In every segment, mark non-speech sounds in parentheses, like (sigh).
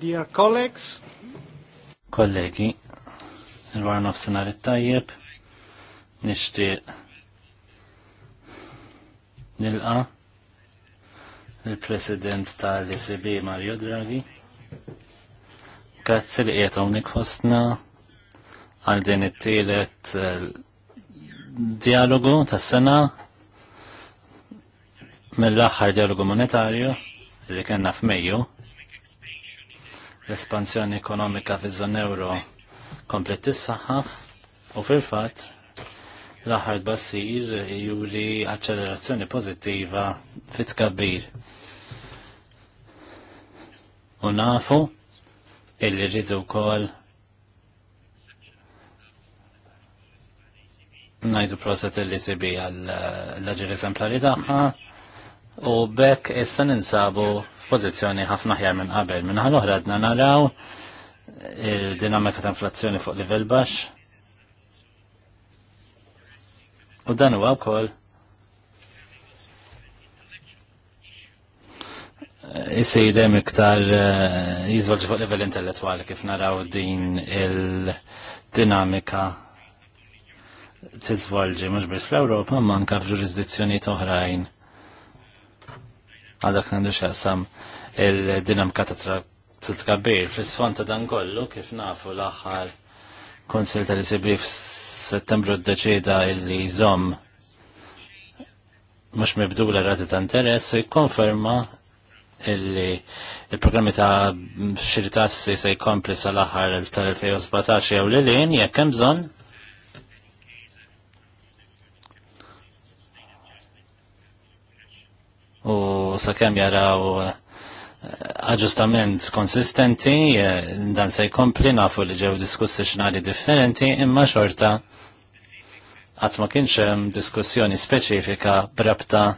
Dear colleagues. Kollegi, il-war nofsenar it-tajjeb, nishtiq nilqa il-President tal-ECB Mario Draghi. Grazzi li qiegħed hawnhekk fostna għal din it-tielet eh, dialogu tas-sena mill-aħħar dialogu monetarju li kellna f'Mejju l-espansjoni ekonomika fi zon euro komplet tissaħħaħ u fil-fat l-aħħar basir juri accelerazzjoni pozittiva fi tkabbir. U nafu illi rridu wkoll najdu proset l-ECB għal l-ġir eżemplari tagħha u bekk issa ninsabu f'pożizzjoni ħafna ħjar minn qabel. Minn ħal oħra għadna naraw il-dinamika eh, ta' inflazzjoni fuq livell baxx. U dan huwa wkoll eh, Isir hemm iktar eh, jiżvolġi fuq livell intellettwali kif naraw din il-dinamika tiżvolġi mhux biss fl-Ewropa ma anke f'ġurisdizzjonijiet oħrajn għadak nandu xaqsam il-dinamika ta' t tkabir Fis-sfond ta' dan kollu kif nafu l-aħħar konsil tal-ICB f'Settembru d-deċida illi jżomm mux l rati ta' interess jikkonferma illi il-programmi ta' xirtassi se jkompli sal-aħħar tal-2017 jew lilin jekk hemm bżonn u sakemm jaraw eh, aġustament konsistenti, eh, dan se jkompli nafu li ġew diskussi xnari differenti, imma xorta għat ma kienx hemm diskussjoni speċifika brabta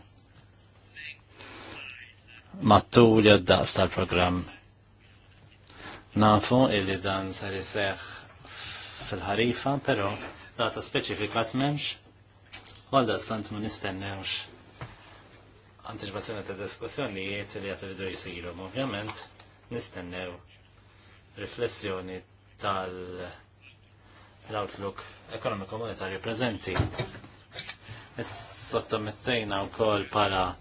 mattu li għoddaqs tal-programm. Nafu illi dan sar iseħħ fil-ħarifa, però data speċifika tmemx, għal stant ma nistennewx anticipazzjoni ta' diskussjonijiet li għat rridu jisiru. Ovvjament, nistennew riflessjoni tal-outlook ekonomiku monetarju prezenti. Sottomettejna u kol para eh,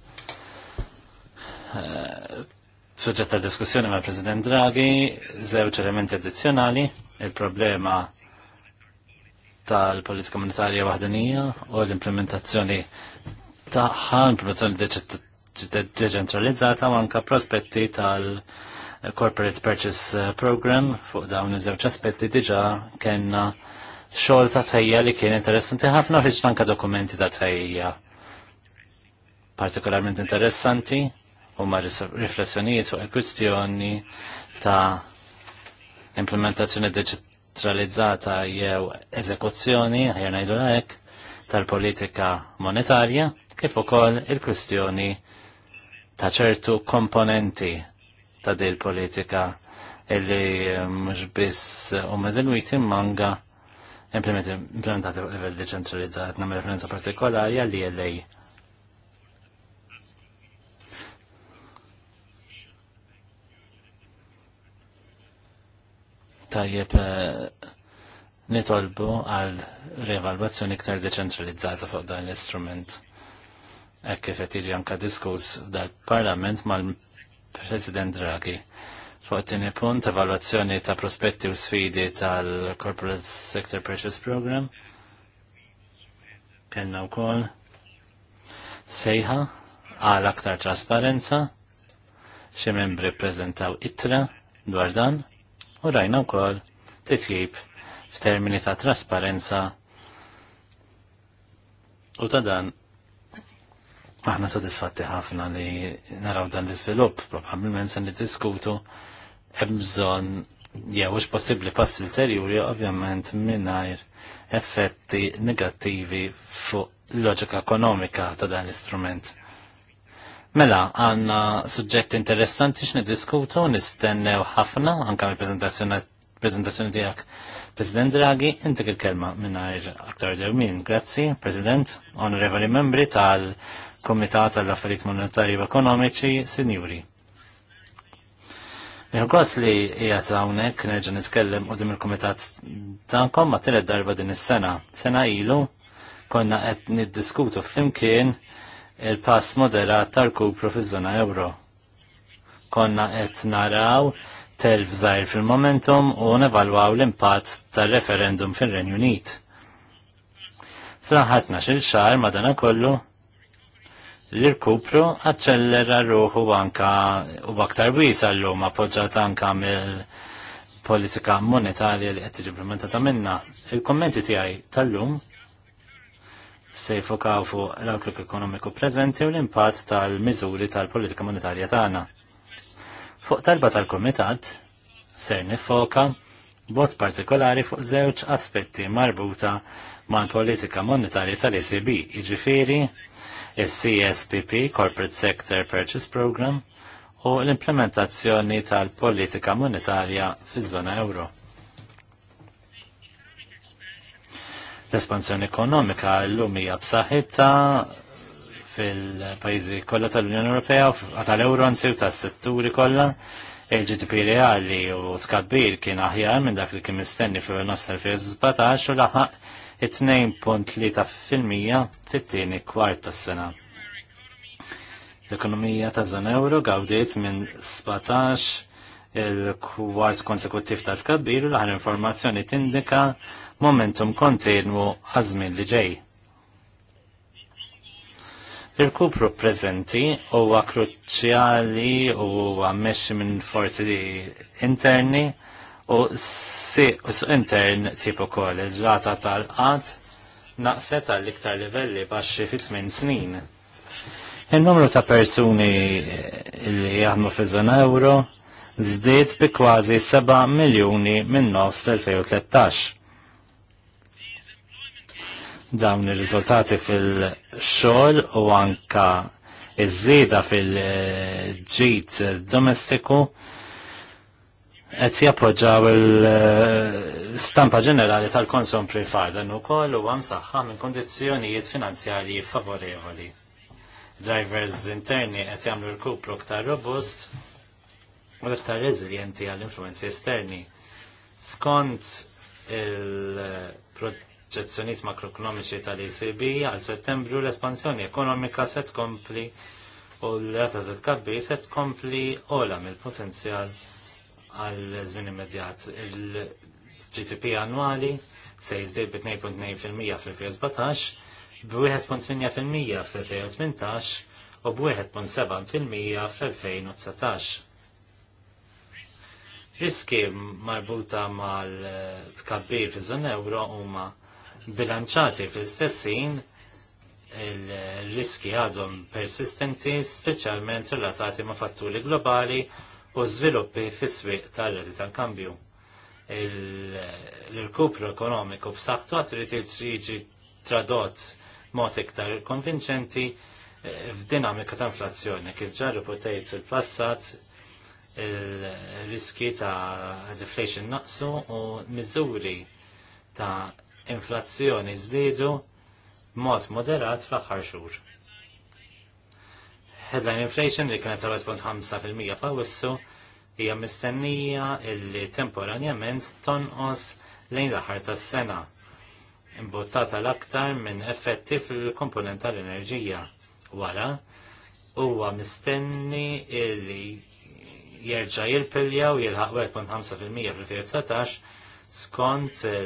suġġett ta' diskussjoni ma' President Draghi, zewċ elementi addizzjonali, il-problema tal-politika monetarja waħdanija u l-implementazzjoni tagħha, implementazzjoni deċentralizzata manka anke prospetti tal-Corporate Purchase eh, Program fuq dawn iż-żewġ aspetti diġà kena xogħol ta' tajja li kien interessanti ħafna u ħriġna anke dokumenti ta' tajja partikolarment interessanti u ma' riflessjonijiet fuq il-kwistjoni ta' implementazzjoni deċentralizzata jew eżekuzzjoni, ħajja ngħidu hekk tal-politika monetarja kif ukoll il-kwistjoni ta' ċertu komponenti ta' dil politika illi eh, mhux biss u meżenwiti manga implementati fuq livell deċentralizzat nagħmel referenza partikolari għal ILA. Tajjeb eh, nitolbu għal revalvazzjoni iktar deċentralizzata fuq dan l-istrument. Hekk kif qed jiġi anke diskuss dal-Parlament mal-President Draghi. Fuq tieni punt evalwazzjoni ta' prospetti u sfidi tal-Corporate Sector Purchase Program. Kellna wkoll sejħa għal aktar trasparenza, xi membri ppreżentaw ittra dwar dan u rajna wkoll titjib Termini ta' trasparenza u ta' dan aħna sodisfatti ħafna li naraw dan l-iżvilupp, probabbilment se niddiskutu hemm bżonn jew hux possibbli pass ulterjuri ovvjament mingħajr effetti negattivi fuq loġika ekonomika ta' dan l-istrument. Mela, għanna suġġetti interessanti x'nidiskutu, nistennew ħafna anke mill prezentazzjoni tiegħek President Draghi, intik il-kelma minnajr aktar dermin. Grazzi, President, onorevoli membri tal-Komitat tal-Affarijiet Monetarji u Ekonomiċi, Sinjuri. Nħuqos li jgħat għawnek nerġa nitkellem u dim il-Komitat tankom ma tilet darba din is-sena. Sena ilu konna qed niddiskutu flimkien il-pass moderat tal kub fiż-żona euro. Konna qed naraw telf żgħir fil-momentum u nevalwaw l-impatt tar-referendum fir-Renju Unit. fl il xar xahar madanakollu l-irkupru aċċellera ruħu anka u baktar wisa l-lum appoġġat anka mill-politika monetarja li qed tiġi implementata minna. Il-kommenti tiegħi tal-lum se jfokaw fuq l-outlook ekonomiku preżenti u l-impatt tal-miżuri tal-politika monetarja tagħna. Fuq talba tal-Kumitat ser nifoka bot partikolari fuq żewġ aspetti marbuta mal-politika monetarja tal-ECB, jiġifieri il cspp Corporate Sector Purchase Program u l-implementazzjoni tal-politika monetarja fiż-żona euro. L-espansjoni ekonomika l lumija hija b'saħħitha fil-pajzi kollha tal-Unjoni Ewropea tal-Euro nsiw tas-setturi kollha il-GDP reali u tkabbir kien aħjar minn dak li kien mistenni fl nofs 2017 u laħaq it-2.3 fil-mija fit-tieni kwart tas-sena. L-ekonomija ta' zon euro gawdiet minn 17 il-kwart konsekuttiv ta' tkabbir u l-ħar informazzjoni tindika momentum kontinwu għazmin li ġej Il-kupru prezenti huwa kruċjali u għammessi minn forzi interni u si u intern tipu ukoll il-rata tal-qat naqset għall-iktar livelli baxi fit tmien snin. Il-numru ta' persuni li jaħdmu fi żona euro zdiet bi kważi 7 miljuni minn nofs l-2013 dawn ir-riżultati fil-xogħol u anka iż-żieda fil-ġid domestiku qed jappoġġaw il-stampa ġenerali tal-konsum privat dan ukoll huwa msaħħa minn kondizzjonijiet finanzjarji favorevoli. Drivers interni qed jagħmlu rkupru aktar robust u aktar reżiljenti għall-influenzi esterni. Skont il-prodotti proġezzjoniet makroekonomiċi tal-ECB għal settembru l-espansjoni ekonomika se tkompli u l-rata ta' tkabbi se tkompli ola mill-potenzjal għal żmien immedjat. Il-GDP annwali se jizdej bi 2.2% fil-2017 b'1.8% fil-2018 u b'1.7% fil-2019 riski marbuta mal tkabbir fi zon euro huma bilanċati fl-istessin il-riski għadhom persistenti, speċjalment relatati ma' fatturi globali u żviluppi fis-swieq tal reti tal-kambju. Il-kupru ekonomiku b'saħħtu għatriti ġiġi jiġi mod iktar konvinċenti eh, f'dinamika ta' inflazzjoni kif ġar reportajt fil-passat il-riski ta' deflation naqsu u miżuri ta' inflazzjoni żdiedu b'mod moderat fl-aħħar xhur. Headline inflation li kienet 3.5% f'Awwissu hija mistennija illi temporanjament tonqos lejn l-aħħar tas-sena imbuttata l-aktar minn effetti fil komponenta tal-enerġija. Wara, huwa mistenni li jerġa' jilpilja u jilħaq 1.5% fil-2019 skont eh,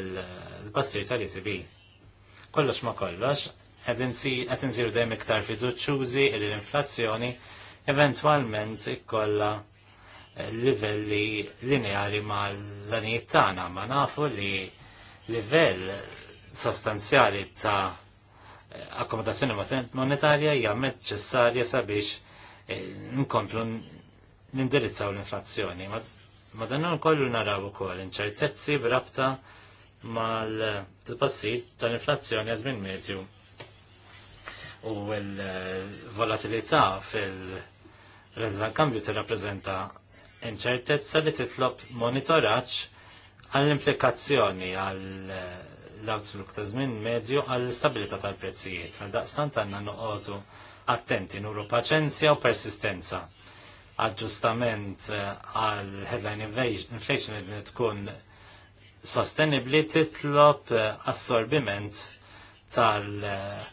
il-bassir tal-ECB. Kollox ma kollox, għedin siru dejjem iktar fiduċuzi li l-inflazzjoni eventualment ikkolla livelli lineari ma l-anijiet tagħna, ma nafu li livell sostanzjali ta' akkomodazzjoni monetarja hija ċessarja sabiex eh, nkomplu nindirizzaw l-inflazzjoni. Ma dan kollu naraw ukoll inċertezzi b'rabta mal-tbassir tal-inflazzjoni għazmin medju u l-volatilità fil-rezza kambju tirrappreżenta inċertezza li titlob monitoraċ għall-implikazzjoni għall-outlook ta' żmien medju għall-stabilità tal-prezzijiet. Għal daqstant għandna noqogħdu attenti nuru paċenzja u persistenza aġġustament eh, għal headline inflation li tkun sostenibli titlob eh, assorbiment tal eh,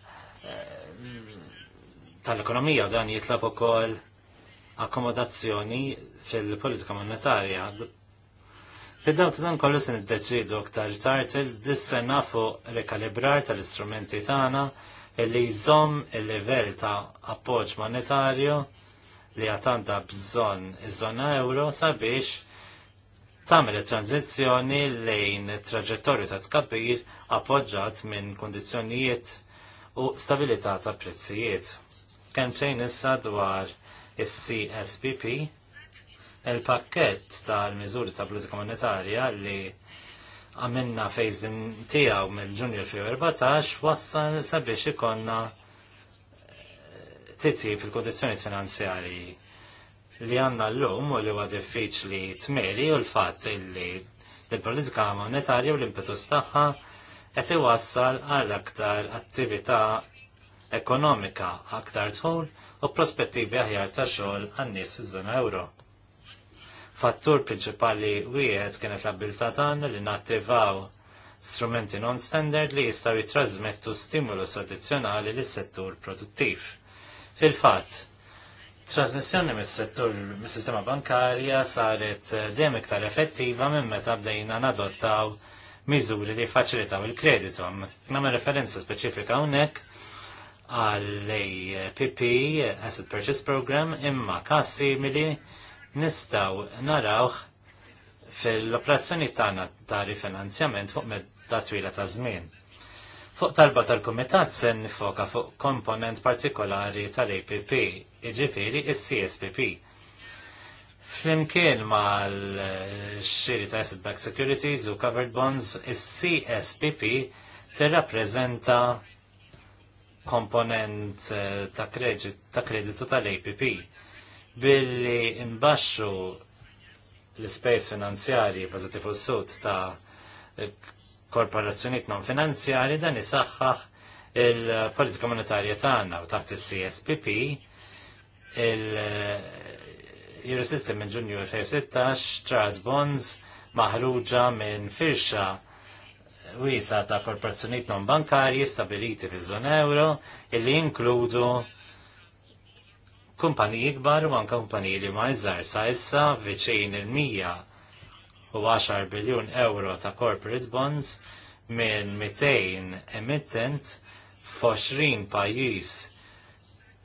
tal-ekonomija dan jitlob ukoll akkomodazzjoni fil-politika monetarja. Fid-daw dan kollu se niddeċidu aktar tard il-dis-sena fuq rekalibrar tal-istrumenti tagħna illi jżomm il-livell ta' appoġġ monetarju li għatanda bżon iż-żona euro sabiex tagħmel tranzizjoni lejn traġettorju ta' tkabbir appoġġat minn kondizjonijiet u stabilità ta' prezzijiet. Kemm xejn issa dwar is-CSPP, il-pakkett tal-miżuri ta' politika monetarja li għamilna fejzdin tiegħu mill-ġunju 2014 wassal sabiex ikonna titjib fil kondizjoni finanzjari li għanna l-lum u li huwa diffiċli tmeri u l fat illi l-politika monetarja u l impetu tagħha qed iwassal għal aktar attività ekonomika aktar tħol u prospettivi aħjar ta' xogħol għan-nies fiż-żona euro. Fattur prinċipali wieħed kienet l-abilità tagħna li nattivaw strumenti non-standard li jistgħu jitrażmettu stimulus addizzjonali lis settur produttiv. Fil-fatt, trasmissjoni mis-settur mis-sistema bankarja saret eh, dejjem iktar effettiva minn meta bdejna nadottaw miżuri li faċilitaw il-kreditu. Nagħmel referenza speċifika hawnhekk għall-APP, Asset Purchase Program, imma każ simili nistaw narawh fil-operazzjoni tagħna ta' rifinanzjament fuq medda twila ta' żmien. Fuq talba tal-Kumitat se nifoka fuq komponent partikolari tal-APP, iġifiri il cspp Flimkien mal-xiri ta' asset back securities u covered bonds, is-CSPP tirrappreżenta komponent eh, ta' kreditu tal-APP billi imbaxxu l-space finanzjarji bażati fuq sud ta' korporazzjoniet non finanzjari dan isaħħaħ il-politika monetarja tagħna u taħt il-CSPP il-Eurosystem eh, minn ġunju 2016 trad bonds maħruġa minn firxa wisa ta' korporazzjoniet non bankarji stabiliti fi żon euro illi jinkludu kumpaniji kbar u anka kumpaniji li ma' iżgħar sa' issa viċin il-mija u 10 biljun euro ta' corporate bonds minn 200 emittent f'20 pajjiż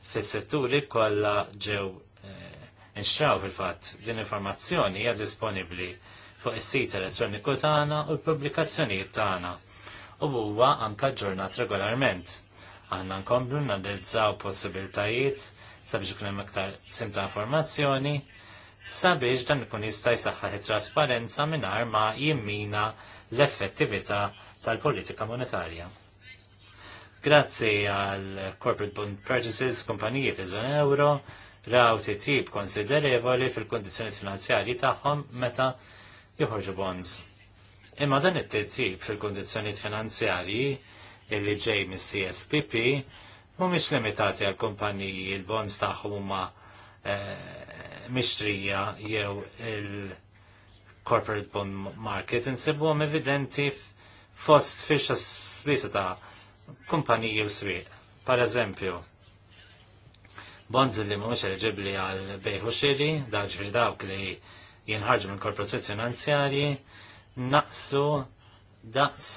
fis-setturi kollha ġew eh, nxtraw fil-fatt din informazzjoni hija disponibbli fuq is-sit elettroniku tagħna u l-pubblikazzjonijiet tagħna u huwa anke ġurnat regolarment. Aħna nkomplu nanalizzaw possibiltajiet sabiex ikun hemm iktar sim ta' informazzjoni sabiex dan ikun jista' jsaħħaħ trasparenza mingħajr ma jimmina l-effettività tal-politika monetarja. Grazzi għal corporate bond purchases, kumpaniji fi zona euro, raw titjib konsiderevoli fil-kondizjoni finanzjarji tagħhom meta joħorġu bonds. Imma dan it-titjib fil-kondizjoni finanzjarji illi ġej mis-CSPP mhumiex limitati għal kumpaniji l-bonds tagħhom huma eh, mistrija jew il-corporate bond market insibuhom evidenti fost firxa sfisa ta' kumpaniji jew swieq. Par eżempju, bonds li mhumiex eliġibbli għal bejħu xiri, daġri dawk li jinħarġu minn korporazzjoni finanzjarji, naqsu daqs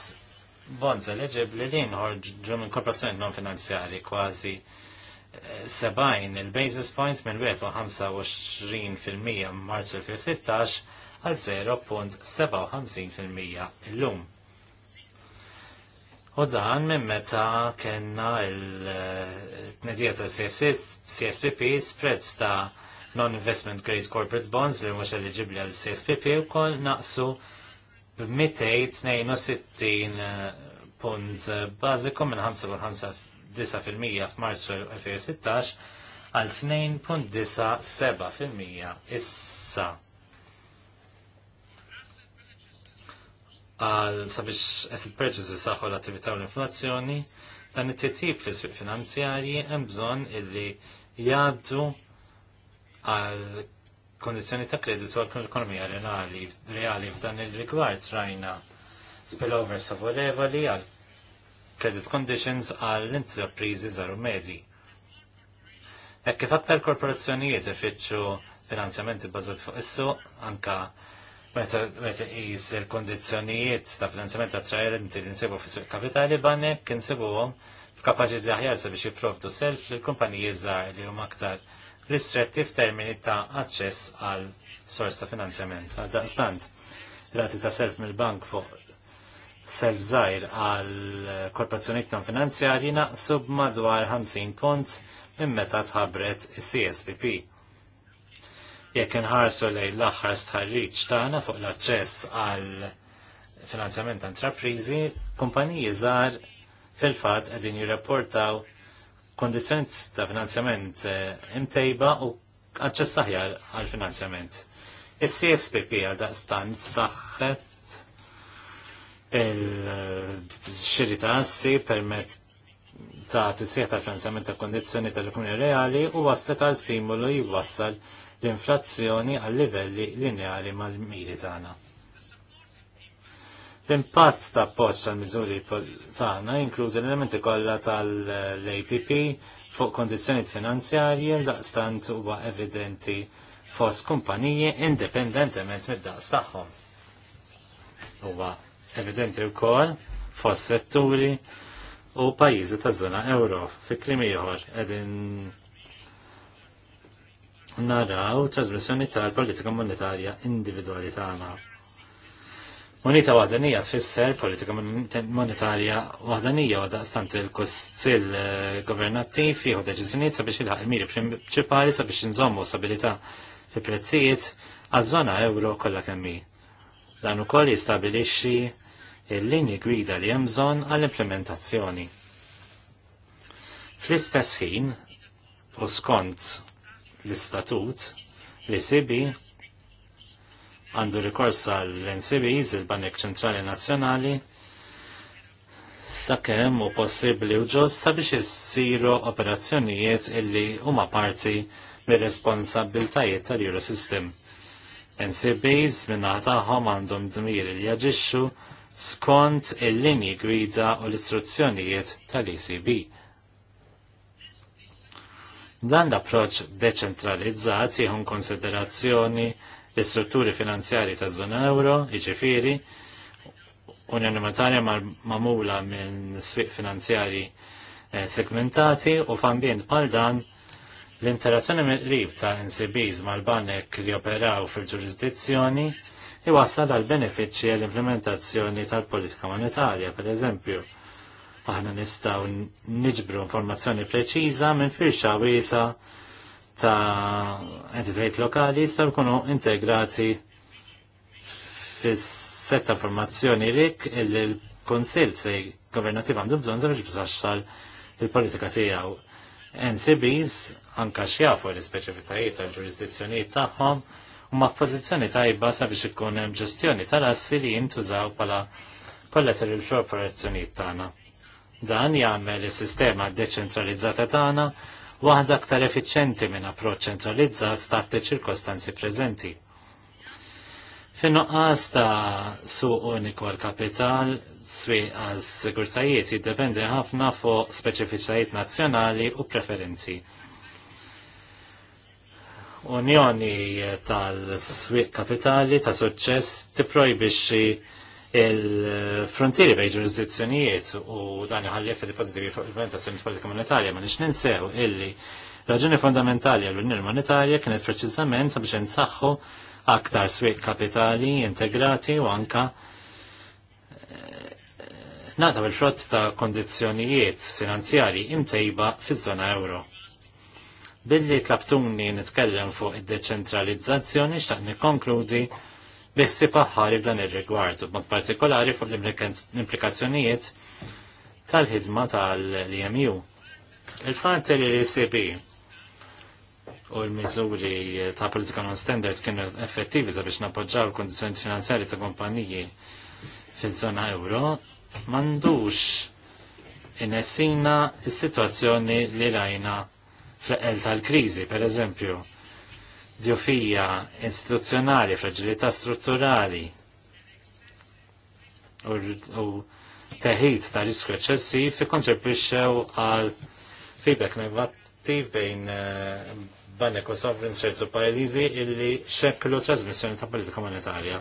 bonds eliġibbli li jinħarġu minn korporazzjoni non finanzjarji kważi 70 il-basis points minn 25% marzu 2016 għal 0.57% illum. U dan minn meta kena il-tnedija ta' CSPP spreads ta' non-investment grade corporate bonds li mhux eligibli għal CSPP u kol naqsu b-262 punt bazikum minn 55 2.9% f'Marzu 2016 għal 2.97% issa. Għal sabiex asset purchases saħħu l-attività u l-inflazzjoni, dan it-titjib fis-sfiq finanzjarji hemm bżonn illi jgħaddu għal kondizjoni ta' kreditu għal ekonomija reali, reali f'dan il-rigward rajna spillovers favorevoli għal credit conditions għall intrapriżi żaru medji. Hekk kif aktar korporazzjonijiet ifittxu finanzjamenti bbażat fuq issu, anka meta qis il-kondizzjonijiet ta' finanzjament attrajenti li nsibu fis-suq kapitali banek insibuhom f'kapaċità aħjar sabiex jiprovdu self l kumpaniji żgħar li huma aktar ristretti f'termini ta' aċċess għal sors ta' finanzjament. Għal stant, rati ta' self mill-bank fuq self żgħir għal korporazzjonijiet non finanzjarji naqsu b'madwar 50 punt minn meta tħabbret is-CSPP. Jekk inħarsu lejn l-aħħar stħarriġ tagħna fuq l-aċċess għal finanzjament ta' intrapriżi, kumpaniji żgħar fil-fatt qegħdin jirrapportaw kondizzjonijiet ta' finanzjament eh, imtejba u aċċess aħjar għal finanzjament. Is-CSPP għal daqstant saħħet il-xiri ta' assi permezz ta' sieħ ta' finanzjament ta' kondizzjoni tal-ekonomija reali u waslet għal stimolu jwassal l-inflazzjoni għal livelli lineari mal-miri tagħna. L-impatt ta' poċ tal miżuri tagħna inkludi l-elementi kollha tal-APP fuq kondizzjoni finanzjarji l-daqstant huwa evidenti fost kumpaniji indipendentement mid-daqs tagħhom. Huwa evidenti wkoll fost setturi u pajjiżi ta' żona euro fi klim ieħor qegħdin naraw trasmissjoni tal-politika monetarja individwali tagħna. Unita waħdanija tfisser politika monetarja waħdanija u daqstant il-kustil eh, governattiv jieħu deċiżjonijiet sabiex ilħaq il-miri principali sabiex nżommu stabilità fi prezzijiet għaż-żona euro kollha kemm hi. Dan ukoll jistabilixxi il-linji gwida li hemm bżonn għall-implementazzjoni. Fl-istess ħin, u skont l-istatut, li sibi għandu rikors għall-NCBs, il-Banek Ċentrali Nazzjonali, sakemm u possibbli u ġost sabiex issiru operazzjonijiet illi huma parti mir-responsabiltajiet tal-Eurosystem. NCBs minna taħħom għandhom dmir il jaġixxu skont il-linji gwida u l-istruzzjonijiet tal-ECB. Dan l-approċ deċentralizzat jihun konsiderazzjoni l-istrutturi finanzjari ta' zona euro, iġifiri, unjoni monetarja mamula minn sviq finanzjari eh, segmentati u f'ambjent bħal dan l-interazzjoni mill-qrib ta' NCBs mal-banek li operaw fil-ġurisdizzjoni iwassal għal benefiċċji għall implementazzjoni tal-politika monetarja, per eżempju. Aħna nistaw niġbru informazzjoni preċiża minn firxa wiesa ta' entitajt lokali jistaw jkunu integrati fis-setta informazzjoni rik il-Konsil se governativ għandu bżonn sabiex bżax tal il-politika tiegħu. NCBs anka xjafu l-ispeċifitajiet tal-ġurisdizzjonijiet tagħhom u ma' pozizjoni tajba sabiex ikun hemm ġestjoni tal-assi li jintużaw bħala collateral corporazzjonijiet tagħna. Dan jagħmel is-sistema deċentralizzata tagħna waħda aktar effiċenti minn approċċ ċentralizzat tagħti ċirkostanzi preżenti. Fin-nuqqas ta' suq uniku għal kapital, swieq għas sigurtajiet jiddependi ħafna fuq speċifiċajiet nazzjonali u preferenzi. Unjoni tal-Swiq Kapitali ta' suċċess tipprojbixxi il-frontieri bej ġurisdizzjonijiet u dan iħalli effetti pożittivi fuq il-implementazzjoni politika monetarja ma nix ninsew illi raġuni fondamentali għall-Unjoni Monetarja kienet preċiżament sabiex insaħħu aktar swieq kapitali integrati u anka eh, nata bil-frott ta' kondizjonijiet finanzjari imtejba fiż-żona euro. Billi tlabtuni nitkellem fuq id-deċentralizzazzjoni xtaqt nikkonkludi biħsib aħħari f'dan ir-rigward u b'mod partikolari fuq l-implikazzjonijiet tal-ħidma tal-EMU. Il-fatt li l-ECB u l-miżuri ta' politika non-standard kienu effettivi sabiex nappoġġaw il-kondizjoni finanzjari ta' kompaniji fil-żona euro mandux inessina s-situazzjoni li rajna fl-eqel tal-krizi, per eżempju, diofija istituzzjonali, fragilità strutturali u teħid ta' riskju eċessiv kontribwixxew għal feedback negattiv bejn eh, banek u sovrin ċertu pajjiżi illi xekklu trasmissjoni ta' politika monetarja.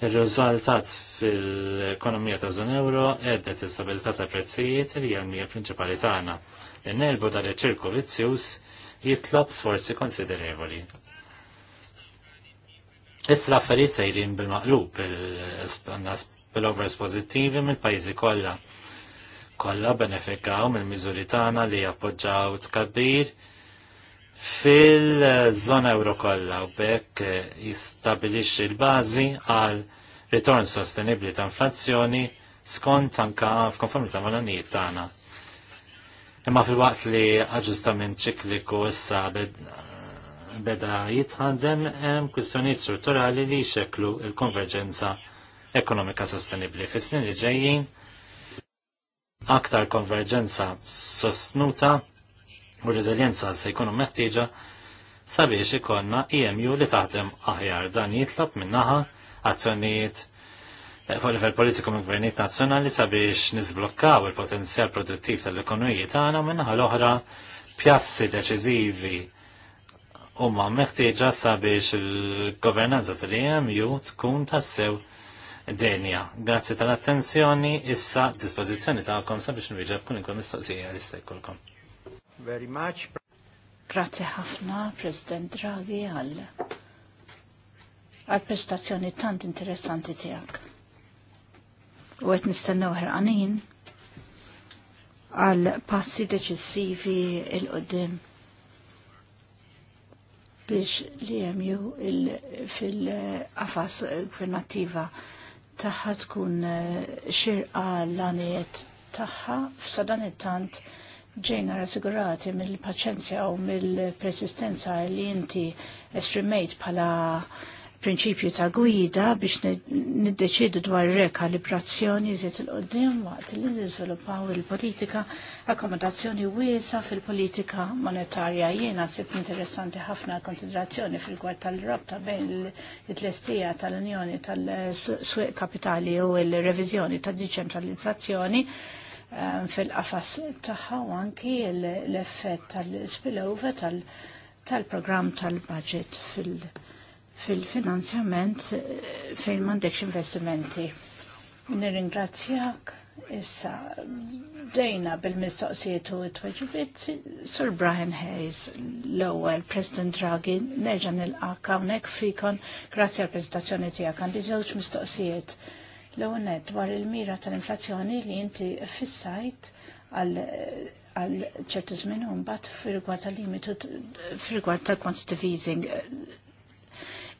Ir-riżultat fil-ekonomija ta' zon euro eddet istabilità ta' prezzijiet li hija l-mija prinċipali tagħna li nerbu dan ċirku vizzjus jitlob sforzi konsiderevoli. Issa l-affarijiet sejrin bil-maqlub bil-overs pozittivi mill-pajjiżi kollha. Kollha benefikaw mill-miżuri tagħna li jappoġġaw tkabbir fil-żona euro kollha u bekk jistabilixxi l-bażi għal ritorn sostenibbli ta' inflazzjoni skont anka f'konformità mal-għanijiet tagħna. Imma fil-waqt li aġġustament ċikliku issa beda jitħandem hemm kwistjonijiet strutturali li jxeklu il-konverġenza ekonomika sostenibbli Fis-snin li ġejjin aktar konverġenza sostnuta u reżiljenza se jkunu meħtieġa sabiex ikonna EMU li taħdem aħjar dan jitlob minnaħa azzjonijiet Eh, fuq livell politiku minn gvernijiet nazzjonali sabiex niżblokkaw il-potenzjal produttiv tal-ekonomija tagħna minnaħa l-oħra pjazzi deċiżivi huma meħtieġa sabiex il-governanza tal-EMU tkun tassew denja. Grazzi tal-attenzjoni, issa dispożizzjoni tagħkom sabiex nviġab kun ikun mistoqsija li stejkulkom. Very much. Grazzi ħafna, President Draghi, għal għal prestazzjoni tant interessanti tiegħek u għet nistennew ħerqanin għal passi deċissivi il-qoddim biex li jemju fil-qafas gvernativa taħħa tkun eh, xirqa l-għaniet taħħa f'sadan it-tant ġejna rassigurati mill-paċenzja u mill-persistenza li inti esprimejt pala prinċipju ta' gwida biex niddeċidu dwar rekalibrazzjoni zet il-qoddim waqt li nizvilupaw il-politika akkomodazzjoni wiesa fil-politika monetarja jiena sib interessanti ħafna konsiderazzjoni fil gwart tal-rabta bejn il-tlestija tal-Unjoni tal-Sweq Kapitali u il revizjoni tad-deċentralizzazzjoni eh, fil-qafas tagħha u anki l-effett tal-spillover tal-programm tal-budget fil-. -spillover, tal fil-finanzjament eh, fejn mandekx investimenti. Nirringrazzjak issa dejna bil-mistoqsijiet u t-tweġibit Sir Brian Hayes l-ewwel President Draghi nerġa' nilqak hawnhekk fikon grazzi għall preżentazzjoni tiegħek għandi żewġ mistoqsijiet. L-ewwel dwar il-mira tal-inflazzjoni li inti fissajt għal għal ċertu żmien u mbagħad fir-rigward tal-limitu fir-rigward tal-quantitative easing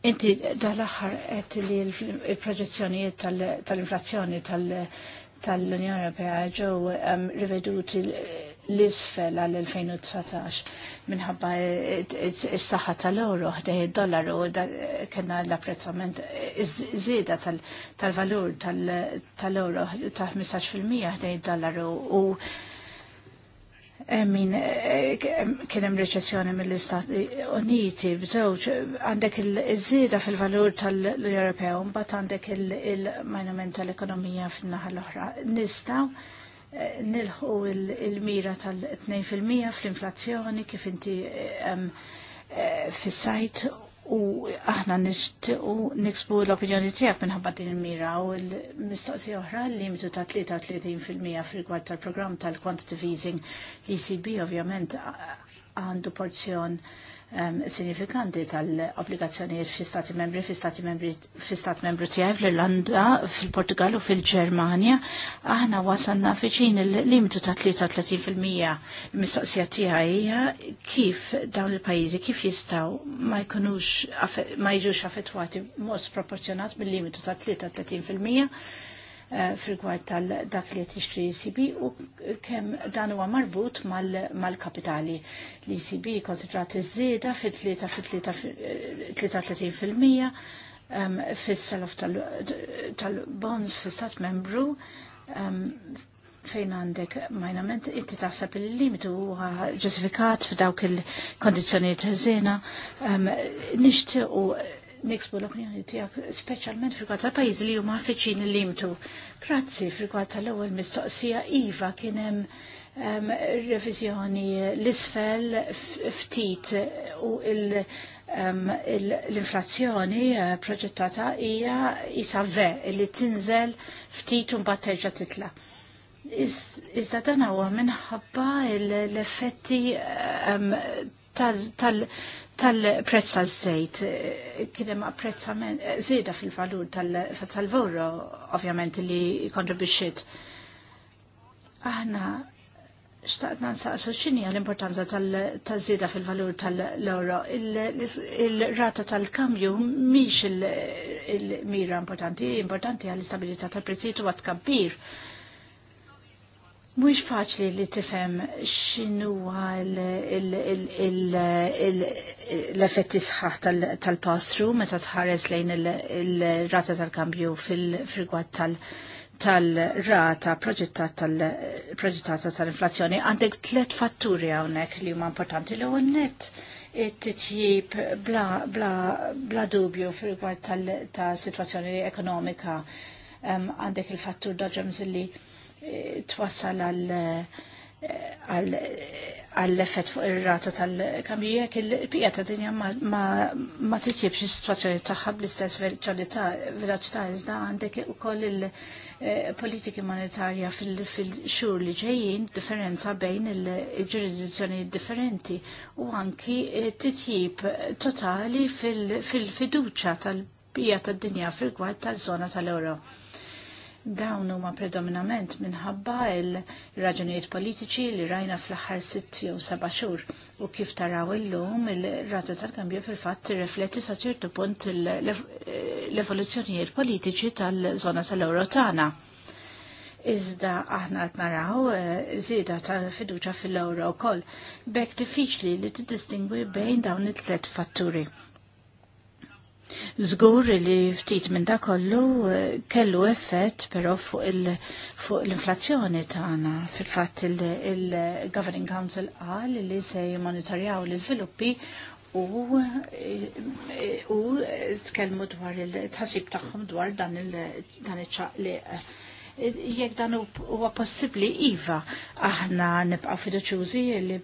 Inti dal-axar għet li il-proġezzjonijiet tal-inflazzjoni tal-Unjoni Ewropea ġew riveduti l-isfel għal-2019 minħabba s-saħħa tal ta' 15 fil-mija ħdej dollaru kena l-apprezzament iż-żieda tal-valur tal oro ta' 15% ħdej dollaru u Eh, min eh, kienem reċessjoni mill-Istati Uniti bżewġ għandek il-żieda fil-valur tal-Ewropew mbagħad għandek il manument tal-ekonomija fin-naħa l-oħra. Nistgħu eh, nilħu il-mira tal-2% fl-inflazzjoni kif inti fis-sajt u aħna nishtiqu nixbu l-opinjoni tijak minħabba din il-mira u l-mistaqsi oħra li limitu ta' 33% fil-gwad tal-program tal-quantitative easing l-ECB ovvjament għandu porzjon um, sinifikanti tal-obbligazzjonijiet fi stati membri, fi stati membri, fi stati membru tiegħi fl-Irlanda, fil-Portugal u fil-Ġermanja, aħna wasanna fiċin il-limitu ta' 33% mistoqsija tiegħi kif dawn il-pajjiżi kif jistgħu ma jkunux ma jiġux affettwati mod sproporzjonat mill-limitu ta' 33% Eh, frigward tal-dak li tixtri ECB u kemm dan huwa marbut mal-kapitali. L-ECB konsidrat iż-żieda fit-33% fis-salof tal-bonds fis-stat membru fejn għandek majnament, inti taħseb il-limitu huwa ġustifikat f'dawk il-kondizjonijiet ħżiena. Nixtiequ niksbu l-opinjoni tiegħek speċjalment fil ta' tal-pajjiżi li huma fiċin l-limtu. Grazzi fil-kwad tal-ewwel mistoqsija iva kien hemm um, revizjoni l-isfel ftit u l-inflazzjoni uh, proġettata hija isa ve li tinżel ftit u mbagħad terġa' titla'. Iżda dan huwa minħabba l-effetti um, tal-, tal tal-prezz tal-żejt, eh, kienem apprezzament, zida eh, fil-valur tal-voro, ovvjament, li kontribuxiet. Aħna, xtaqna nsaqsu xini għal-importanza tal-zida fil-valur tal-loro. Il-rata tal-kamju miex il-mira importanti, importanti għal-istabilità tal-prezzitu għat kabbir. Mux faċli li tifem xinu l-effetti sħaħ tal-passru meta tħares lejn il-rata tal-kambju fil-frigwat tal-rata proġettata tal-inflazzjoni. Għandek tlet fatturi għonek li huma importanti l net it-titjib bla dubju fil-rigwat tal-situazzjoni ekonomika għandek il-fattur daġem zilli twassal għall-effett fuq ir-rata tal kambija il pijat ta' dinja ma titjibx is-sitwazzjoni tagħha bl-istess veloċità veloċità iżda għandek ukoll il- eh, politiki monetarja fil-xur li ġejjin differenza bejn il-ġurisdizzjoni differenti u anki titjib totali fil-fiduċa tal-bija tad-dinja fil-gwad tal-zona tal-euro. Dawn huma predominament minħabba il-raġunijiet politiċi li rajna fl-aħħar sitt jew seba' xhur u kif taraw illum il-rata tal-kambju fil-fatt tirrifletti sa ċertu punt l-evoluzzjonijiet politiċi tal-żona tal-Ewro tagħna. Iżda aħna qed naraw eh, żieda ta' fiduċa fil-Ewro wkoll. Bekk diffiċli li tiddistingwi bejn dawn it-tlet fatturi Zgur li ftit minn da kollu eh, kellu effett però fuq l-inflazzjoni tagħna fil-fatt il-Governing Council qal li se jmonitorjaw l-iżviluppi u eh, u tkellmu dwar il-tħassib tagħhom dwar dan il-ċaqliq jekk dan huwa possibbli iva aħna nibqa' fiduċjużi li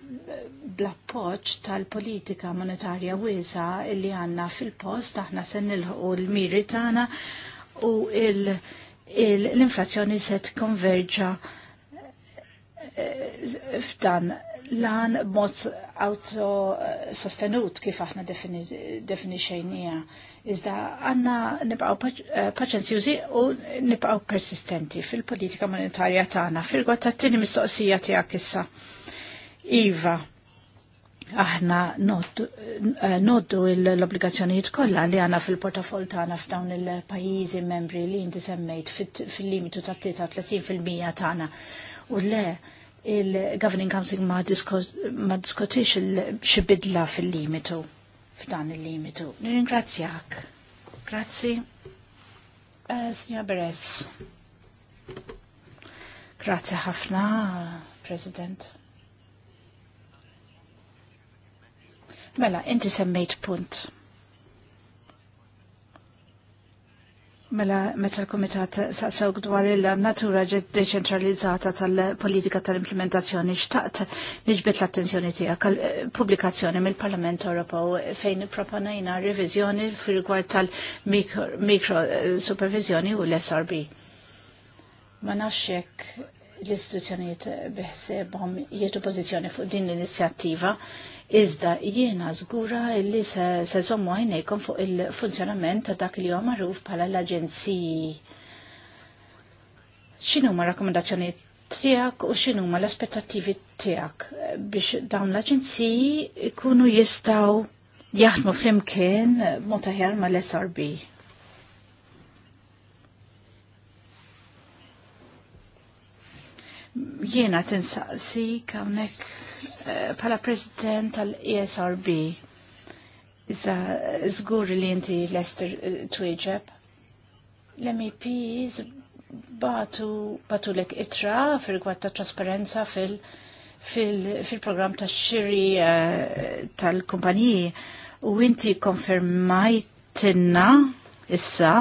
bl-appoġġ tal-politika monetarja wiesa li għandna fil-post aħna se nilħu l-miri tagħna u l-inflazzjoni se tkonverġa eh, f'dan lan mod auto sostenut kif aħna definixejnija. Defini Iżda għanna nibqaw eh, paċenzjużi u nibqaw persistenti fil-politika monetarja tagħna. Firgwa ta' tini mistoqsija tiegħek issa. Iva, aħna noddu eh, l-obbligazzjonijiet kollha li għana fil-portafol tagħna f'dawn il-pajjiżi membri li inti semmejt fil-limitu ta' 33% tagħna. U le, il-governing council ma diskotix xibidla fil-limitu f'dan il-limitu. Nirringrazzjak. Grazzi. Eh, Signor Beres. Grazzi ħafna, President. Mela, inti semmejt punt Mela, meta l-Komitat saqsawk dwar il-natura deċentralizzata tal-politika tal-implementazzjoni xtaqt liġbet l-attenzjoni tiegħek għal eh, pubblikazzjoni mill-Parlament Ewropew fejn proponajna riviżjoni fil-rigward tal-mikro-supervizjoni eh, u l-SRB. Ma nafx hekk l-istituzzjonijiet biħsebhom jietu pożizzjoni fuq din l-inizjattiva Iżda jiena żgura li se żommu għajnejkom fuq il-funzjonament ta' dak li huwa magħruf bħala l-aġenziji. X'inhu ma' rakkomandazzjonijiet tiegħek u x'inhu ma' l-aspettattivi tiegħek biex dawn l-aġenziji jkunu jistgħu jaħdmu flimkien mod aħjar mal-SRB. jiena tinsaqsi kawnek Eh, pala president tal-ESRB, iza żgur li inti Lester eh, twieġeb, l-MEPs batu, batu lek itra fil ta' trasparenza fil- fil-program ta' xiri eh, tal-kumpaniji u inti konfermajtinna issa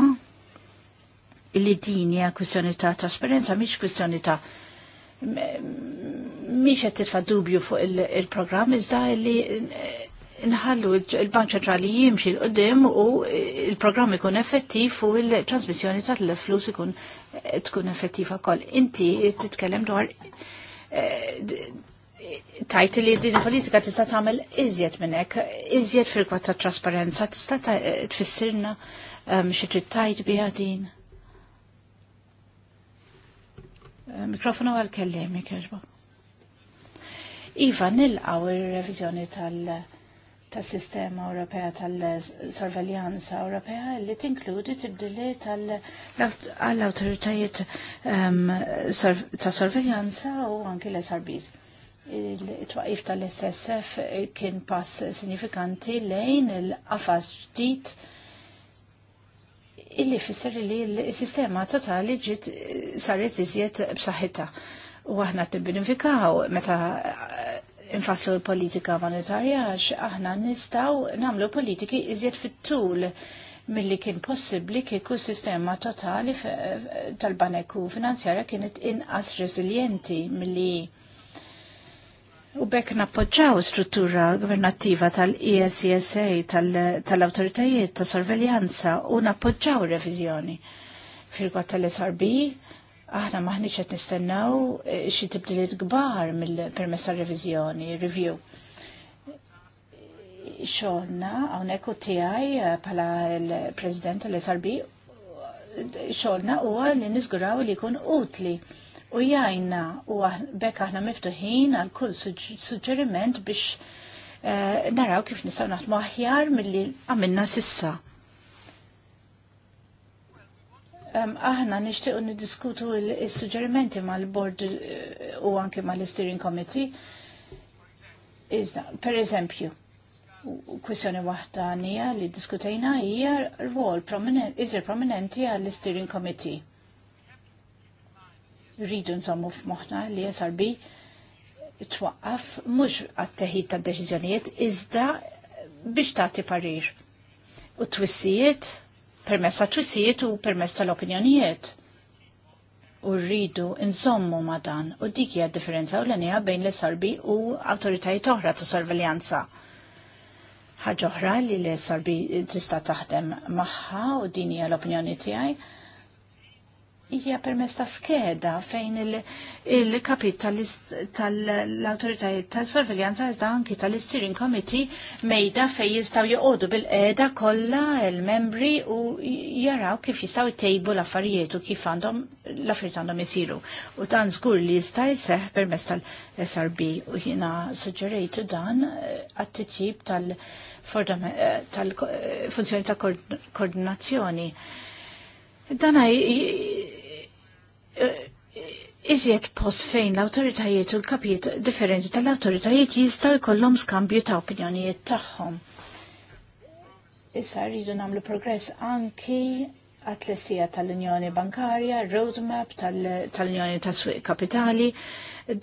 li din hija kwistjoni ta' trasparenza mhix kwistjoni ta' miex qed titfa' dubju fuq il-programm iżda li nħallu il-Bank Ċentrali jimxi l-qudiem u il-programm ikun effettiv u il-trasmissjoni tal-flus ikun tkun effettiva wkoll. Inti titkellem dwar eh, tajt li din politika tista' tagħmel iżjed minn hekk, iżjed firkwa ta' trasparenza, tista' tfissirna ehm, xi trid tajt biha din. Eh, mikrofonu għal-kellim, jekk Iva nil-għaw ir-reviżjoni tal- sistema Ewropea tal-sorveljanza Ewropea li tinkludi tibdili tal-autoritajiet ehm, ta' sorveljanza u anki l-SRBs. Il-twaqif tal-SSF kien pass sinifikanti lejn il-qafas ġdid illi fisser li l-sistema totali ġiet saret iżjed b'saħħitha U aħna t-binifikaw meta eh, infaslu l-politika monetarja għax aħna nistaw namlu politiki iżjed fit-tul mill-li kien possibli kieku sistema totali eh, tal-baneku finanzjarja kienet inqas resilienti mill-li u bekk nappoġġaw struttura governattiva tal-ESESA tal-autoritajiet tal ta' sorveljanza u nappoġġaw revizjoni fil-gwatt tal-SRB aħna maħniċ qed nistennaw eh, xi tibdiliet kbar mill permessa revizjoni, reviżjoni review. Xogħolna hawnhekk u tiegħi eh, bħala l-President tal-SRB xogħolna huwa li niżguraw li jkun utli u jajna u bekk aħna miftuħin għal kull suġġeriment biex eh, naraw kif nistgħu naħdmu aħjar milli għamilna sissa aħna nixtiequ niddiskutu il-suġġerimenti mal-bord eh, u anke mal-steering committee. Iżda, per eżempju, kwissjoni waħda għanija li diskutejna hija rwol iżir prominenti għall-steering committee. Rridu nżommu f'moħħna li SRB twaqqaf mhux għat-teħid tad-deċiżjonijiet iżda biex tagħti parir. U twissijiet permess ta' twissijiet u permess tal-opinjonijiet. U rridu nżommu ma' dan u dik hija differenza u l għanija bejn l sarbi u awtoritajiet oħra ta' sorveljanza. Ħaġa oħra li l sarbi tista' taħdem magħha u din hija l-opinjoni tiegħi hija permess ta' skeda fejn il-kapit tal-autoritajiet tal-sorveljanza iżda anki tal-Steering Committee mejda fejn jistgħu joqogħdu bil-qeda kollha il-membri u jaraw kif jistgħu jtejbu l-affarijiet u kif għandhom l-affarijiet għandhom isiru. U dan żgur li jista' jseħħ permess tal-SRB u jiena suġġerejtu dan eh, għat-titjib tal-funzjoni eh, tal eh, koordinazzjoni. Dan Eh, iżjed post fejn l-autoritajiet u l-kapijiet differenti tal-autoritajiet jistaw jkollhom skambju ta' opinjonijiet tagħhom. Issa rridu nagħmlu progress anki għat tal-Unjoni Bankarja, roadmap tal-Unjoni tal Taswiq Kapitali,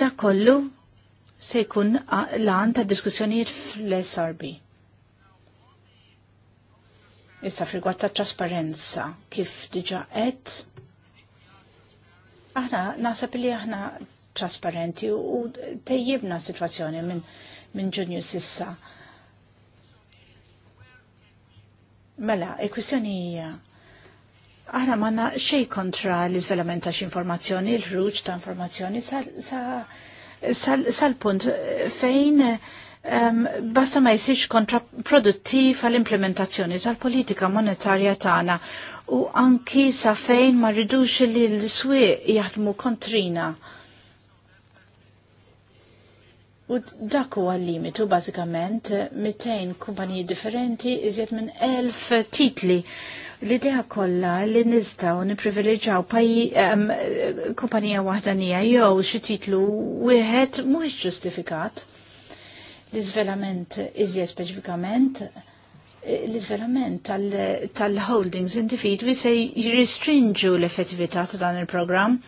da kollu se jkun lan ta' diskussjonijiet fl-SRB. Issa frigwat ta' trasparenza kif diġa et Aħna naħseb li aħna trasparenti u tejjibna situazzjoni minn min ġunju sissa. Mela, il-kwistjoni hija Aħna manna xej kontra l-izvelament ta' informazzjoni, l-ħruġ ta' informazzjoni sal-punt fejn um, basta ma jisix kontra produttiv għall-implementazzjoni tal-politika monetarja tagħna u anki sa fejn ma rridux li l-swieq jaħdmu kontrina. U dak huwa limitu bażikament 200 kumpaniji differenti iżjed minn 1000 titli. L-idea kollha li nistgħu nipprivileġġjaw um, kumpanija nija jew xi titlu wieħed mhuwiex ġustifikat. L-iżvelament iżjed speċifikament l-izverament tal-holdings tal individwi se jirristrinġu l-effettività ta' dan il-programm.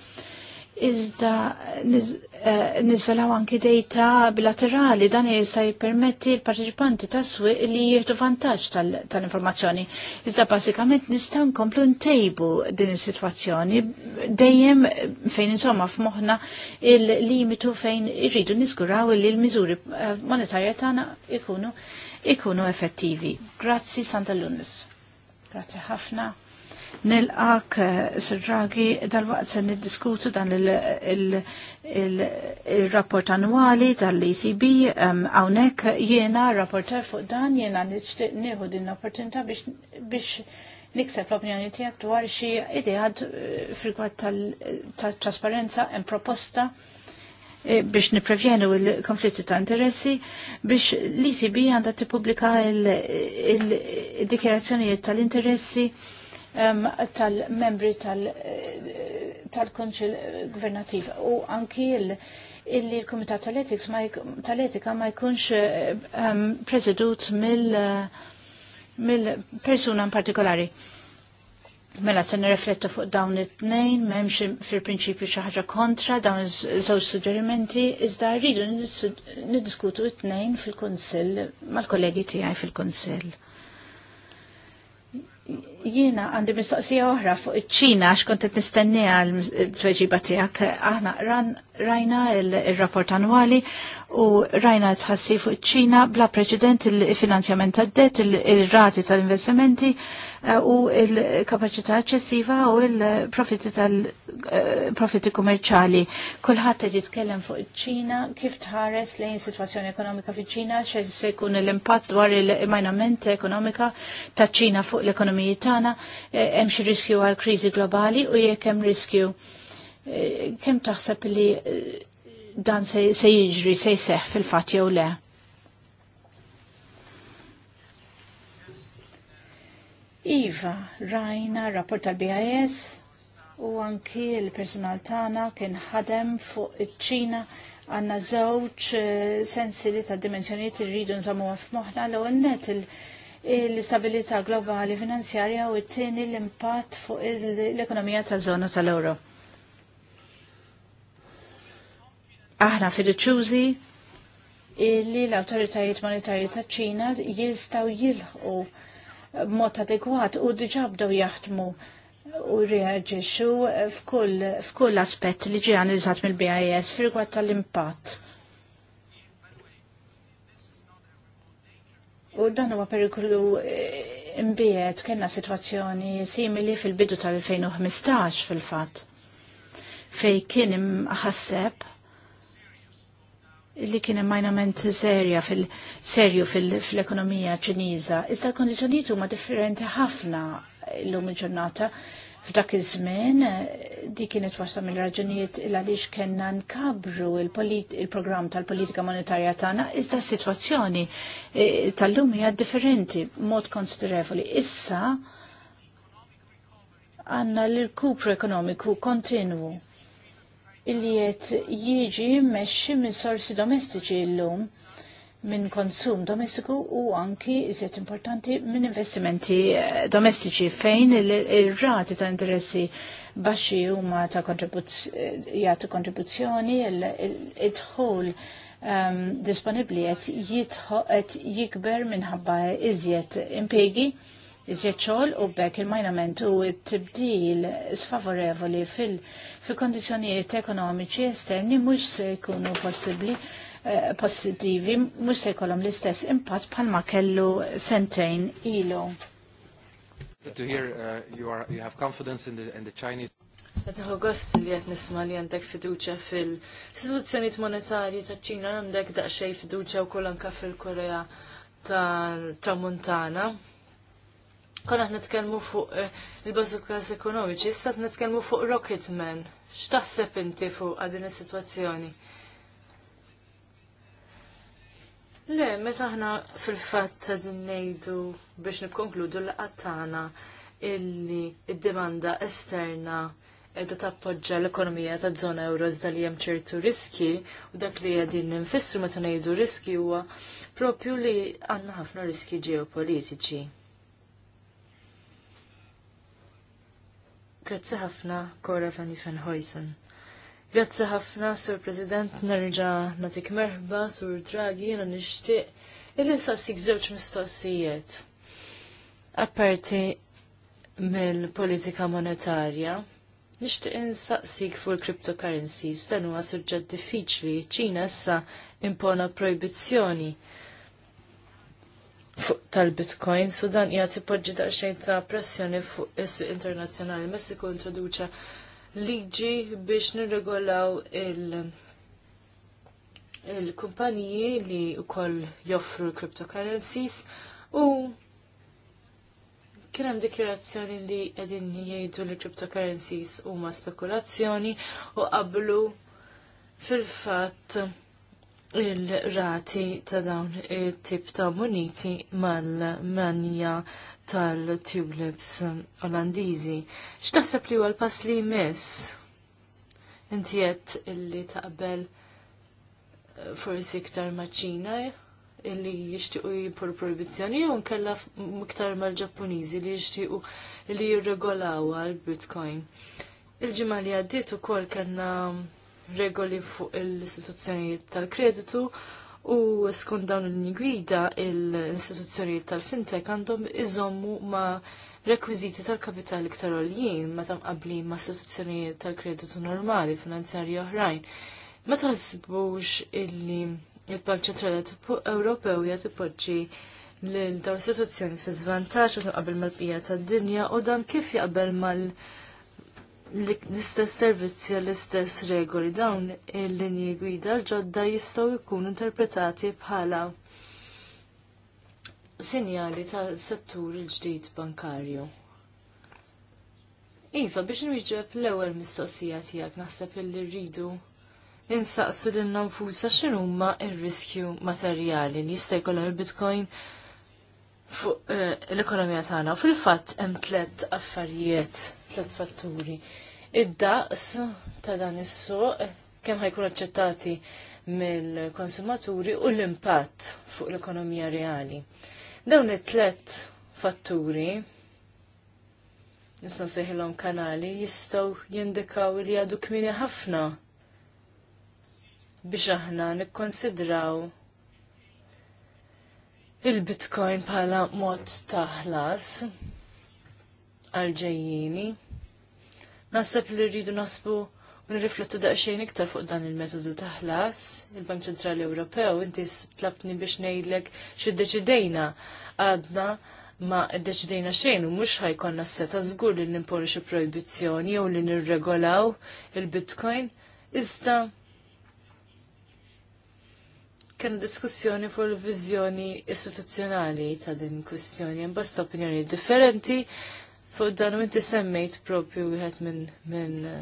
Iżda eh, nizvelaw uh, anki dejta bilaterali dan jista jippermetti l-parteċipanti ta' swieq li jieħdu vantaġġ tal-informazzjoni. Tal Iżda basikament nistgħu nkomplu ntejbu din is-sitwazzjoni dejjem fejn insomma f'moħħna il-limitu fejn irridu niskuraw li l-miżuri eh, monetarja tagħna ikunu ikunu effettivi. Grazzi Santa Lunis. Grazzi ħafna. Nil-għak eh, Draghi, dal-waqt se niddiskutu dan il-rapport annuali tal-ECB għawnek jena rapporter fuq dan jena nishtiq nieħu din l-opportunità biex nikseb l-opinjoni tijak dwar xie idead eh, frikwat tal-trasparenza en proposta Eh, biex niprevjenu il-konflitti ta' interessi biex l-ECB għandha tippubblika il-dikjerazzjonijiet tal-interessi tal-membri tal-Konċil Gvernativ u anki illi l-Kumitat tal-Etika ma jkunx presedut mill-persuna in partikolari. Mela, se nirrifletta fuq dawn it-tnejn, m'hemmx fil-prinċipju xi ħaġa kontra dawn iż-żewġ suġġerimenti, iżda rridu niddiskutu it-tnejn fil-Kunsill mal-kollegi tiegħi fil-Kunsill. Jiena għandi mistoqsija oħra fuq iċ-Ċina għax kont qed nistenniha l-tweġiba tiegħek. Aħna rajna il-rapport annwali u rajna tħassi fuq iċ-Ċina bla preċedent il-finanzjament tad-det, il-rati tal-investimenti, il finanzjament tad det il rati tal investimenti il det il rati tal investimenti Eh, u il-kapacità ċessiva u il-profitti tal-profitti eh, kummerċali. Kulħadd qed jitkellem fuq iċ-Ċina, kif tħares lejn situazzjoni ekonomika fiċ-Ċina, xejn se jkun l-impatt dwar il-majnament ekonomika ta' ċina fuq l-ekonomiji tagħna, eh, hemm xi riskju għal kriżi globali u jekk hemm riskju kemm taħseb li dan se jiġri se jseħ fil-fatt jew le? Iva, rajna, rapport tal-BIS u anki l-personal tana kien ħadem fuq iċ-Ċina għanna żewġ eh, sensili ta' dimensjoniet irridu nżammu f'moħħna l net l-istabilità globali finanzjarja u t-tieni l impat fuq l-ekonomija ta' żona tal-euro. Aħna fiduċjużi li l-autoritajiet monetarji ta' Ċina jistaw jilħu mod adekwat u diġà bdew jaħdmu u reagġiċu f'kull aspett li ġie analizzat mill-BIS fil tal-impatt. U dan huwa periklu eh, imbiet kena situazzjoni simili fil-bidu tal-2015 fil-fat fej kien imħasseb li kien emajnament serja fil-serju fil-ekonomija ċiniża. Iżda l-kondizjonijiet huma differenti ħafna l-lum il-ġurnata f'dak iż-żmien eh, di kienet waħda mill-raġunijiet il għaliex kellna nkabru il-programm tal-politika monetarja tagħna iżda s-sitwazzjoni eh, tal-lum hija differenti mod konsiderevoli. Issa għandna l-irkupru ekonomiku kontinwu illi jiet jiġi mmexxi minn sorsi domestiċi llum minn konsum domestiku u anki iżjed importanti minn investimenti eh, domestiċi fejn ir-rati ta' interessi baxxi huma ta' eh, jagħtu kontribuzzjoni il idħol ehm, disponibbli disponibli qed jikber minħabba iżjed impjegi iżjed xogħol u bekk il-majnament u t-tibdil sfavorevoli fil- fi kondizjonijiet ekonomiċi esterni mhux se jkunu possibbli eh, positivi, mux mhux se jkollhom l-istess impatt bħalma kellu sentejn ilu. to hear uh, you, are, you have confidence in the, in the Chinese Għadħu għost li għet nisma li għandek fiduċa fil-istituzzjoniet monetarji ta' ċina għandek daqxej fiduċa u anka fil-Korea ta' Montana. Kon t tkellmu fuq eh, il-bazukas ekonomiċi, issa nitkellmu fuq Rocket Man. X'taħseb inti fuq għadin is-sitwazzjoni? Le, meta aħna fil-fatt din ngħidu biex nikkonkludu l qatt tagħna illi id-demanda esterna edha tappoġġa l-ekonomija ta' zona euro iżda li hemm ċertu riski u dak li qegħdin ninfissru meta ngħidu riski huwa propju li għandna ħafna riski ġeopolitiċi. Grazzi ħafna, Kora van Hoysen. Grazzi ħafna, Sur President, nerġa natik merħba, Sur Draghi, jena nishtiq, illi sassik zewċ mistoqsijiet. Apparti mill-politika monetarja, nishtiq insaqsik fuq il-cryptocurrencies, dan huwa suġġett diffiċli, ċina issa impona proibizzjoni tal-Bitcoin, Sudan hija tipoġġi daqsxejn ta' pressjoni fuq is-suq internazzjonali. Messiku introduċa liġi biex nirregolaw il- il-kumpaniji li wkoll joffru cryptocurrencies u kien hemm dikjerazzjoni li qegħdin jgħidu li cryptocurrencies huma spekulazzjoni u qablu fil-fatt il-rati ta' dawn il-tip ta' moniti mal-manja tal-tulips olandizi. X'taħseb li għal pass li jmiss? Inti qed illi taqbel eh, forsi iktar maċ-Ċina illi jixtiequ jimpur proibizzjoni jew nkella iktar mal-Ġappuniżi li jixtiequ li jirregolawha l-Bitcoin. Il-ġimgħa li għaddiet ukoll kellna regoli fuq l-istituzzjonijiet tal-kreditu u skont dawn il gwida l-istituzzjonijiet tal-fintech għandhom iżommu ma' rekwiziti tal-kapital iktar għoljien meta qabli ma' istituzzjonijiet tal-kreditu normali finanzjarji oħrajn. Ma taħsbux illi il-Bank Ċentrali Ewropew jgħat ipoġġi lil dawn istituzzjoni fi żvantaġġ u qabel mal-bqija tad-dinja u dan kif jaqbel mal- l-istess servizzi l-istess regoli dawn il-linji gwida l-ġodda jistgħu jkunu interpretati bħala sinjali ta' settur il-ġdid bankarju. Iva, biex nwiġġeb l-ewwel mistoqsija tiegħek naħseb illi rridu insaqsu lil nanfusa x'inhuma r-riskju materjali li jista' jkollhom il-Bitcoin fuq eh, l-ekonomija tagħna. Fil-fatt hemm tliet affarijiet tlet fatturi. Id-daqs ta' dan is-suq kemm ħajkun aċċettati mill-konsumaturi u l-impatt fuq l-ekonomija reali. Dawn it-tlet fatturi nista' seħilhom kanali jistgħu jindikaw li għadu kmini ħafna biex aħna nikkonsidraw il-Bitcoin bħala mod taħlas għal-ġejjini. Naħseb li rridu nasbu u nirriflettu daqsxejn iktar fuq dan il-metodu ta' ħlas. Il-Bank Ċentrali Ewropew inti tlabni biex ngħidlek deċidejna għadna ma deċidejna xejn u mhux ħajkonna nasseta seta żgur li nimponu xi projbizjoni jew li nirregolaw il-Bitcoin. Iżda kien diskussjoni fuq il-viżjoni istituzzjonali ta' din kwistjoni hemm opinjoni differenti fuq dan u inti semmejt propju wieħed minn minn eh,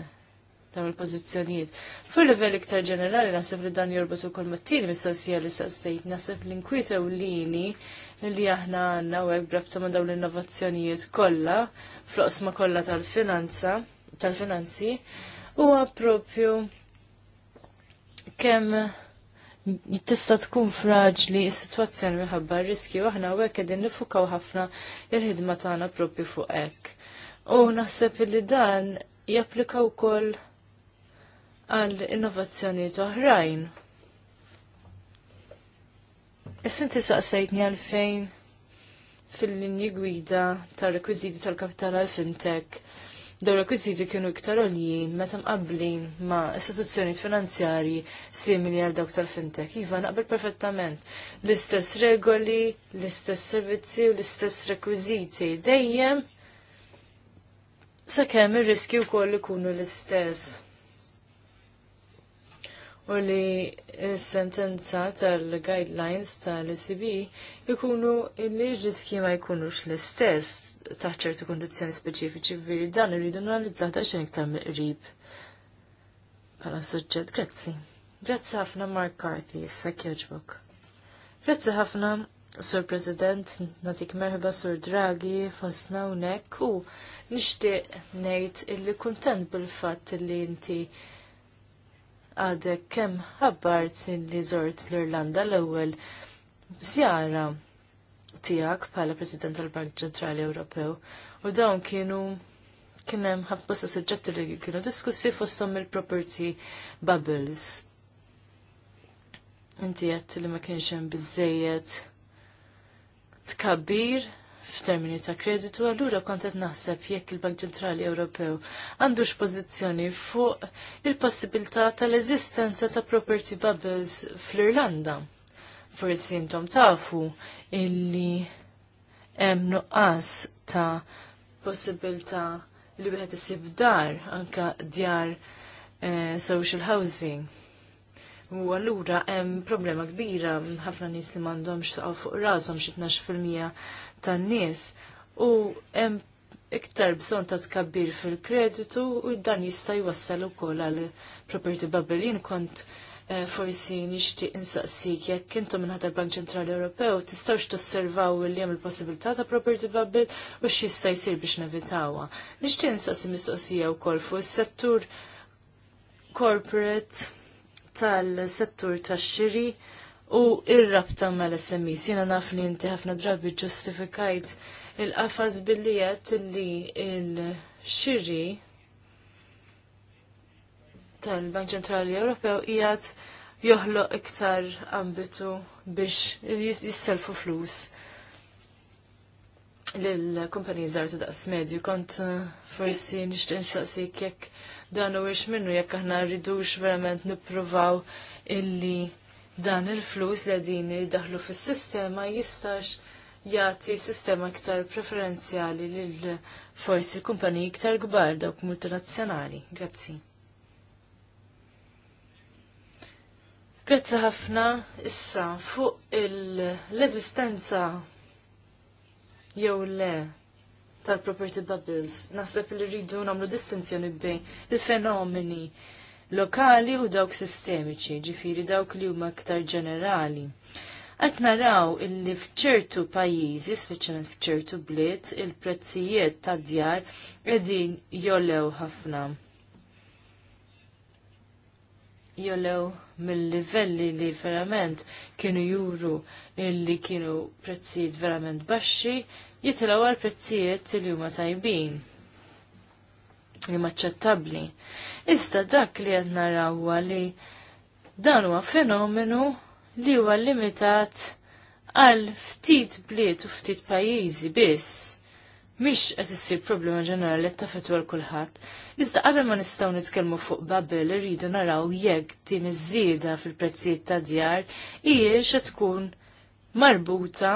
dawn il pożizzjonijiet Fuq livell iktar ġenerali naħseb li dan jorbot ukoll mat-tieni mis-sosjali sa' state, naħseb li nkwieta lini li aħna għandna u hekk brabta ma' dawn l-innovazzjonijiet kollha fl-oqsma kollha tal-finanza tal-finanzi huwa propju kemm tista' tkun fraġli s-sitwazzjoni minħabba r-riski u aħna hekk qegħdin nifukaw ħafna il-ħidma tagħna propi fuq hekk. U naħseb li dan japplika wkoll għal innovazzjonijiet oħrajn. Is-sinti saqsejtni għalfejn fil-linji gwida tal-rekwiziti tal-kapital għal-fintech dawn il-kwisiti kienu iktar għoljin meta mqabblin ma' istituzzjoni finanzjarji simili għal dawk tal-fintech. Iva, naqbel perfettament. L-istess regoli, l-istess servizzi u l-istess rekwiziti. Dejjem sakemm ir-riski wkoll ikunu l-istess. U li s-sentenza tal-guidelines tal-ECB ikunu li r-riski ma jkunux l-istess taħt ċertu kondizzjoni speċifiċi veri dan irridu analizzaw ta' iktar miqrib bħala suġġett. Grazzi. Grazzi ħafna Mark Carthy, issa kjoġbok. Grazzi ħafna Sur President, natik merħba Sur Draghi, fosna unek u nishtiq nejt illi kuntent bil-fat illi inti għadek kem ħabbart illi zort l-Irlanda l-ewel zjara tijak bħala President tal-Bank Ċentrali Ewropew. U dawn kienu kien hemm suġġetti li kienu diskussi fosthom il-property bubbles. Inti qed li ma kienx hemm biżejjed tkabbir f'termini ta' kreditu, allura kont qed naħseb jekk il-Bank Ċentrali Ewropew għandux pożizzjoni fuq il-possibilità tal-eżistenza ta' property bubbles fl-Irlanda forsi intom tafu illi hemm nuqqas ta' possibilità li wieħed isib dar anka djar eh, social housing. U allura hemm problema kbira ħafna nies li m'għandhomx taqgħu fuq rashom xi fil-mija tan-nies u hemm iktar bżon ta' tkabbir fil-kreditu u dan jista' jwassal ukoll għal property bubble. Jien kont Eh, forsi nixtieq insaqsik jekk intom minħata l-Bank Ċentrali Ewropew tistgħux tosservaw li hemm il-possibilità ta' property bubble u x'jista' jsir biex nevitawha. Nixtieq insaqsi mistoqsija wkoll fuq is-settur corporate tal-settur tax-xiri u ir-rabta mal-SMEs. Jiena naf li inti ħafna drabi ġustifikajt il-qafas billi li l-xiri tal-Bank Ċentrali Ewropew qiegħed joħloq iktar ambitu biex jisselfu flus lill-kumpaniji żgħar ta' daqs medju. Kont uh, forsi nixtieq nistaqsik jekk dan u minnu jekk aħna rridux verament nippruvaw illi dan il-flus li għadin daħlu fis-sistema jistax jagħti sistema iktar preferenzjali lil forsi kumpaniji iktar kbar dawk multinazzjonali. Grazzi. Grazie ħafna issa fuq l-eżistenza jew le tal-property bubbles. Naħseb li rridu nagħmlu distinzjoni bejn il-fenomeni lokali u dawk sistemiċi, ġifiri dawk li huma aktar ġenerali. Qed naraw illi fċertu pajjiżi, speċjalment fċertu bliet, il-prezzijiet tad djar qegħdin jollew ħafna. Jollew mill-livelli li verament kienu juru illi kienu prezzijiet verament baxxi jitilgħu għal prezzijiet li huma tajbin li maċċettabbli. Iżda dak li qed naraw li dan huwa fenomenu li huwa limitat għal ftit bliet u ftit pajjiżi biss. Mhix qed issir problema ġenerali tafetu għal kulħadd. Iżda qabel ma nistgħu nitkellmu fuq Babel irridu naraw jekk din iż-żieda fil-prezzijiet ta' djar hijiex qed tkun marbuta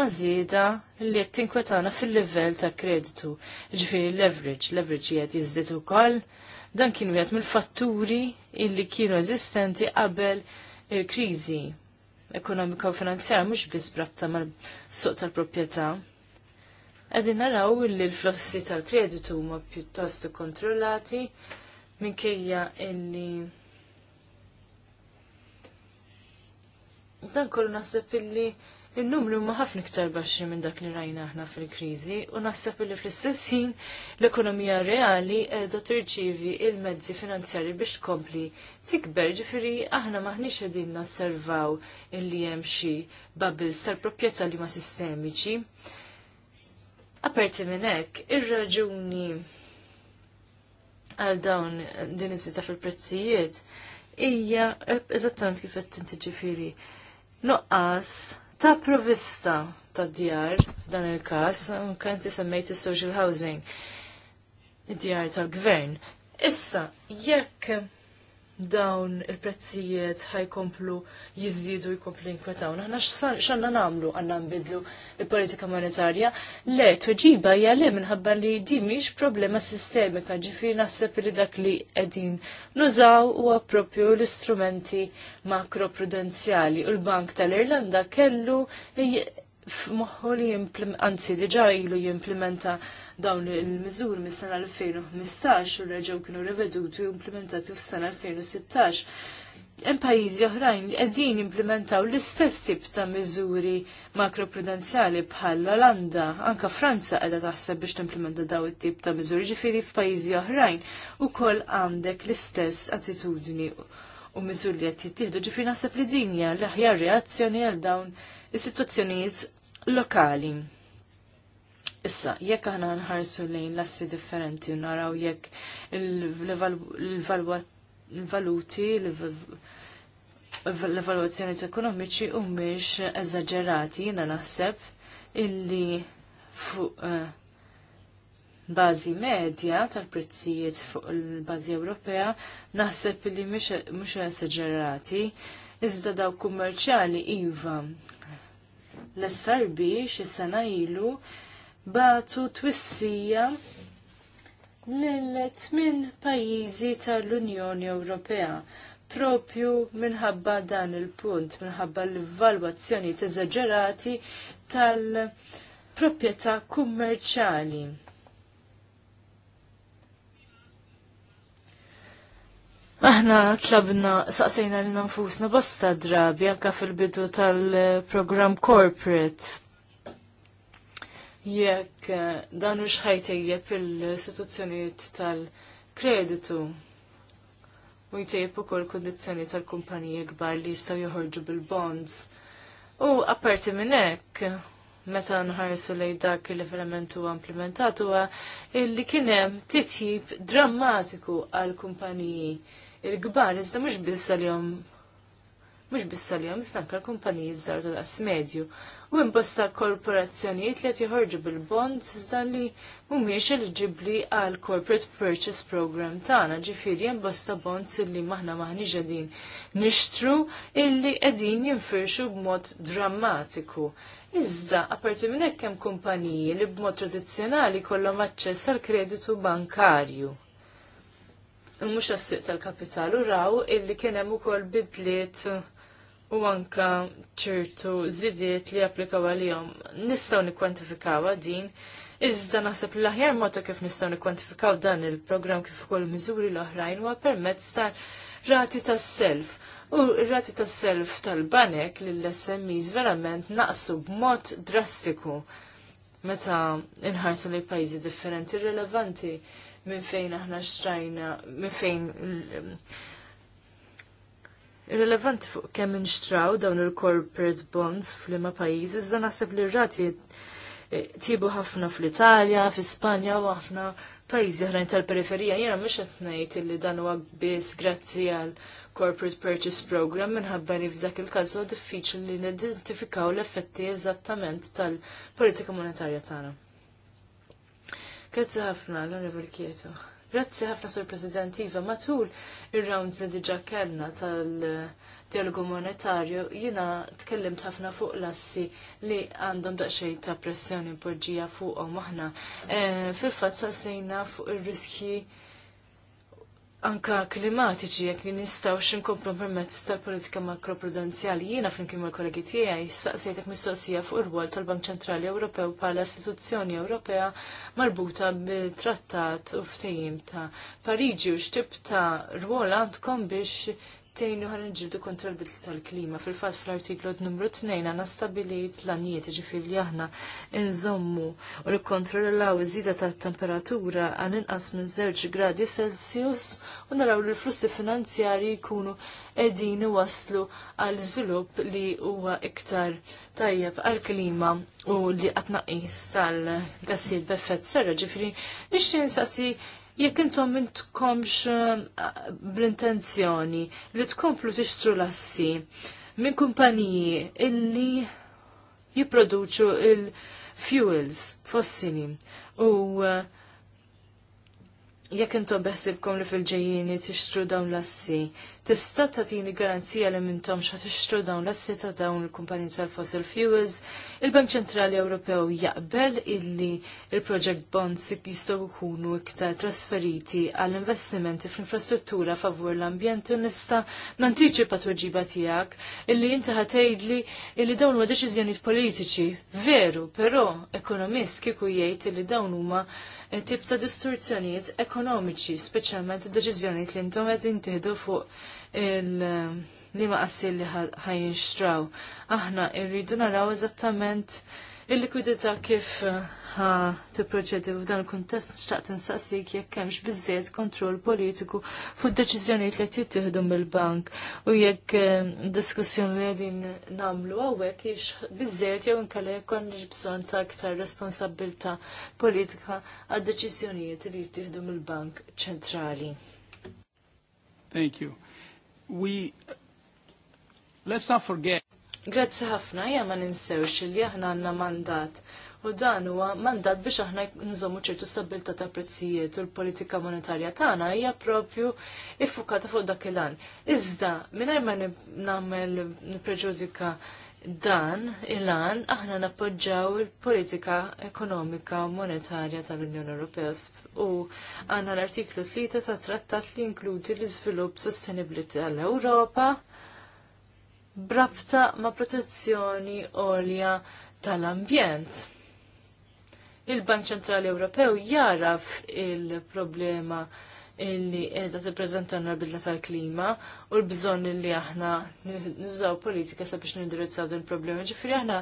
ma' żieda li qed tinkwetana fil-livell ta' kreditu. Ġifieri leverage, leverage qiegħed jiżdied ukoll, dan kienu jgħat mill-fatturi illi kienu eżistenti qabel il kriżi ekonomika u finanzjarja mhux biss brabta mal-suq tal-proprjetà. Għadin naraw li l-flossi tal-kreditu huma pjuttost kontrollati minkejja illi dan kollu naħseb illi il-numru ma ħafna iktar baxxi minn dak li rajna aħna fil-kriżi u naħseb illi fl-istess ħin l-ekonomija reali qiegħda tirċievi il-mezzi finanzjari biex tkompli tikber ġifieri aħna maħniex qegħdin nosservaw illi hemm xi bubbles tal-proprjetà li ma sistemiċi. Aperti minn hekk, ir-raġuni għal dawn din iżita fil-prezzijiet hija eżattament kif qed tintiġifieri. Nuqqas ta' provista ta' djar f'dan il-każ anke inti semmejt is-social housing id-djar tal-gvern. Issa, jekk dawn il-prezzijiet ħajkomplu jizzidu jkomplu jinkwetaw. Naħna xanna namlu għanna nbidlu il-politika monetarja. Le, tweġiba hija le minħabba li dimix problema sistemika ġifiri naħseb li dak li edin nużaw u għapropju l-istrumenti makroprudenzjali. U l-Bank tal-Irlanda kellu moħħu li anzi diġa ilu jimplementa dawn il mizur mis-sena 2015 u reġaw kienu reveduti u implementati f'sena 2016. Hemm pajjiżi oħrajn qegħdin implementaw l-istess tip ta' miżuri makroprudenzjali bħal l-Olanda, anka Franza qiegħda taħseb biex t-implementa daw it-tip ta' miżuri, ġifieri f'pajjiżi oħrajn ukoll għandek l-istess attitudni u miżuri li qed jittieħdu. ġifiri naħseb li din hija l-aħjar reazzjoni għal dawn is-sitwazzjonijiet lokali. Issa, jekk aħna nħarsu lejn lassi differenti u naraw jekk il-valuti, l-evaluazzjoni ekonomiċi u mhix eżagġerati, jiena naħseb illi fuq eh, bażi medja tal-prezzijiet fuq il bażi Ewropea naħseb illi e- mhux eżagġerati, iżda daw kummerċjali iva. L-SRB xi sena ilu batu twissija lillet minn pajizi tal-Unjoni Ewropea propju minħabba dan il-punt, minħabba l-valwazzjoni teżagġerati tal-propieta kummerċali. Aħna tlabna saqsejna l-nanfusna bosta drabi anka fil-bidu tal-program corporate jekk eh, dan mhux ħajtejjeb il-istituzzjonijiet tal-kreditu u jtejjeb ukoll kundizzjoni tal-kumpaniji kbar li jistgħu joħorġu bil-bonds. U apparti minn hekk, meta nħarsu lejn dak il verament huwa implementat huwa illi kien hemm titjib drammatiku għal kumpaniji il-kbar iżda mhux biss għalihom mhux biss għalihom iżda l-kumpaniji żgħar ta' daqs medju. U imposta korporazzjonijiet li qed joħorġu bil-bonds iżda li mhumiex eliġibbli għal corporate purchase program tagħna, ġifieri imposta bonds li maħna maħniġ qegħdin nixtru illi qegħdin jinfirxu b'mod drammatiku. Iżda, apparti minn hekk hemm kumpaniji li b'mod tradizzjonali kollhom aċċess għal kreditu bankarju mux għas tal-kapitalu raw illi kienem u kol bidliet u anka ċertu zidiet li applikaw għalihom. Nistgħu nikkwantifikawha din, iżda naħseb l aħjar moto kif nistgħu nikkwantifikaw dan il-programm kif ukoll miżuri l-oħrajn huwa permezz ta' rati tas-self. U r-rati tas-self tal-banek lill-SMEs verament naqsu b'mod drastiku meta inħarsu li pajjiżi differenti rilevanti minn fejn aħna xtrajna, minn fejn Irrelevant fuq kemm inxtraw dawn il-corporate bonds fl-imma pajjiżi, iżda naħseb li r-rati eh, tibu ħafna fl-Italja, fl-Ispanja u ħafna pajjiżi oħrajn tal-periferija. Jiena mhux qed ngħid li dan huwa biss grazzi għal corporate purchase program minħabba li f'dak il-każ huwa diffiċli li nidentifikaw l-effetti eżattament tal-politika monetarja tagħna. Grazzi ħafna l-Onorevol Kieto. Grazzi ħafna sur President Iva matul ir-rounds li diġa kellna tal-dialogu monetarju jina tkellimt ħafna fuq lassi li għandhom daqsxejn ta' pressjoni poġġija fuqhom aħna. Eh, fil-fatt sejna fuq ir-riskji anka klimatiċi jekk xin x'inkomplu permezz tal-politika makroprudenzjali. Jiena flimkien mal-kollegi tiegħi saqsejtek mistoqsija fuq ir-rwol tal-Bank Ċentrali Ewropew bħala istituzzjoni Ewropea marbuta bil-Trattat u ftejim ta' Pariġi u x'tib ta' rwol għandkom biex tejnu ħan nġibdu kontrol bitli tal-klima. Fil-fat fl-artiklu numru 2 għana stabilit l-anijiet ġifiri aħna nżommu u nikkontrollaw iż-żida tal-temperatura għan inqas minn 0 gradi Celsius u naraw li l-flussi finanzjari jkunu edin waslu għal żvilupp li huwa iktar tajjeb għal-klima u li għatnaqis tal-gassijiet b'effett serra ġifiri nixtieq nsaqsi Jekk intom intkomx eh, bl-intenzjoni li tkomplu tixtru lassi minn kumpaniji illi jipproduċu il-fuels fossili u uh, jekk intom beħsibkom li fil-ġejjini tixtru dawn l-assi, tista' tagħtini garanzija li mintom xa tixtru dawn l-assi ta' dawn il-kumpaniji tal-fossil fuels, il-Bank Ċentrali Ewropew jaqbel illi il-project bonds jistgħu jkunu iktar trasferiti għall investimenti fl-infrastruttura favur l-ambjent u nista' n'antiġi tweġiba tiegħek illi inti ħatgħidli illi dawn huwa deċiżjonijiet politiċi. Veru, però ekonomist kieku jgħid illi dawn huma tip ta' distorzjonijiet ekonomiċi, speċjalment deċiżjonijiet li intom qed jintieħdu fuq il- eh, li ma qassil li ħajinxtraw. Aħna irridu naraw eżattament Il-likwidità kif uh, ħa tipproċedi f'dan il-kuntest nixtaq tinsaqsik jekk hemmx biżżejjed kontroll politiku fuq deċiżjonijiet li qed jittieħdu mill-bank u jekk uh, diskussjoni li qegħdin nagħmlu hawnhekk hix biżżejjed jew inkella jekk għandix bżonn ta' aktar responsabilità politika għad deċiżjonijiet li jittieħdu mill-bank ċentrali. Thank you. We let's not forget Grazzi ħafna, jgħam ma ninsewx li aħna għandna mandat. U dan huwa mandat biex aħna nżommu ċertu stabilità ta' prezzijiet u l-politika monetarja tagħna hija propju iffukata fuq dak il-għan. Iżda, mingħajr ma nagħmel nippreġudika dan il-għan aħna nappoġġaw il-politika ekonomika monetarja tal-Unjoni Ewropea u għandna l-artiklu 3 ta' trattat li inkludi l-iżvilupp sostenibbli tal-Ewropa brabta ma' protezzjoni għolja tal-ambjent. Il-Bank Ċentrali Ewropew jaraf il-problema illi edha t-prezentana l-bidla tal-klima u l-bżon illi aħna nużaw politika sabiex nindirizzaw din problema. Ġifiri aħna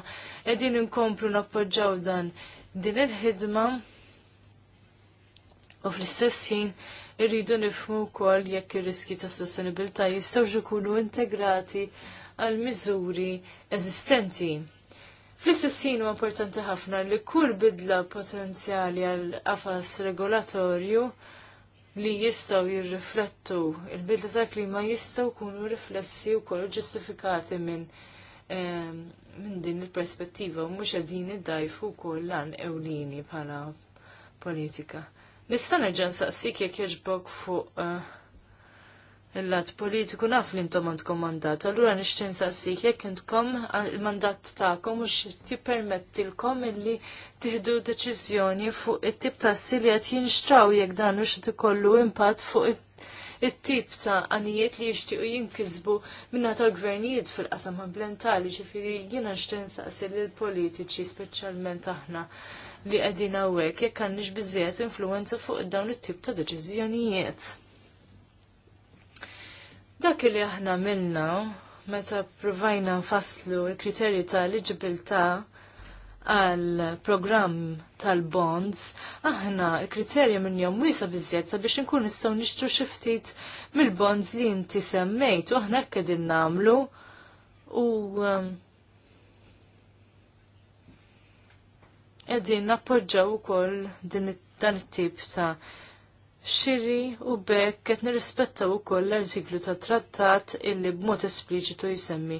edin nkomplu nappoġġaw dan din il-ħidma u fl-istess ħin irridu nifmu wkoll jekk ir-riski ta' sostenibilità jistgħu kunu integrati għal miżuri eżistenti. Fl-istess ħin huwa importanti ħafna li kull bidla potenzjali għal qafas regolatorju li jistgħu jirriflettu il-bidla tal-klima jistgħu jkunu riflessi wkoll ġustifikati minn ehm, minn din il-perspettiva u mhux qegħdin iddajfu wkoll lan ewlieni bħala politika. Nista' nerġa' nsaqsik jekk jogħġbok fuq uh, il-lat politiku naf li intom għandkom mandat. Allura nixtin sassik, jek intkom ah, il-mandat ta'kom u xti permettilkom illi tiħdu deċizjoni fuq it-tip ta' li qed jinxtraw jek dan u xti kollu impat fuq it-tip ta' għanijiet li jishtiqu jinkizbu minna tal-gvernijiet fil-qasam ambientali, ġifiri jina nixtin sassik il politiċi specialment aħna li għedina għek, jek għannix bizziet influenza fuq dawn it-tip ta' deċiżjonijiet. Dak li aħna minna meta provajna nfasslu il-kriterji ta' eligibilità għal programm tal-bonds, aħna il-kriterja minn jom wisa bizzjed sabiex nkun nistgħu nixtru xi ftit mill-bonds li inti semmejt u aħna hekk qegħdin nagħmlu u um, qegħdin nappoġġaw ukoll din dan it-tip ta' xiri u bekk qed nirrispettaw ukoll l-artiklu ta' trattat illi b'mod espliċitu jsemmi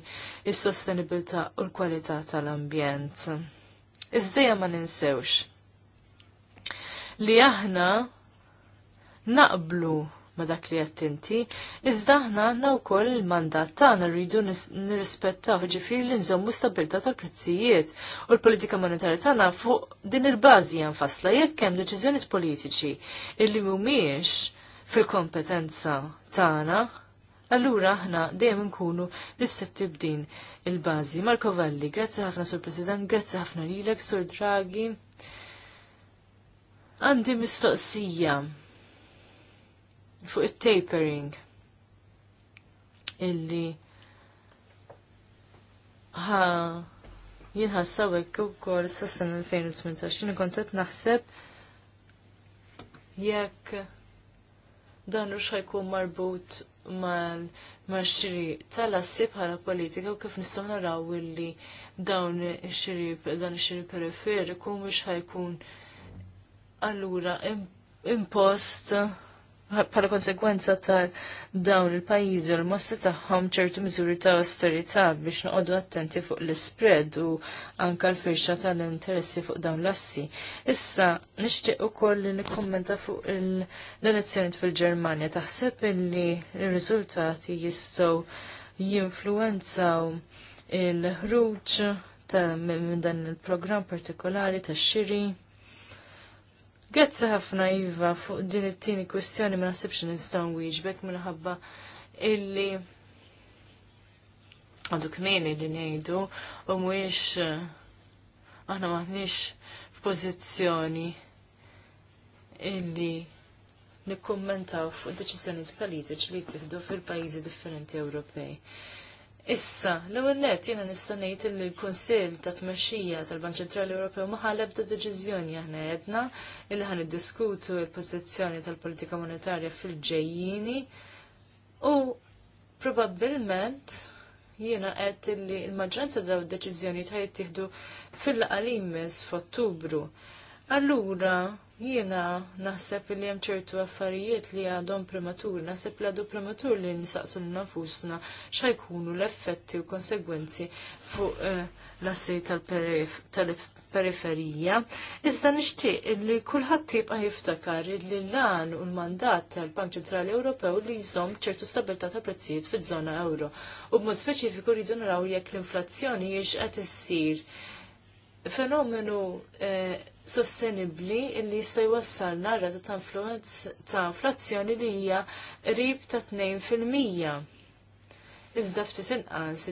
s sostenibilità u l-kwalità tal-ambjent. Iżdejja ma ninsewx li aħna naqblu ma dak li għattinti, iżda ħna għanna u koll il-mandat tagħna rridu nirrispettaw ġifiri li nżommu stabilta tal-prezzijiet u l-politika monetarja tagħna fuq din il-bażi janfasla jekk hemm deċiżjonijiet politiċi illi mhumiex fil-kompetenza tagħna, allura aħna dejjem nkunu ristetti b'din il-bażi. Marko Valli, grazzi ħafna sur President, grazzi ħafna lilek sur Draghi. Għandi mistoqsija fuq it-tapering illi ha sawek u kol sassan 2018 jina kontet naħseb jekk dan u xħajkun marbut mal marxiri tala tal bħala politika u kif nistgħu naraw illi dawn ix-xiri dan ix-xiri periferiku mhux ħajkun allura impost pala konsekwenza ta' dawn il-pajjiżi u l-mossi tagħhom ċertu miżuri ta' austerità biex noqogħdu attenti fuq l-spread u anka l-firxa tal-interessi fuq dawn l-assi. Issa nixtieq ukoll li nikkummenta fuq l-elezzjoni fil-Ġermanja taħseb li r-riżultati jistgħu jinfluwenzaw il-ħruġ ta' minn dan il-programm partikolari tax-xiri Grazzi ħafna Iva fuq din it-tieni kwestjoni ma nasibx nistgħu nwieġbek minħabba illi għadu kmini li ngħidu u mhuwiex eh, aħna maħniex f'pożizzjoni illi nikkummentaw fuq deċiżjonijiet politiċi li jittieħdu fil-pajjiżi differenti Ewropej. Issa, l-ewwel nett jiena nista' ngħid li l-Kunsill ta' Tmexxija tal-Bank Ċentrali Ewropew ma ħaleb da' deċiżjoni aħna għedna illi ħan iddiskutu l-pożizzjoni tal-politika monetarja fil-ġejjini u probabbilment jiena qed illi l-maġġoranza daw id-deċiżjoni ta' jittieħdu fil-laqalimis f'Ottubru. Allura, Jiena naħseb li hemm ċertu affarijiet li għadhom prematur, naħseb li għadu prematur li nisaqsu nafusna x'ajkunu l-effetti u konsegwenzi fuq eh, l-assej tal-periferija. Iżda nixtieq li kulħadd jibqa' jiftakar li l-lan u l-mandat tal-Bank Ċentrali Ewropew li jżomm ċertu stabilità ta' prezzijiet fiż-żona euro. U b'mod speċifiku rridu naraw jekk l-inflazzjoni jiex qed issir fenomenu eh, sostenibli li jista' jwassalna rata ta' ta' inflazzjoni li hija rib ta' 2%. Iżda ftit inqas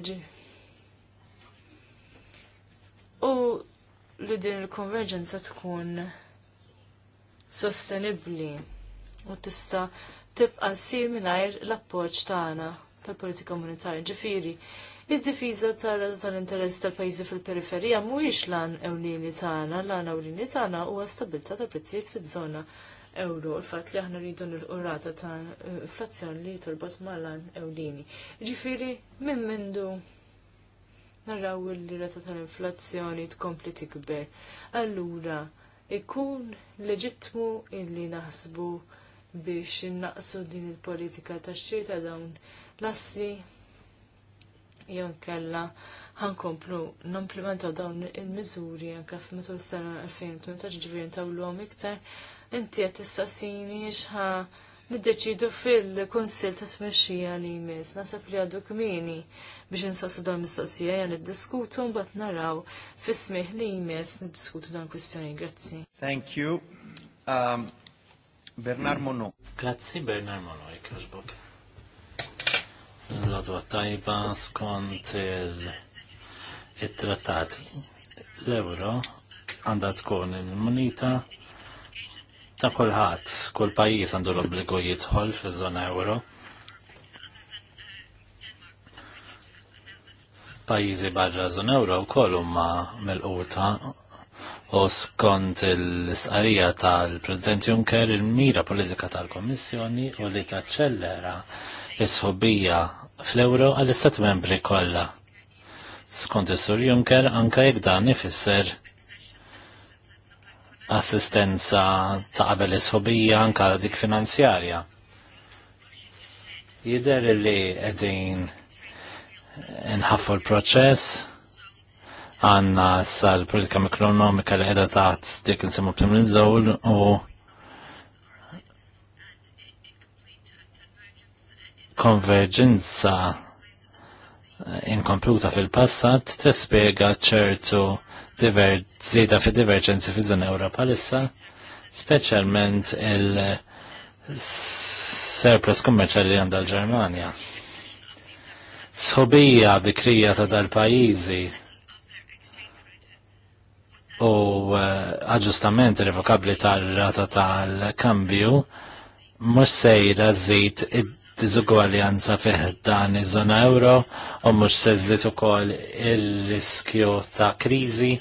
U li din il-konverġenza tkun sostenibli u tista' tibqa' sir mingħajr l-appoġġ tagħna tal-politika monetarja. Ġifieri, Id-difiża tal-interess tal-pajjiżi fil-periferija mhuwiex lan ewlieni tagħna, lan ewlieni tagħna huwa stabilità tal-prezzijiet fiż-żona euro, l fatt li aħna rridu l-qurrata ta' inflazzjoni li torbot ma' lan ewlieni. Ġifieri minn mindu naraw il-rata tal-inflazzjoni tkompli tikber. Allura, ikun leġittmu illi naħsbu biex innaqsu din il-politika ta' xir ta' dawn l-assi jew kella ħankomplu nimplementaw dawn il-miżuri anke f'metul sena 2018 ġifieri ntawluhom iktar. Inti qed tissassini x'ha niddeċidu fil-Kunsill ta' Tmexxija li jmiss. Nasab li għadu kmini biex insassu dawn mistoqsija jan niddiskutu mbagħad naraw fis-smih li jmiss niddiskutu dawn kwistjoni. Grazzi. Thank you. Um, Bernard Monod. Grazzi Bernard Monod, jekk l-odwa tajba skont il-trattat. L-euro għandha tkun il munita ta' kulħadd, kull pajjiż għandu l-obbligu jidħol fiż-żona euro. Pajjiżi barra zona euro wkoll huma mill u skont l-isqarija tal-President Juncker il-mira politika tal-Kommissjoni u li taċċellera is-ħobbija fl-euro għall-istat membri kollha. Skont is-Sur Juncker anke jekk dan ifisser assistenza ta' qabel is-ħobbija anke dik finanzjarja. Jider li qegħdin nħaffu l-proċess għanna sal-politika mikronomika li qiegħda taħt dik insimu plim u konverġenza inkompluta fil-passat tispjega ċertu zida fi diverġenzi fi zon Europa lissa, speċjalment il-surplus kummerċali li għandha l-Ġermanja. Sħobija bikrija ta' dal-pajjiżi u eh, aġġustament irrevokabbli tar-rata tal-kambju mhux sejra żid id diżugwaljanza fih dan iż-żona euro u mhux seżżit ukoll ir-riskju ta' kriżi.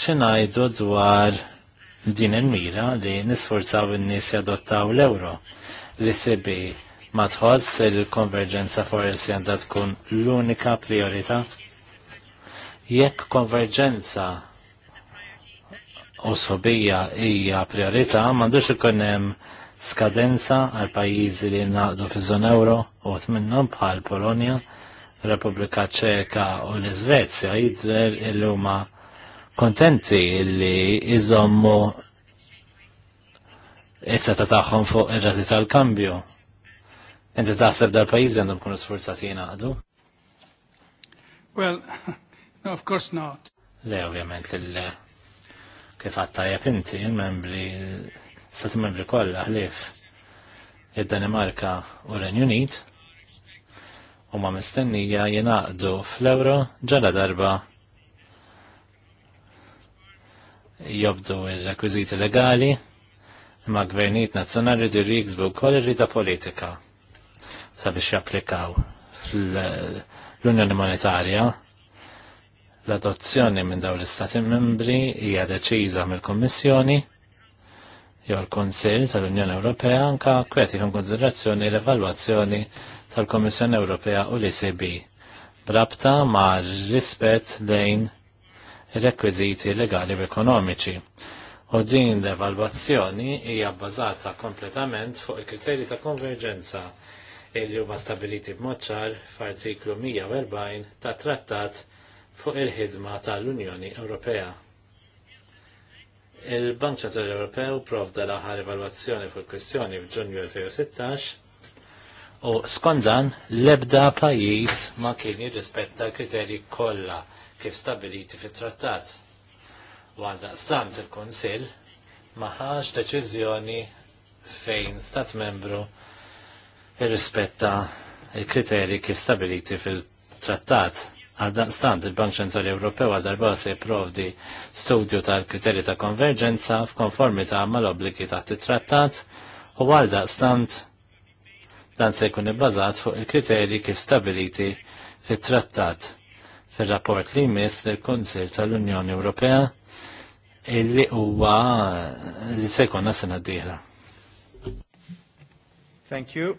Xinajdu dwar din il-mira li nisforzaw in-nies jadottaw l-euro li sibi ma tħoss il-konverġenza forsi għandha tkun l-unika priorità. Jekk konverġenza u sobija hija priorità, m'għandux ikun hemm skadenza għal pajjiżi li naqdu fi zon euro u minnhom bħal Polonia, Repubblika Ċeka u l-Iżvezja jidher il-huma kontenti li jizommu is ta' tagħhom fuq ir-rati tal-kambju. Inti taħseb dal-pajjiżi għandhom kunu sforzati jingħaqdu? Well, (laughs) no, of course not. Le, ovvjament, l kif għattajab inti, il-membri stati membri kollha ħlief id-Danimarka u l-Renju Unit huma mistennija jingħaqdu fl-euro ġala darba jobdu il-rekwiziti legali imma gvernijiet nazzjonali jridu jiksbu wkoll ir rida politika sabiex japplikaw l-Unjoni Monetarja l-adozzjoni minn dawn l-Istati membri hija deċiża mill-Kummissjoni jew l-Konsil tal-Unjoni Ewropea anka kwet jkun konsiderazzjoni l-evalwazzjoni tal-Kommissjoni Ewropea u l-ECB brabta ma' rispett lejn rekwiżiti legali u ekonomiċi. U din l-evalwazzjoni hija bbażata kompletament fuq il-kriterji ta' konverġenza illi huma stabiliti b'mod ċar f'artiklu 140 ta' trattat fuq il-ħidma tal-Unjoni Ewropea. Il-Bank Ċentrali Ewropew provda l-aħħar evalwazzjoni fuq kwestjoni f'Ġunju 2016 u skont dan l-ebda pajjiż ma kien jirrispetta l-kriterji kollha kif stabiliti fit-trattat. U għal daqstant il-Kunsill ma ħax deċiżjoni fejn stat membru jirrispetta l kriterji kif stabiliti fil-trattat. Għaldaqstant il-Bank Ċentrali Ewropew għal darba se jipprovdi studju tal-kriterji ta' konverġenza f'konformità mal-obbligi taħt it-trattat u għaldaqstant dan se jkun ibbażat fuq il-kriterji kif stabiliti fit-trattat fir-rapport li jmiss lill kunsil tal-Unjoni Ewropea illi huwa li se jkunna sena d-dieħla. Thank you.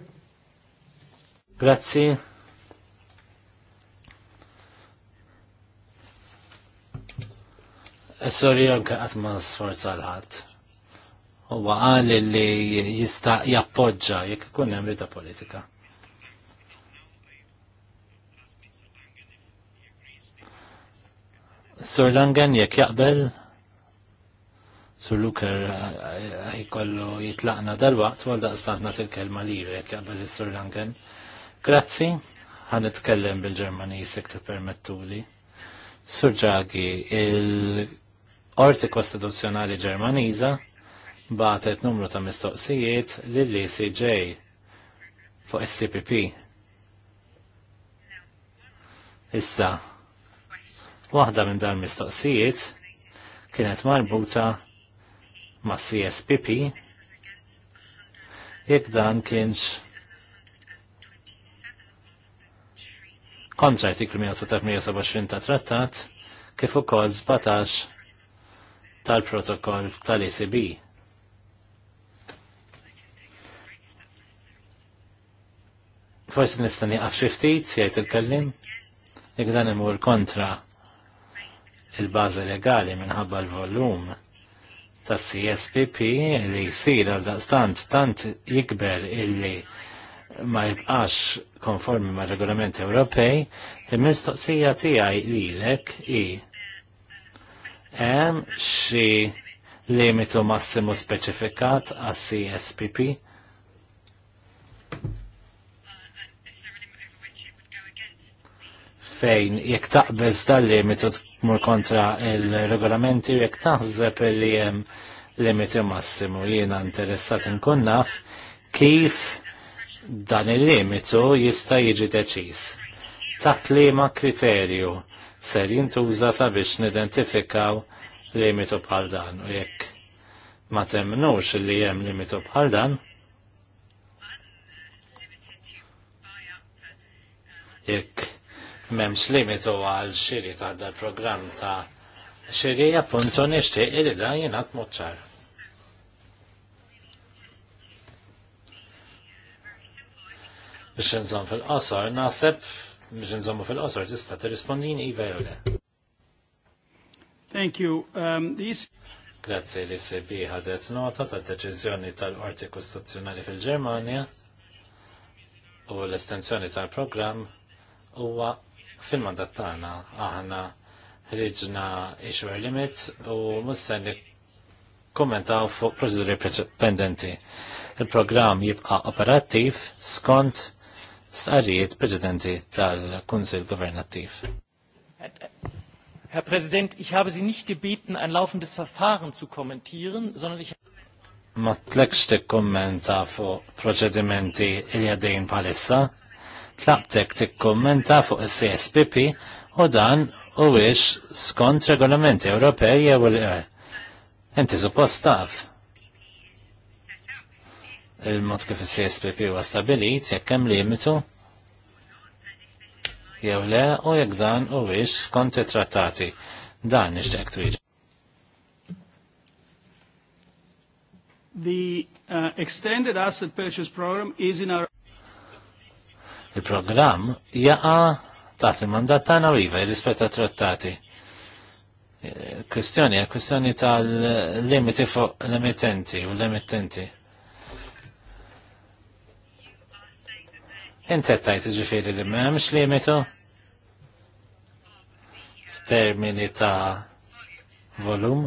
Grazzi. Sorry, anka għatma sforza l-ħat. U għal li jista jappoġġa jekk ikun hemm ta' politika. Sur Langan jekk jaqbel Sur Luker eh, jkollu jitlaqna dal-waqt għal daqstatna fil-kelma liru jekk jaqbel is-Sur Langan. Grazzi, ħan itkellem bil-Ġermanis jekk permettuli. Sur Draghi, il Orti Kostituzzjonali Ġermaniża batet numru ta' mistoqsijiet lill-ECJ fuq SCPP. Issa, waħda minn dan mistoqsijiet kienet marbuta ma' CSPP jekk dan kienx kontra artiklu 127 ta' trattat kif ukoll 17 tal-protokoll tal-ECB. Forsi nistani għaf xiftit, jgħajt il-kellim, jek dan imur kontra il-baza legali minħabba l-volum ta' CSPP li jisir għal daqstant tant jikber illi ma jibqax konformi ma' regolamenti Ewropej, il-mistoqsija tijaj li l-ek i Hemm xi limitu massimu speċifikat għas CSPP. Fejn, jekk taqbeż dal-limitu tmur kontra il-regolamenti u jekk taħseb li hemm limitu massimu jiena interessat inkun naf kif dan il-limitu jista' jiġi deċiż. Taħt liema kriterju ser jintuża sabiex nidentifikaw limitu bħal dan u jekk ma temnux li hemm limitu bħal dan jekk m'hemmx limitu għal xiri ta' dal programm ta' xiri appunto nixtieq li da jingħad moċċar. Biex nżomm fil-qosor naħseb biex nżommu fil-qosor tista' tirrispondini iva i le. Thank you. Um, these... Grazzi li sebi ħadet nota ta' deċiżjoni tal-Qorti Kostituzzjonali fil-Ġermanja u l-estensjoni tal-programm huwa fil-mandat tagħna aħna ħriġna issuer limit u mussen kommentaw fuq proċeduri pendenti. Il-programm jibqa' operattiv skont stqarrijiet preċedenti tal-Kunsil Governattiv. Herr Präsident, ich habe Sie nicht gebeten, ein laufendes Verfahren zu kommentieren, sondern ich Ma tlekx tikkommenta fuq proċedimenti li għaddejn palissa, tlaqtek tikkommenta fuq is-CSPP u dan u skont regolamenti Ewropej jew l Inti suppost taf il-mod kif is-CSPP huwa stabilit jekk hemm limitu jew le u jekk dan huwiex skont it-trattati. Dan nixtieq twieġ. The uh, extended asset purchase program is in our Il-programm jaqa taħt il-mandat tagħna u iva jirrispetta trattati. Eh, kwestjoni, kwestjoni tal-limiti fuq l-emittenti u l-emittenti. Intettajt ġifiri li memx limitu f'termini ta' volum.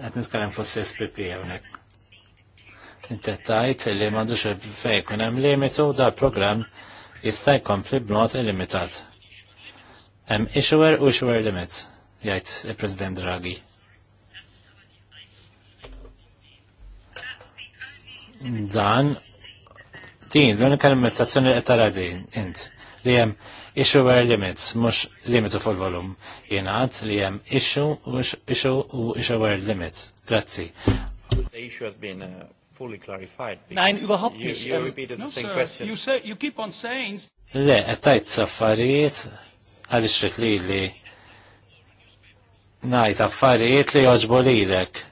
Għet nitkellem fuq SPP hawnhekk. Intettajt li m'għandux fejn kun hemm limitu dal programm jista' jkompli b'mod illimitat. Hemm issuer u issuer limit, jgħid il-President Draghi. Dan Din, l-unika limitazzjoni li tara din, int, li jem issue where limits, mhux limitu fuq volum. Jingħad li jem issue issue u issue where limits. Grazzi. The issue has been uh, fully clarified. Nein, überhaupt you, nicht. You ähm, repeated no, the same sir, question. You, say, you keep on saying... Le, għattajt e saffariet għal-ixrit li li najt affarijiet li joġbu lilek.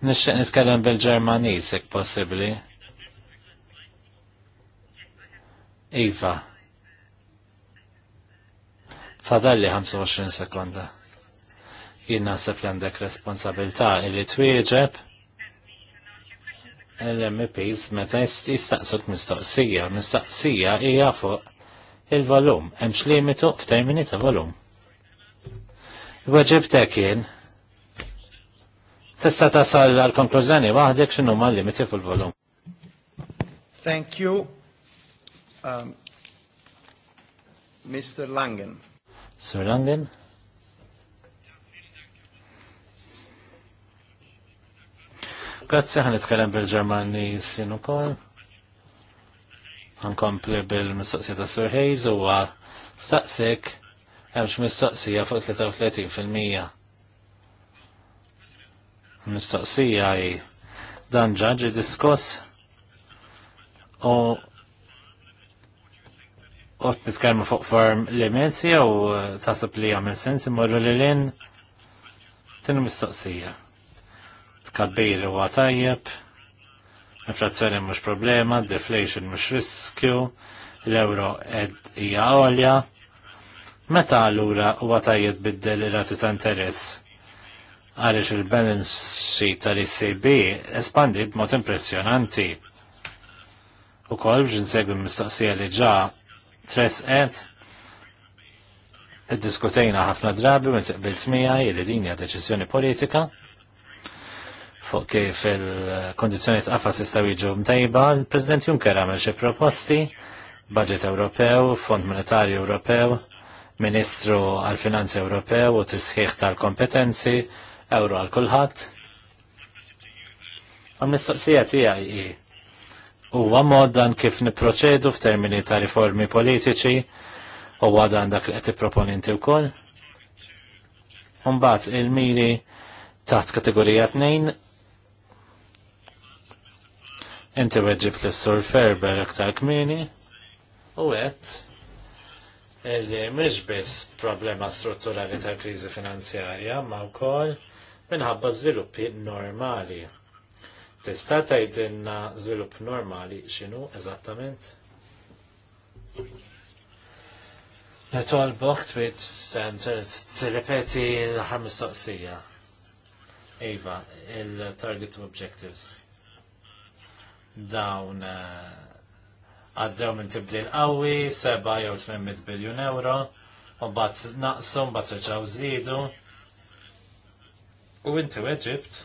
Nixtieq nitkellem bil-Ġermaniż jekk possibbli. Iva. Fadalli 25 sekonda. Jien naħseb li għandek responsabilità li twieġeb l-MPs meta jistaqsuk mistoqsija. Mistoqsija hija fuq il-volum. Hemmx limitu f'termini ta' volum. Weġibtek jien tista' tasal għal konklużjoni waħdek x'inhu ma limiti fil-volum. Thank you. Um, Mr. Langen. Sir Langen. Grazie, ħan nitkellem bil-Ġermani sin ukoll. Ħankompli bil-mistoqsija ta' Sir Hayes huwa staqsik hemmx mistoqsija fuq 33 Mistoqsija i dan ġaġi diskoss u u t-nitkarmu fuq form limits u eh, tasab li għamil sens imorru li l-in tinu mistoqsija. Tkabbir u għatajjab inflazzjoni mux problema, deflation mux riskju, l-euro ed hija għolja, meta allura u għatajjeb biddel ir-rati ta' interess għaliex il-balance sheet tal-ECB espandit mod impressjonanti. U kol biex nsegwi mistoqsija li ġa tres et id-diskutejna ħafna drabi minn tiqbilt miegħi li din hija deċiżjoni politika fuq kif il-kondizjoni tqafas jistgħu jiġu mtejba, il-President Juncker għamel xi proposti, Budget Ewropew, Fond Monetarju Ewropew, Ministru għal-Finanzi Ewropew u tisħiħ tal-kompetenzi euro għal kulħadd. Għam mistoqsija tiegħi hi. Huwa mod dan kif niproċedu f'termini ta' riformi politiċi u għadan dak li qed tipproponinti wkoll. Mbagħad il-miri taħt kategorija 2 Inti weġib l-sur Ferber aktar kmini u għet li miġbis problema strutturali tal krizi finanzjarja ma wkoll minħabba żviluppi normali. Tista' tgħidilna żvilupp normali x'inhu eżattament? twit t um, tirrepeti l-aħħar mistoqsija. Iva, il-target objectives. Dawn uh, għaddew minn tibdil qawwi, seba' jew 800 biljun euro, u bat naqsu, bat reġgħu żiedu U inti Eġipt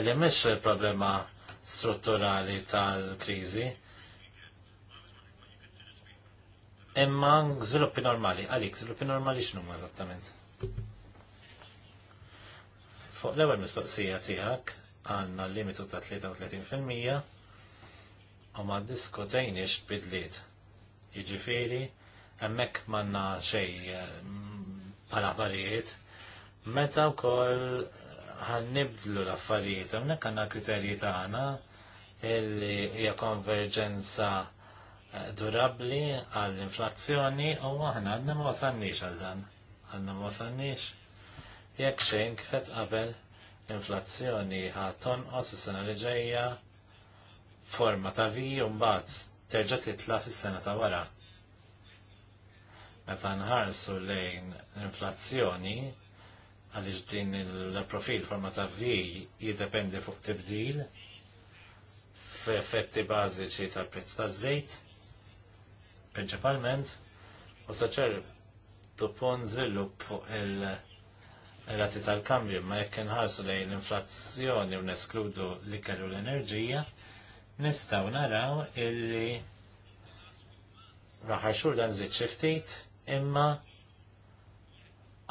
illi mhix problema strutturali tal-kriżi imma żviluppi normali. Għalik, żviluppi normali x'numa eżattament? Fuq l-ewwel mistoqsija tiegħek għandna l-limitu ta' 33% u ma diskutejniex bidliet. Jiġifieri hemmhekk m'għandna xejn eh, bħala ħbarijiet Meta wkoll ħannibdlu l-affarijiet, hawnhekk għandna kriterji tagħna illi hija konverġenza eh, durabli għall-inflazzjoni u aħna għandna ma wasannix għal dan. Għandna ma wasannix. Jekk xejn kifet qabel inflazzjoni ħatonqos is-sena li ġejja forma ta' vi u mbagħad terġa' titla' fis-sena ta' wara. Meta nħarsu lejn l-inflazzjoni, għaliex din il-profil forma ta' V jiddependi fuq tibdil f'effetti bażiċi ta' prezz ta' żejt prinċipalment u saċer tupon żvilupp fuq il-rati tal-kambju ma jekk inħarsu lejn l-inflazzjoni u neskludu li kellu l-enerġija nistaw naraw illi raħar xhur dan żied xi ftit imma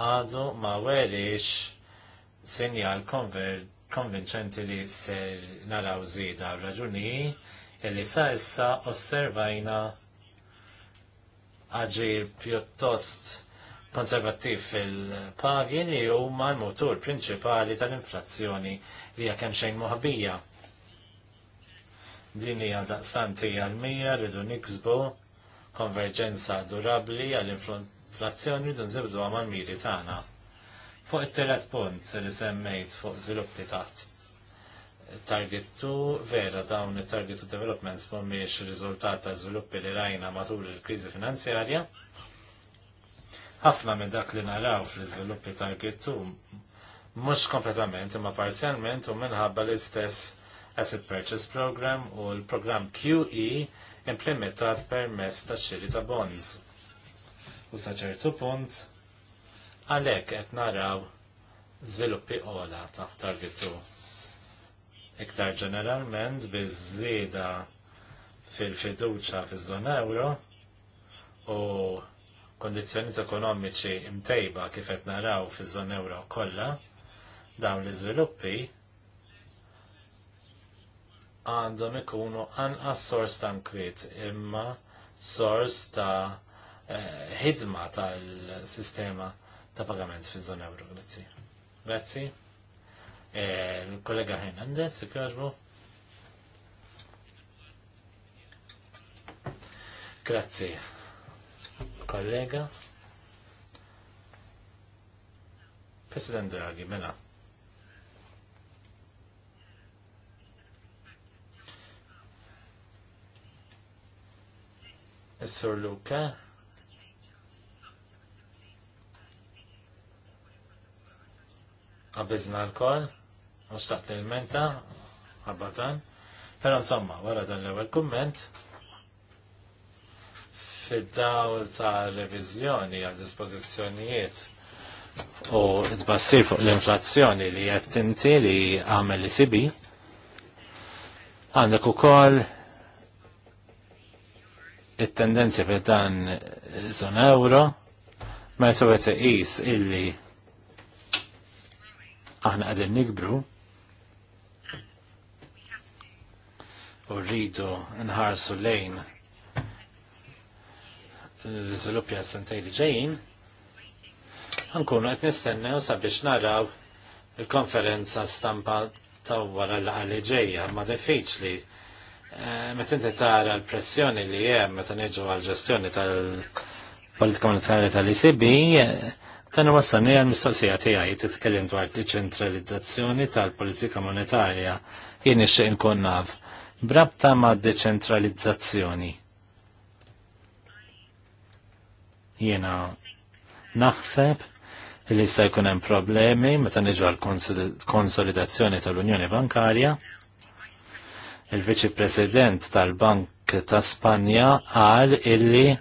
għadu ma werix sinjal konvinċenti li ser naraw zida raġuni illi sa issa osservajna aġir pjuttost konservattiv fil-pagi li huma l-motur prinċipali tal-inflazzjoni li hija kemm xejn moħbija. Din hija daqstanti għal-mija rridu niksbu konverġenza durabli għall-inflazzjoni inflazzjoni dun zibdu għamal miri tagħna. Fuq it-telet punt li semmejt fuq zviluppi taħt target 2 vera dawn it-target 2 developments mhumiex riżultat ta' żviluppi li rajna matul il-kriżi finanzjarja. Ħafna minn dak li naraw fl-iżviluppi target 2 mhux kompletament imma parzjalment u minħabba l-istess Asset Purchase Program u l-program QE implementat permess ta' xiri ta' bonds u saċertu punt għalhekk qed naraw żviluppi ola ta' targetu. Iktar ġeneralment bizzida fil-fiduċa fil żona euro u kondizzjonijiet ekonomiċi imtejba kif qed naraw fiż żon euro kollha, dawn l-iżviluppi għandhom ikunu anqas sors ta' nkwiet imma sors ta' ħidma tal-sistema ta' pagament fi zona euro. Grazzi. Grazzi. Il-kollega e, Hernandez, kħarġbu. Grazzi. Kollega. President Draghi, mela. Is-Sur Luca, għabizna l-kol, u staqt l-menta, għabbatan. Pero insomma, wara dan l-ewel komment, fid-dawl ta' revizjoni għal dispozizjonijiet u tbassir fuq l-inflazzjoni li qed inti li għamel li sibi, għandek kol it-tendenzi fid dan zon euro, ma jtuwet is illi aħna għadin nikbru u rridu nħarsu lejn l izviluppi għas-sentej li ġejjin, għankunu qed nistennew sabiex naraw il-konferenza stampa ta' wara l-għalli ġejja, ma diffiċli. Eh, meta inti tara l-pressjoni li hemm meta niġu għal-ġestjoni tal-politika monetarja tal-ECB, eh, Tana wassani għal mistoqsija tiegħi titkellem dwar deċentralizzazzjoni tal-politika monetarja jien ixtieq inkun naf brabta ma' deċentralizzazzjoni. Jiena naħseb li se jkun hemm problemi meta niġu għal konsolidazzjoni tal-Unjoni Bankarja. Il-Viċi President tal-Bank ta' Spanja qal illi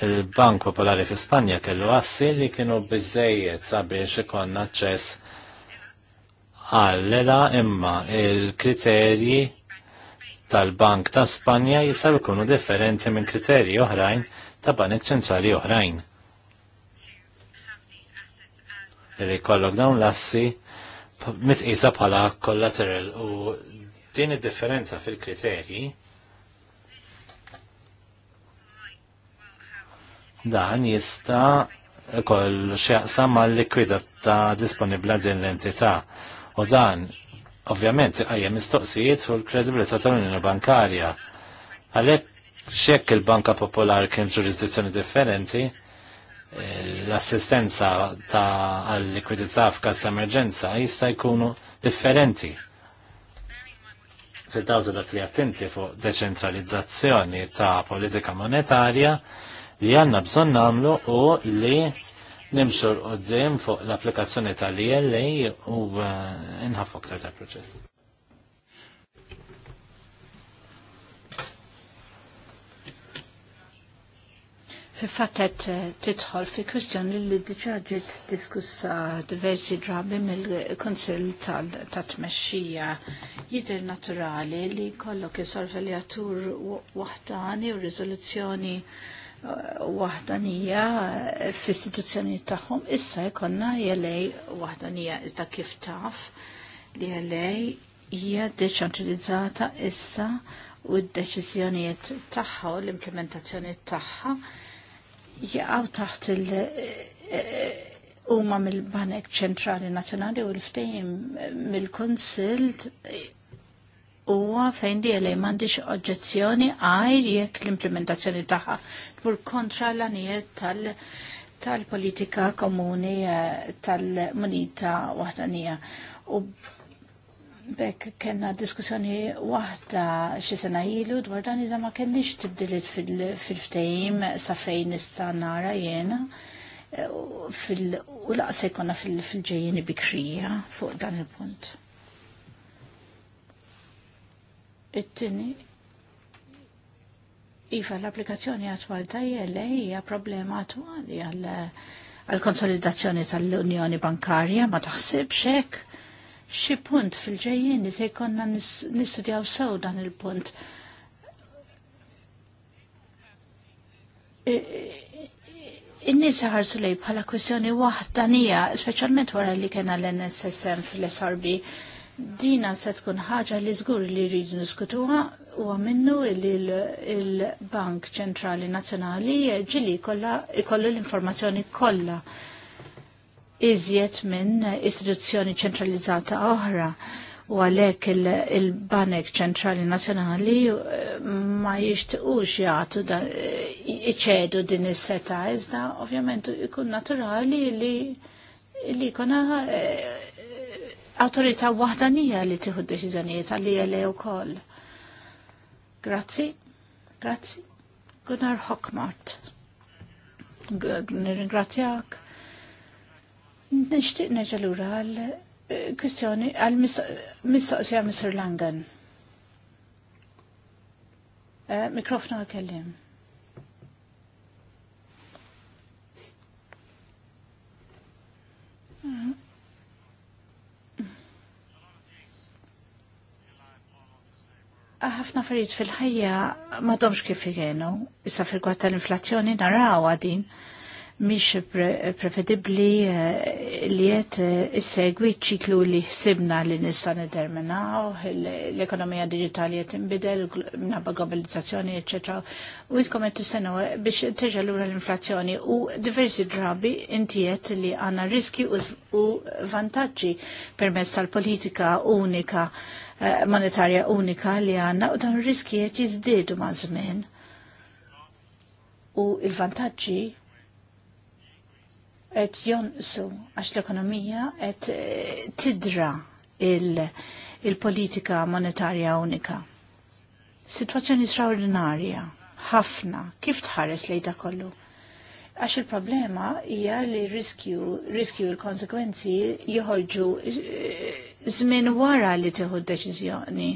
il-Bank Popolari fi Spanja kellu assi li kienu bizzejiet sabiex ikonna ċess għallela imma il-kriterji tal-Bank ta' Spanja jisaw ikunu differenti minn kriterji oħrajn ta' banek ċentrali oħrajn. Li kollok dawn l-assi mitqisa bħala kollateral u din id-differenza fil-kriterji Dan jista' koll xjaqsam mal likwidatta disponibla din l-entità. U dan, ovvjament, għajem mistoqsijiet fuq l-kredibilità tal-Unjoni Bankarja. Għalhekk xiekk il-Banka Popolar kien ġurisdizzjoni differenti, l-assistenza ta' għall-likwidità f'każ ta' emerġenza jista' jkunu differenti. Fil-dawta dak li attenti fuq deċentralizzazzjoni ta' politika monetarja, li għanna bżon namlu u li u d qoddim fuq l-applikazzjoni tal-ILA u eh, nħaffu aktar tal proċess. Eh, fi fattet titħol fi kwestjon li diġaġit diskussa diversi drabi mill-Konsil tal-Tmexxija jidher naturali li kollok is-sorveljatur u rizoluzzjoni wahdanija fl-istituzzjoni tagħhom issa jkollna jelej wahdanija, izda kif taf li jelej hija deċentralizzata issa u d-deċiżjonijiet tagħha u l-implementazzjoni tagħha jaqgħu taħt il- e- e- huma mill-Banek Ċentrali Nazzjonali u l-ftehim mill konsilt huwa fejn di għalej m'għandix oġġezzjoni għaj l-implementazzjoni tagħha pur kontra l-għaniet tal- tal-politika komuni eh, tal-munita waħdanija. U bekk kena diskussjoni waħda xi sena ilu dwar dan iżda ma kellix tibdilit fil-ftehim sa fejn nista' nara jiena eh, u laqse konna fil-ġejjeni bikrija fuq dan il-punt. it Iva, l-applikazzjoni għatwal ta' jelle hija problema attwali għal-konsolidazzjoni tal-Unjoni Bankarja, ma taħsibx hekk. Xi punt fil-ġejjien se jkollna nistudjaw sew dan il-punt. In-nies ħarsu lej bħala kwestjoni hija, speċjalment wara li kena l-NSSM fil-SRB dina se tkun ħaġa li żgur li rridu niskutuha u minnu li l-Bank Ċentrali Nazzjonali ġili ikollu l-informazzjoni kollha iżjed minn istituzzjoni ċentralizzata oħra u għalhekk il-Banek Ċentrali Nazzjonali eh, ma jixtiequx jagħtu eh, iċedu din is-seta iżda ovvjament ikun naturali li li jkun eh, wahda nija li tiħu d għalli għalija u koll. Grazzi, grazzi. Gunnar Hockmart. Nirringrazzjak. Nixtieq neġa' lura għal eh, kwistjoni għal mistoqsija Mr. Langan. Eh, Mikrofna għal-kellim. Mm-hmm. ħafna affarijiet fil-ħajja m'għadhomx kif jgħinu. Issa fil gwatt tal-inflazzjoni naraw din mhix prevedibbli eh, li qed eh, segwi ċiklu li ħsibna li nista' nidderminaw, l-ekonomija digitali qed inbidel minħabba globalizzazzjoni, ecc. U jitkom qed tistennew eh, biex teġa' lura l-inflazzjoni u diversi drabi inti qed li għandna riski u vantaġġi permezz tal-politika unika Eh, monetarja unika li għanna u dan riskijiet jizdidu ma' żmien. U il-vantaġġi qed jonqsu għax l-ekonomija qed eh, tidra il-politika il monetarja unika. Situazzjoni straordinarja, ħafna, kif tħares lejda kollu? għax il-problema hija li riskju, riskju l-konsekwenzi joħorġu eh, żmien wara li tieħu deċiżjoni.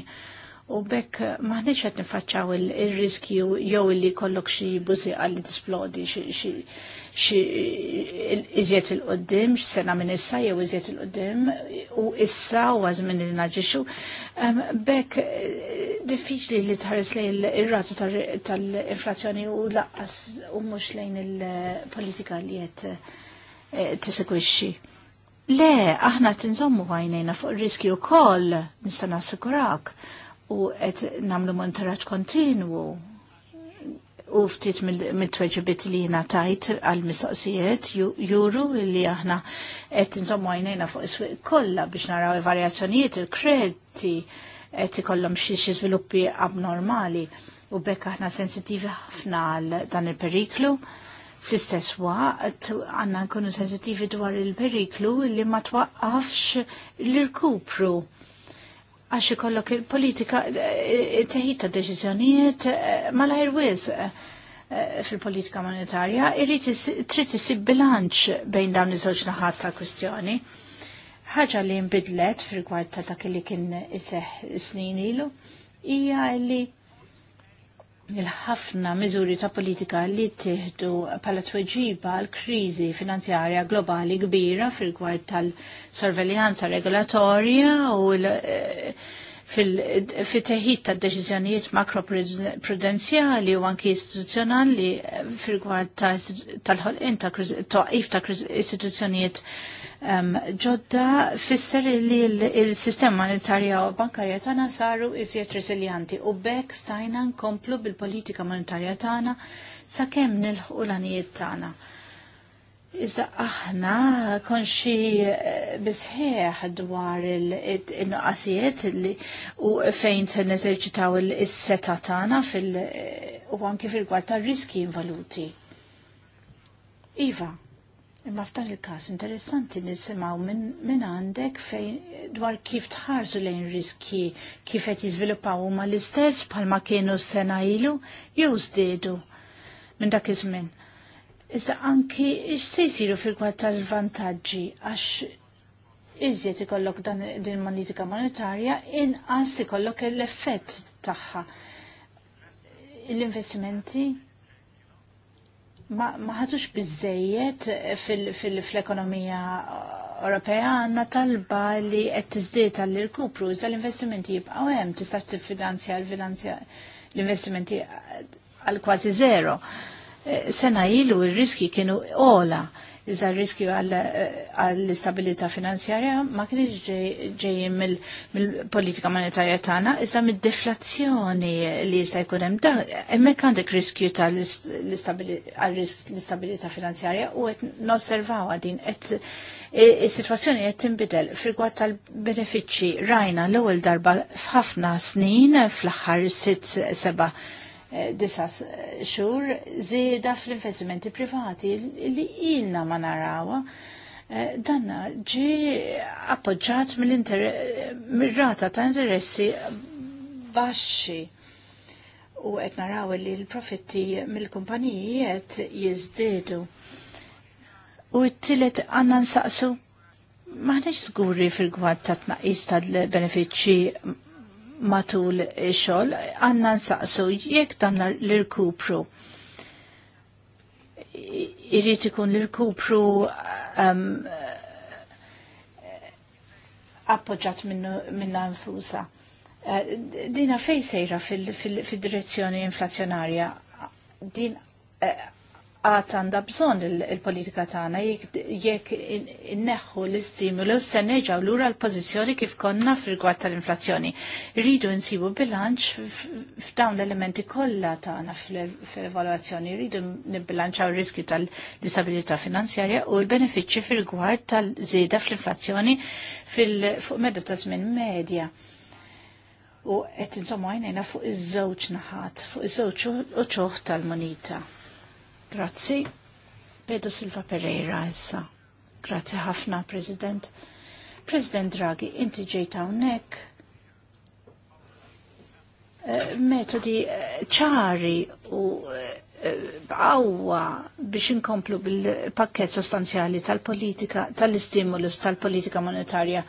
U bekk maħniex qed nifacċaw il-riskju jew li jkollok xi buzi li tisplodi xi iżjed il-qoddim, sena minn issa jew iżjed il-qoddim, u issa u għazmin li naġixxu. Bekk eh, diffiċli li tħares lejn ir razzu tal-inflazzjoni u laqqas u mhux lejn il-politika li qed eh, tisegwixxi. Le, aħna tinżommu għajnejna fuq riskju koll, nista sikurak, u għet namlu monitoraċ kontinwu. U ftit mill-tweġibit li jina tajt għal-mistoqsijiet juru li aħna għet nżommu għajnejna fuq iswiq kolla biex naraw il-varjazzjonijiet, il-krediti, għet ikollom xie sviluppi abnormali. U bekk aħna sensitivi ħafna għal dan il-periklu. il periklu Fl-istess waqt għanna nkunu sensitivi dwar il-periklu li ma twaqqafx l-irkupru għax ikollok il-politika teħid ta' deċiżjonijiet eh, malajr wisq eh, fil-politika monetarja, irrid trid isib bilanċ bejn dawn iż-żewġ naħat ta' kwistjoni. Ħaġa li nbidlet fil-gwart ta' dak li kien iseħ snin ilu hija li il-ħafna miżuri ta' politika li tiħdu pala tweġiba l kriżi finanzjarja globali kbira fil-gwart tal-sorveljanza regolatorja u eh, fil-teħid ta' deċizjonijiet makroprudenzjali u anki istituzzjonali fil-gwart tal-ħolqin ta' toqif ta' ġodda fisser li l-sistema monetarja u bankarja tagħna saru iżjed resiljanti u bekk stajna nkomplu bil-politika monetarja tagħna sakemm nilħu l-għanijiet tagħna. Iżda aħna konxi eh, bisħeħ dwar il-nuqqasijiet u fejn se neżerċitaw il-seta tagħna fil- u anke fil-gwar tar riski involuti. Iva, Imma f'dan il-każ interessanti nisimgħu minn għandek fejn dwar kif tħarsu lejn riski kif qed jiżviluppaw huma l-istess bħalma kienu sena ilu jew żdiedu minn dak iż-żmien. Iżda anki x'se jsiru fil-kwad tal-vantaġġi għax iżjed ikollok dan din politika monetarja inqas ikollok l-effett tagħha. L-investimenti ma ħatux bizzejiet fil-ekonomija Ewropea għanna talba li qed tiżdied għall irkupru iżda l-investimenti jibqgħu hemm tista' tiffinanzja l-investimenti għal kważi zero. Eh, sena ilu r-riski kienu ola iżda riskju eh, għall-istabilità finanzjarja ma kienx ġejjin mill-politika monetarja tagħna, iżda mid-deflazzjoni li jista' jkun hemm dan hemmhekk għandek riskju tal-istabilità finanzjarja u qed nosservawha din qed Is-sitwazzjoni qed tinbidel fil tal-benefiċċji rajna l-ewwel darba f'ħafna snin fl-aħħar sitt seba' disa xhur zieda fl-investimenti privati li ilna ma narawa eh, danna ġi appoġġat mill-rata ta' interessi baxxi u qed naraw li l-profitti mill-kumpaniji qed jiżdiedu. U t-tielet għandna nsaqsu maħnex żguri fil-gwad ta' tnaqqis tal-benefiċċji matul xol, għanna nsaqsu jekk dan l-irkupru. Irrit ikun l-irkupru um, appoġġat minna nfusa. Eh, dina fej sejra fil-direzzjoni fil, fil inflazzjonarja. Din uh, għat għanda bżon il-politika tagħna jekk inneħħu l-istimulus se nerġgħu lura l-pożizzjoni kif konna f'rigward tal-inflazzjoni. Rridu nsibu bilanċ f'dawn l-elementi kollha tagħna fl-evalwazzjoni, rridu nibbilanċaw ir-riskju tal-disabilità finanzjarja u l-benefiċċji f'rigward tal-żieda fl-inflazzjoni fuq medda ta' żmien medja u qed insomma jnejna fuq iż-żewġ naħat, fuq iż-żewġ uċuħ tal-monita. Grazzi. Pedro Silva Pereira issa. Grazzi ħafna, President. President Draghi, inti ġejta unnek. Eh, metodi eh, ċari u b'għawa eh, biex inkomplu bil-pakket sostanzjali tal-politika, tal-istimulus tal-politika monetarja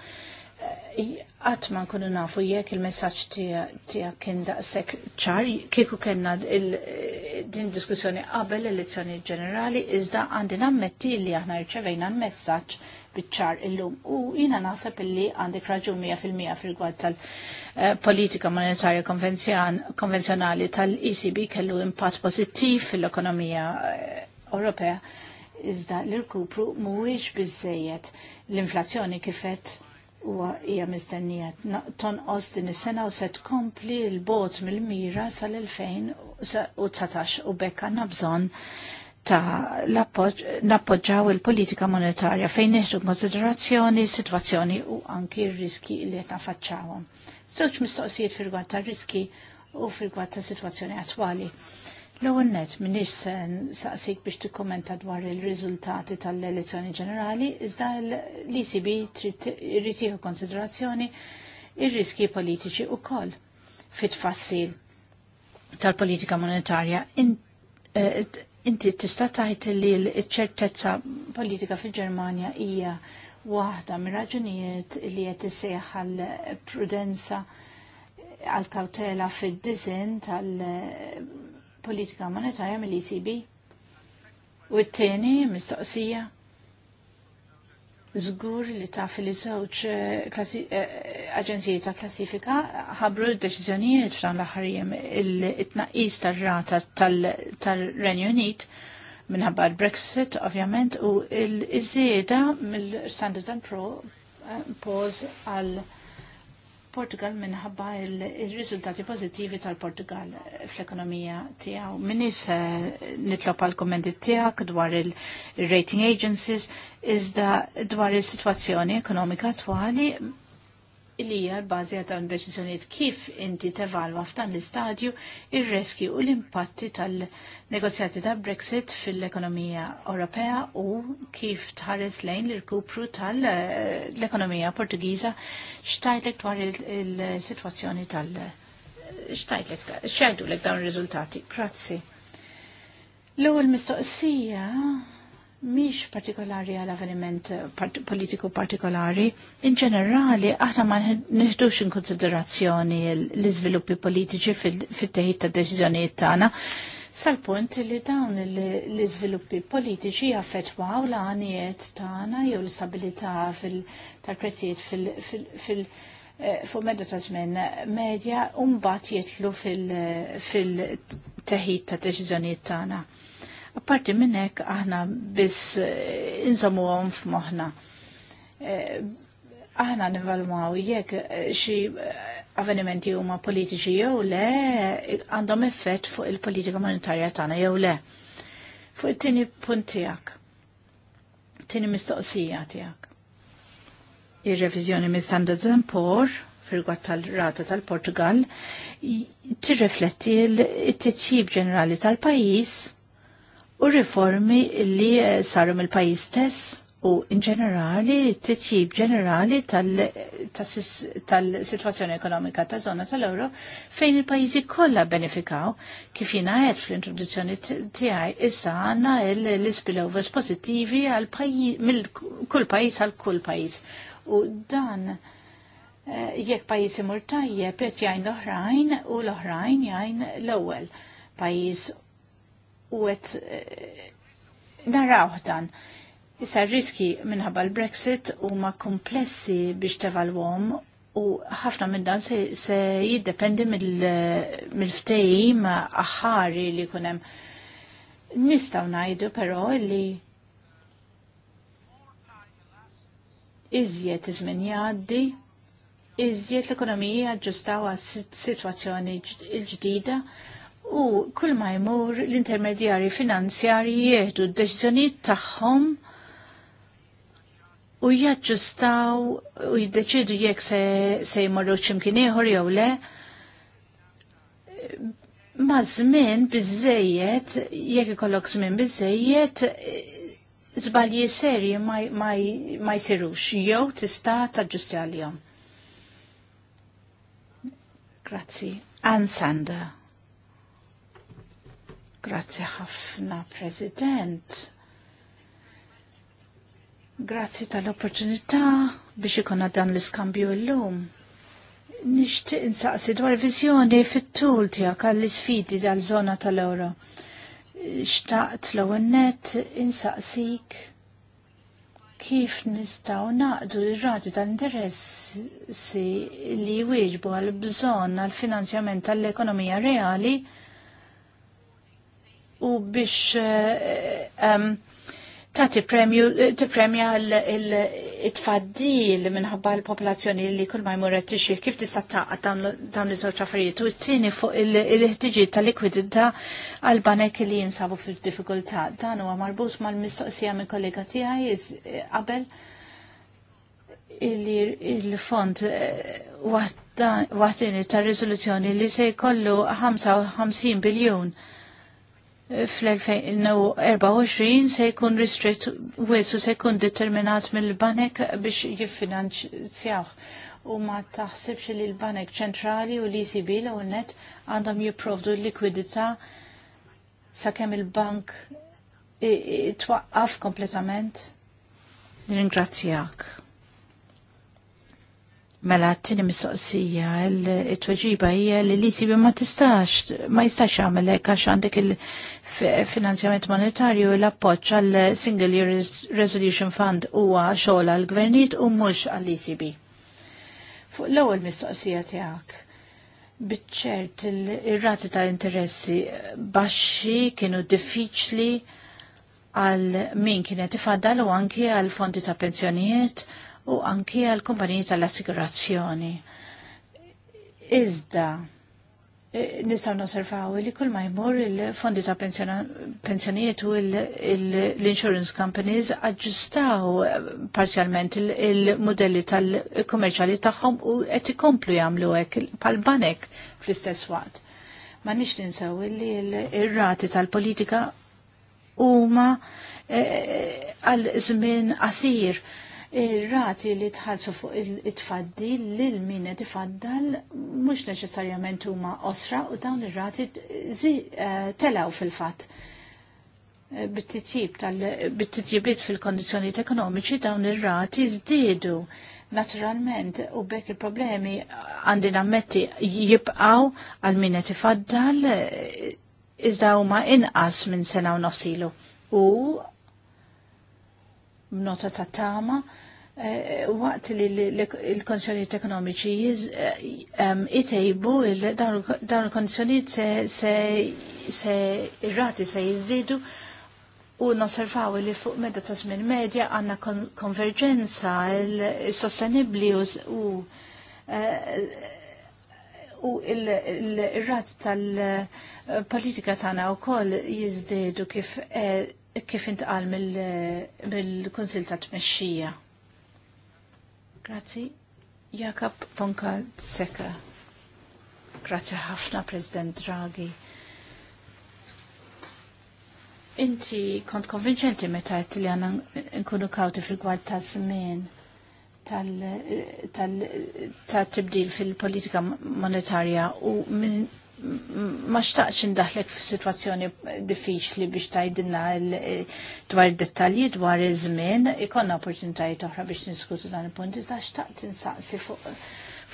Għatma nkunu nafu jekk il-messagġ tiegħek kien daqshekk ċar kieku kellna din diskussjoni qabel l-elezzjoni ġenerali iżda għandi nammetti li aħna rċevejna l-messaġġ biċ-ċar illum u jiena naħseb illi għandek raġun 100% fil rigward tal-politika eh, monetarja konvenzjonali tal-ECB kellu impatt pozittiv fil-ekonomija eh, Ewropea iżda l-irkupru mhuwiex biżejjed l-inflazzjoni kifet u hija mistennija tonqos din is-sena u se tkompli l-bot mill-mira sal-2019 u bekka għandna bżonn ta' nappoġġaw il-politika monetarja fejn neħdu konsiderazzjoni, situazzjoni u anki r-riski li qed nafaċċawhom. Żewġ mistoqsijiet fil-rigward ta' riski u fil-rigward ta' situazzjoni attwali. L-ewwel nett saqsik biex tikkumenta dwar il-riżultati tal-elezzjoni ġenerali, iżda l icb trid konsiderazzjoni il riski politiċi wkoll fit-tfassil tal-politika monetarja. Eh, inti tista' tgħid li l-ċertezza politika fil-Ġermanja hija waħda mir-raġunijiet li qed isejħ prudenza għal kautela fid-dizin tal- politika monetarja mill-ECB. U t-tieni mistoqsija. Zgur li taf li żewġ eh, eh, aġenziji ta' klassifika ħabru d-deċiżjonijiet f'dan l-aħħarjem il-tnaqqis tar-rata tal-Renju Unit minħabba l-Brexit ovvjament u l-iżieda mill-Standard Pro eh, Poor's għal Portugal minħabba il-riżultati pozittivi tal-Portugal fl-ekonomija tiegħu. Minis eh, nitlob għal kommenti tiegħek dwar il-rating agencies iżda dwar il-sitwazzjoni ekonomika attwali li hija l-bażi ta' deċiżjonijiet kif inti tevalwa f'dan l-istadju ir reski u l-impatti tal- negozjati ta' Brexit fil-ekonomija Ewropea u kif tħares lejn l-irkupru tal-ekonomija Portugiża xtajtlek dwar il-sitwazzjoni tal- xtajtlek, xajdu lek dawn ir-riżultati. Grazzi. L-ewwel mistoqsija miex partikolari għal avveniment part politiku partikolari, in ġenerali aħna ma nħidux in konsiderazzjoni l-iżviluppi politiċi fit-teħid ta' deċiżjonijiet tagħna sal-punt li dawn l-iżviluppi politiċi jaffetwaw l-għanijiet tagħna jew l-istabilità tal-prezzijiet fil- eh, fuq medda ta' żmien medja u mbagħad jitlu fil-teħid ta' deċiżjonijiet tagħna. Apparti minn hekk aħna biss eh, inżommuhom f'moħħna eh, aħna nivalmaw jekk eh, xi eh, avvenimenti huma politiċi jew le għandhom effett fuq il-politika monetarja tagħna jew le. Fuq it-tieni punt tiegħek. Tieni mistoqsija tiegħek. Ir-reviżjoni minn Standards Poor fil tal-rata tal-Portugal tirrifletti t titjib ġenerali tal-pajis u riformi li eh, saru mill-pajis stess u in ġenerali titjib ġenerali tal-situazzjoni ekonomika ta' zona tal-euro fejn il-pajizi kollha benefikaw kif jina għed fl-introduzzjoni tiegħi issa għandna l-spillovers pozitivi għal mill-kull pajis għal kull pajjiż u dan eh, jekk pajjiż imur tajjeb jajn l-oħrajn u l-oħrajn l-ewwel pajjiż u qed eh, narawh dan. Issa riski minħabba l-Brexit huma komplessi biex tevalwhom u ħafna minn dan se, se jiddependi mill-ftehim mil aħħari li kunem. Nistaw najdu però li iżjed iżmin jgħaddi, iżjed l-ekonomija ġustaw għas-sitwazzjoni ġdida u kull ma jmur l-intermedjari finanzjari jieħdu d deċizjoni tagħhom u jaġġustaw u jiddeċidu jekk se, se jmorru ċimkien ieħor jew le. Ma' żmien biżejjed, jekk ikollok żmien biżejjed, żbalji serji ma jsirux jew tista' taġġusti għalihom. Grazzi. Ann Sander. Grazzi ħafna, President. Grazzi tal-opportunità biex ikonna dan l-iskambju l-lum. Nishtiq insaqsi dwar viżjoni fit-tul tiegħek għall-isfidi tal-żona tal-ewro. Xtaqt l-ewwel net insaqsik kif nistgħu naqdu r-rati tal-interessi li jwieġbu għal bżonn għal finanzjament tal-ekonomija reali u biex um, ta' tippremja il-tfaddil minħabba l-popolazzjoni li kull ma jmur tixjih kif tista' taqqa' dawn l żewġ affarijiet u t-tieni fuq il-ħtiġijiet ta' likwidità għal banek li jinsabu fil-diffikultà. Dan huwa marbut mal-mistoqsija minn kollega tiegħi qabel il-fond eh, waħdini ta' riżoluzzjoni li se jkollu 55 biljun fl-2024 se jkun ristret wesu se jkun determinat mill-banek biex jiffinanzjaw u ma taħsibx li l-banek ċentrali u l-ECB l net għandhom jiprovdu l-likwidità sakemm il-bank twaqqaf kompletament. Ringrazzjak. Mela, t-tini mistoqsija, il-tweġiba hija li l-ECB ma tistax, ma jistax għamel għax għandek il-finanzjament monetarju l-appoċ għal Single Year Resolution Fund huwa xogħol għal gvernijiet u mhux għall ecb Fuq l-ewwel mistoqsija tiegħek. bitċert ir-rati ta' interessi baxxi kienu diffiċli għal min kienet ifaddal u anki għal fondi ta' pensjonijiet u anki għal kumpaniji tal-assigurazzjoni. Iżda, e, nistaw nosservaw li kull ma jmur il-fondi ta' pensjonijiet u l-insurance companies aġġustaw parzjalment il-modelli tal-kommerċali tagħhom u qed ikomplu jagħmlu hekk pal-banek fl-istess waqt. Ma nix ninsaw li l-rati tal-politika huma e, għal żmien qasir il-rati li tħallsu fuq it-tfaddi lil min qed ifaddal mhux neċessarjament huma osra u dawn ir-rati eh, telaw fil-fatt eh, bit-titjib fil-kondizzjonijiet ekonomiċi dawn ir-rati zdidu. naturalment u bekk il-problemi għandi nammetti jibqaw għal min qed ifaddal eh, iżda huma inqas minn sena u nofsilu. U nota ta' tama Eh, waqt li l-konsjoniet ekonomiċi eh, itejbu dawn il-konsjoniet se irrati se jizdidu u nosservaw li fuq medda ta' żmien medja għandna konverġenza sostenibbli u u eh, il-rat tal-politika tagħna wkoll jiżdiedu kif kif intqal mill-Kunsil ta' Tmexxija. Grazzi. Jakob Fonka Seka. Grazzi ħafna, President Draghi. Inti kont konvinċenti meta jt li għanna nkunu kawti fil-gwad ta' zmin tal-tibdil fil-politika monetarja u minn ma xtaqx indaħlek f-situazzjoni diffiċli biex tajdinna dwar dettalji dwar iż-żmien, ikonna opportunitajiet oħra biex niskutu dan il-punt, iżda xtaqt insaqsi fuq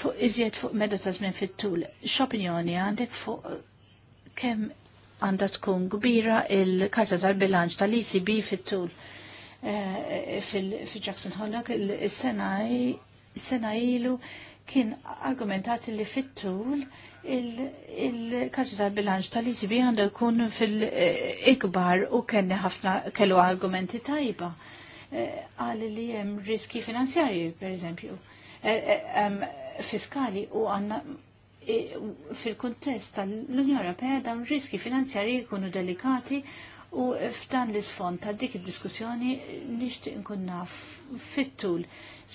fuq iżjed fuq medda ta' żmien fit-tul. X'opinjoni għandek fuq kemm għandha tkun kbira il-karta tal-bilanċ tal-ECB fit-tul eh, eh, fil-Jackson Hollock is-sena ilu kien argumentati li fit-tul il-karti tal-bilanċ tal icb għandu jkun fil-ikbar u kenni ħafna kellu argumenti tajba eh, għal li jem riski finanzjari, per eżempju, eh, eh, fiskali u għanna fil-kontest tal-Unjoni Ewropea dawn riski finanzjari jkunu delikati u f'dan l-isfond ta' dik id-diskussjoni nixtieq nkun naf fit-tul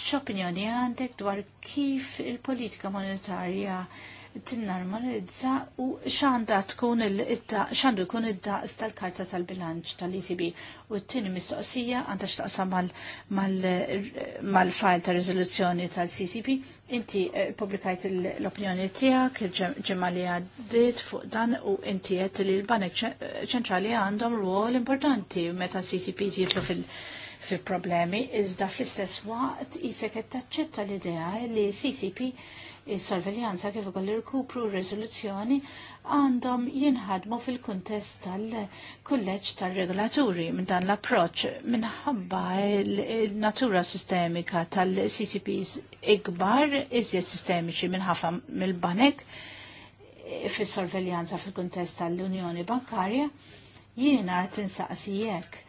x'opinjoni għandek dwar kif il-politika monetarja tinnormalizza u xanda tkun xandu jkun id-daqs tal-karta tal-bilanċ tal-ECB u t-tini mistoqsija għandha xtaqsam mal-file ta' rezoluzzjoni tal-CCP. Inti eh, publikajt l-opinjoni tiegħek ġimgħa li għaddiet fuq dan u inti għet li l-Banek ċentrali għandhom ruol importanti meta CCP zirtu fil- fi problemi, iżda fl-istess waqt jisek taċċetta l-idea li CCP il-sorveljanza kif ukoll irkupru r-riżoluzzjoni għandhom jinħadmu fil-kuntest tal-kulleġġ tar-regolaturi minn dan l-approċċ minħabba il-natura sistemika tal-CCPs ikbar iżjed sistemiċi minn ħafna mill-banek fis-sorveljanza fil-kuntest tal-Unjoni Bankarja jiena qed insaqsi jekk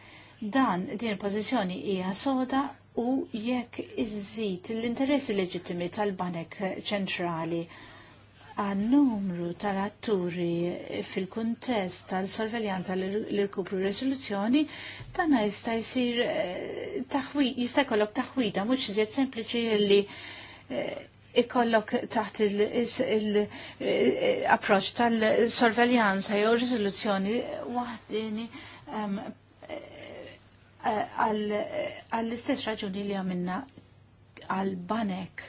dan din il-pożizzjoni hija soda u jekk iżżid l-interessi leġittimi tal-banek ċentrali għan numru tal-atturi fil-kuntest tal-sorveljanza l-irkupru resoluzzjoni, dan jista' jsir eh, jista' jkollok taħwida mhux iżjed sempliċi li eh, ikollok taħt il-approċ eh, tal-sorveljanza jew riżoluzzjoni waħdini ehm, għall-istess raġuni li għamilna għal-banek.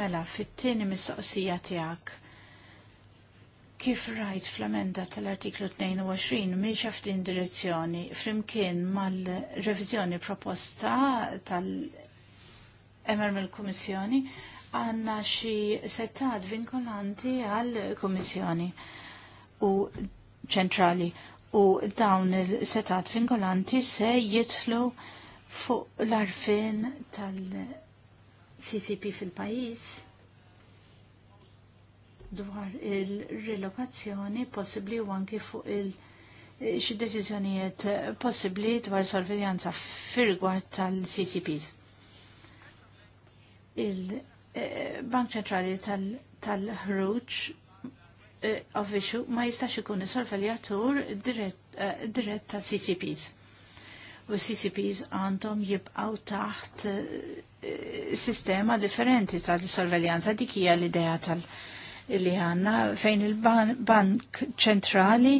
Mela, fit-tieni mistoqsija tiegħek kif rajt fl-amenda tal-artiklu 22 miex f'din direzzjoni flimkien mal-reviżjoni proposta tal-emer mill-Kummissjoni għanna xi settad vinkolanti għal-Kummissjoni u ċentrali u dawn il-setat vinkolanti se jitlu fuq l-arfin tal-CCP fil-pajis dwar il-relokazzjoni possibli u anki fuq il- xi deċiżjonijiet possibbli dwar sorveljanza fir-rigward tal-CCPs. Il-Bank eh, Ċentrali tal-Ħruġ of eh, issue ma jistax ikun is-sorveljatur dirett eh, ta' CCPs. U CCPs għandhom jibqaw taħt eh, sistema differenti tal-sorveljanza dik hija l-idea tal- li għanna fejn il-Bank ċentrali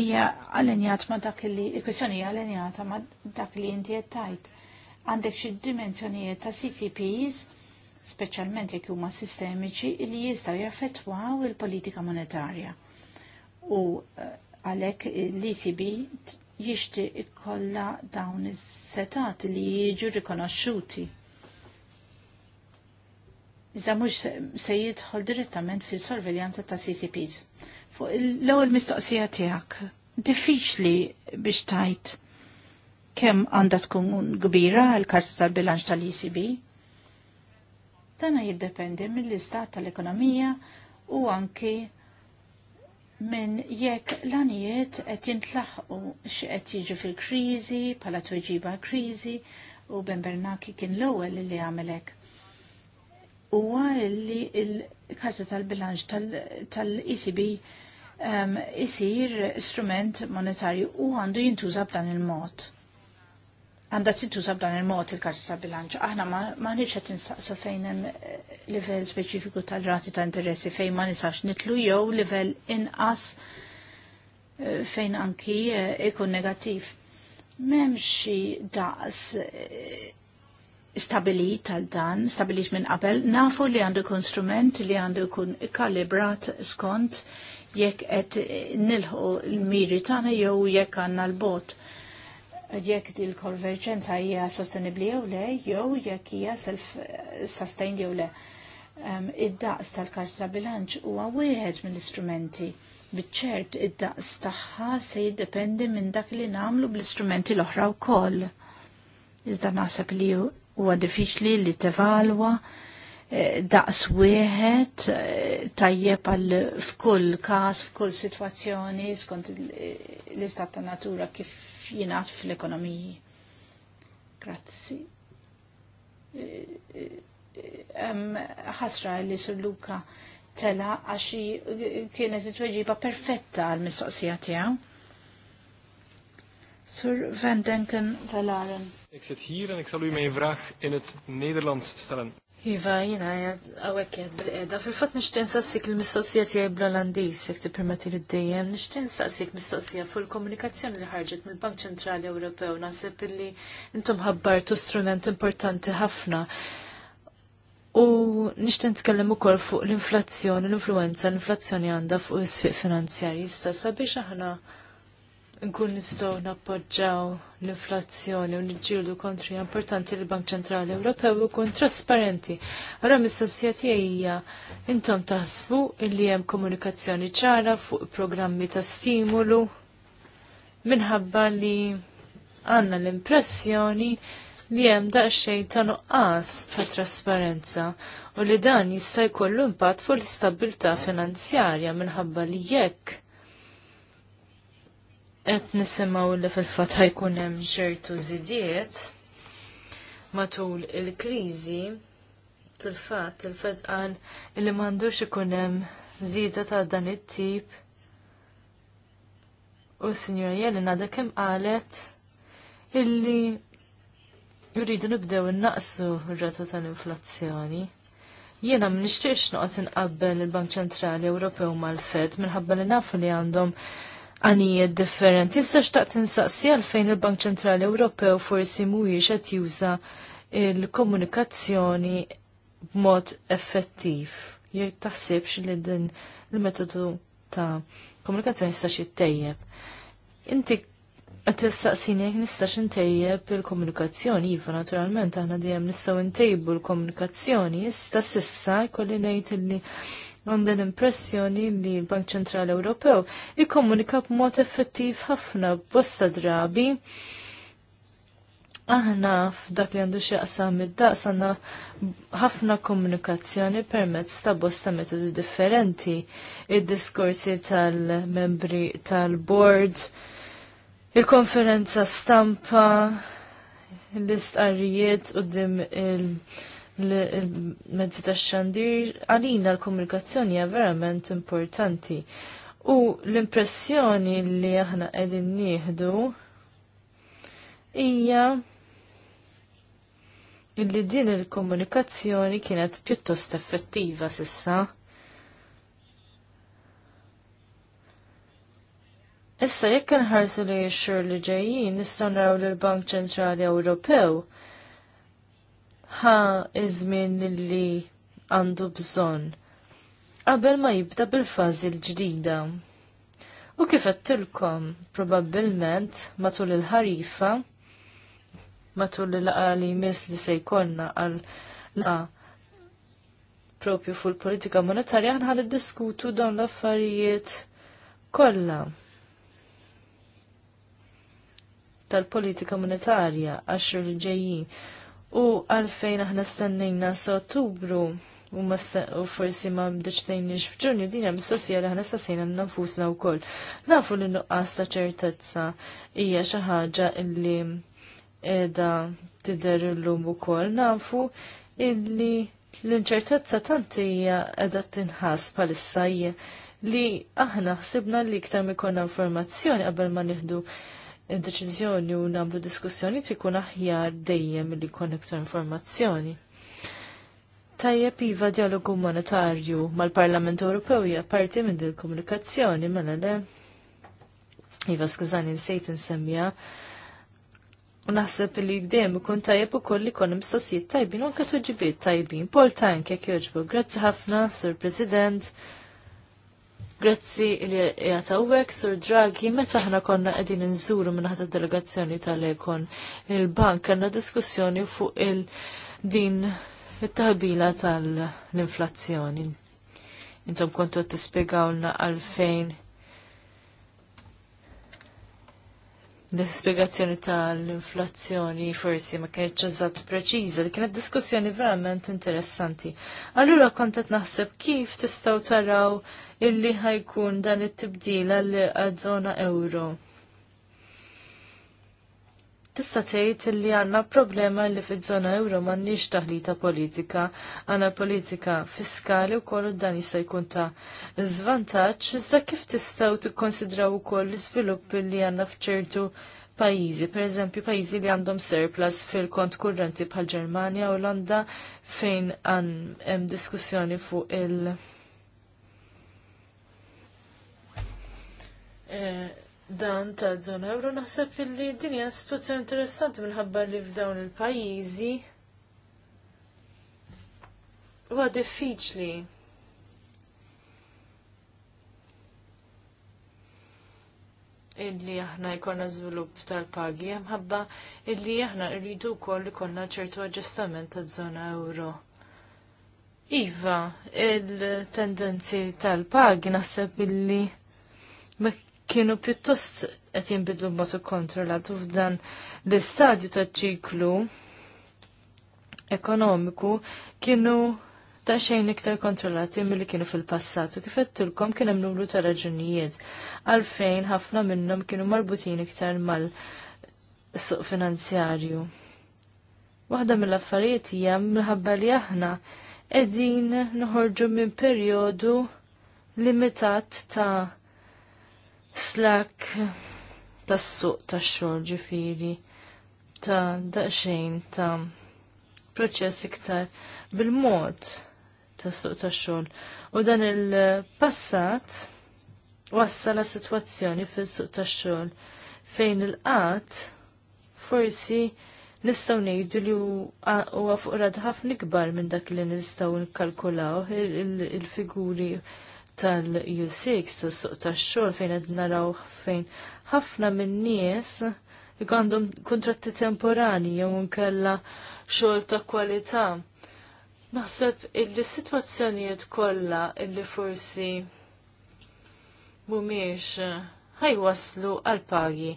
hija allenjat ma dak li, il-kwestjoni hija allenjata ma dak li inti tajt. Għandek xi dimensjonijiet ta' CCPs speċjalment jekk huma sistemiċi li jistgħu jaffettwaw il-politika monetarja. U eh, għalhekk l-ECB jixti ikollha dawn is-setat li jiġu rikonoxxuti Iżda mhux se jidħol direttament fil-sorveljanza ta' CCPs. Fuq l-ewwel mistoqsija tiegħek, diffiċli biex tajt kemm għandha tkun kbira l-karta tal-bilanċ tal-ECB Dana jiddependi mill-istat tal-ekonomija u anki minn jekk l-anijiet qed jintlaħqu x'qed jiġu fil-kriżi bħala tweġiba kriżi u Ben Bernanke kien l-ewwel li għamelek. Huwa li l-karta tal-bilanċ tal-ECB um, isir strument monetarju u għandu jintuża b'dan il-mod t tintuża b'dan il-mod il-karti ta' bilanċ. Aħna ma nix qed insaqsu fejn hemm eh, livell speċifiku tal-rati ta' interessi fejn ma nisax nitlu jew livell inqas eh, fejn anki eh, ikun negattiv. M'hemm daqs stabilit għal dan, stabilit minn qabel, nafu li għandu kun strument li għandu kun kalibrat skont jekk qed nilħu l-miri tagħna jew jekk għandna l-bot jekk il konverġenza hija sostenibbli jew le, jew jekk hija self-sustained jew le. Um, id-daqs tal-karta ta' bilanċ huwa wieħed mill-istrumenti. Biċċert id-daqs tagħha se jiddependi minn dak li nagħmlu bl-istrumenti l-oħra wkoll. Iżda naħseb li huwa diffiċli li tevalwa eh, daqs wieħed eh, tajjeb għal f'kull każ, f'kull sitwazzjoni skont l-istat ta' natura kif kif jingħad fl-ekonomiji. Grazzi. Ħasra li Luka tela għax kienet it-tweġiba perfetta għal mistoqsija tiegħu. Sir Van Denken Valaren. Ik zit hier en ik zal u mijn vraag in het Nederlands stellen. Iva, jina, għawek jad bil edha Fil-fat nishtin sassik il-mistoqsija tijaj bl-Olandis, jek ti primati li d nishtin sassik mistoqsija fuq il-komunikazzjoni li ħarġet mill-Bank Ċentrali Ewropew, nasib li intom ħabbartu strument importanti ħafna. U nishtin u ukoll fuq l-inflazzjoni, l-influenza, l-inflazzjoni għandha fuq is-sfiq finanzjarji, jista' sabiex aħna nkun nistgħu nappoġġaw l-inflazzjoni u niġġieldu kontri importanti li bank Ċentrali Ewropew ikun trasparenti. Ara mistoqsija tiegħi hija intom taħsbu li hemm komunikazzjoni ċara fuq programmi ta' stimulu minħabba li għandna l-impressjoni li hemm daqsxejn ta' nuqqas ta' trasparenza u li dan jista' jkollu impatt fuq l-istabilità finanzjarja minħabba li jekk qed nisimgħu li fil-fatt ħajkun hemm ċertu żidiet matul il-kriżi fil-fatt il-Fed qal li m'għandux ikun hemm żieda ta' dan it-tip u s-Sinjura Jelena għadha kemm qalet illi jridu nibdew innaqsu r-rata tal-inflazzjoni. Jiena m'nixtiex noqgħod inqabbel il-Bank Ċentrali Ewropew mal-Fed minħabba li nafu li għandhom għanijiet differenti. Tista xtaqt insaqsi għalfejn il-Bank Ċentrali Ewropew forsi mhuwiex qed juża il-komunikazzjoni b'mod effettiv. Jew taħsibx li din il-metodu ta' komunikazzjoni jistax jittejjeb. Inti qed tistaqsini jekk nistax intejjeb il-komunikazzjoni, iva naturalment aħna dejjem nistgħu ntejbu l-komunikazzjoni, issa sissa jkolli ngħid illi għandha l-impressjoni li l-Bank Ċentrali Ewropew jikkomunika b'mod effettiv ħafna bosta drabi. Aħna f'dak li għandu qasam id-daqs għandna ħafna komunikazzjoni permezz ta' bosta metodi differenti. Id-diskorsi tal-membri tal-board, il-konferenza stampa, l-istqarrijiet u dim il- l-mezzi tax xandir għalina l-komunikazzjoni hija verament importanti. U l-impressjoni li aħna qegħdin nieħdu hija li din il-komunikazzjoni kienet pjuttost effettiva sissa. Issa jekk nħarsu li xur li ġejjin nistgħu naraw lill l-Bank Ċentrali Ewropew ħa iż-żmien li għandu bżonn qabel ma jibda bil-fażi l-ġdida. U kif għattilkom, probabbilment matul il-ħarifa, matul il-għali mis li se jkollna għal la propju fuq politika monetarja ħanħal diskutu dawn l-affarijiet kollha tal-politika monetarja għax ġejjin u għalfejn aħna stennejna sa ottubru u forsi ma bdeċtejniex f'ġunju din hemm li aħna nafusna u wkoll. Nafu li nuqqas ta' ċertezza hija xi ħaġa illi l tidher illum ukoll. Nafu illi l-inċertezza tant hija qiegħda tinħass bħalissa li aħna ħsibna li iktar mikonna informazzjoni qabel ma nieħdu id-deċiżjoni u nagħmlu diskussjoni ikun aħjar dejjem li konnektu informazzjoni. Tajjeb iva dialogu monetarju mal-Parlament Ewropew hija parti minn din komunikazzjoni mela le. Iva skużani nsejt insemmija. U naħseb li dejjem ikun tajjeb ukoll li jkun mistoqsijiet tajbin u anke tweġibiet tajbin. Paul Tank jekk jogħġbu. Grazzi ħafna, Sur President. Grazzi li jgħatawek, Sur Draghi, meta ħna konna għedin nżuru minnaħat delegazzjoni tal-Ekon il-bank, għanna diskussjoni fuq il-din il-taħbila tal-inflazzjoni. Intom kontu t-spiegawna għalfejn l-spiegazzjoni tal-inflazzjoni forsi ma kienet ċazzat preċiża, li kienet diskussjoni verament interessanti. Allura kontet naħseb kif tistaw taraw illi ħajkun dan it-tibdil għall zona euro tista' tgħid li għandna problema li fiż-żona euro m'għandniex taħlita politika, għandna politika fiskali wkoll dan jista' jkun ta' żvantaġġ, iżda kif tistgħu tikkonsidraw ukoll l-iżvilupp li għandna f'ċertu pajjiżi, pereżempju pajjiżi li għandhom surplus fil-kont kurrenti bħal Ġermanja u Londa fejn hemm diskussjoni fuq il- eh, dan ta' zona euro naħseb illi din hija situazzjoni interessanti minħabba li f'dawn il-pajjiżi huwa diffiċli. illi aħna jkollna żvilupp tal-pagi minħabba illi aħna rridu wkoll li konna ċertu aġġustament ta' zona euro. Iva, il-tendenzi tal-pagi naħseb illi kienu pjuttost qed jinbidlu b'mod ikkontrollat u f'dan l-istadju taċ-ċiklu ekonomiku kienu ta' xejn iktar kontrollati milli kienu fil-passat u kif qedtilkom kien hemm numru ta' raġunijiet għalfejn ħafna minnhom kienu marbutin iktar mal-suq finanzjarju. Waħda mill-affarijiet hija minħabba li aħna qegħdin noħorġu minn perjodu limitat ta' slak tas-suq tax-xogħol ġifiri ta' daqsxejn ta' proċess iktar bil-mod tas-suq tax-xogħol. U dan il-passat wassal la sitwazzjoni fis-suq tas xogħol fejn il qat forsi nistgħu ngħidu li huwa fuq rad ħafna ikbar minn dak li nistgħu nkalkulaw il-figuri il figuri tal-U6 tas-suq tax-xogħol fejn qed naraw fejn ħafna min-nies għandhom kontratti temporani jew nkella xogħol ta' kwalità. Naħseb illi sitwazzjonijiet kollha illi forsi mhumiex ħajwaslu għal pagi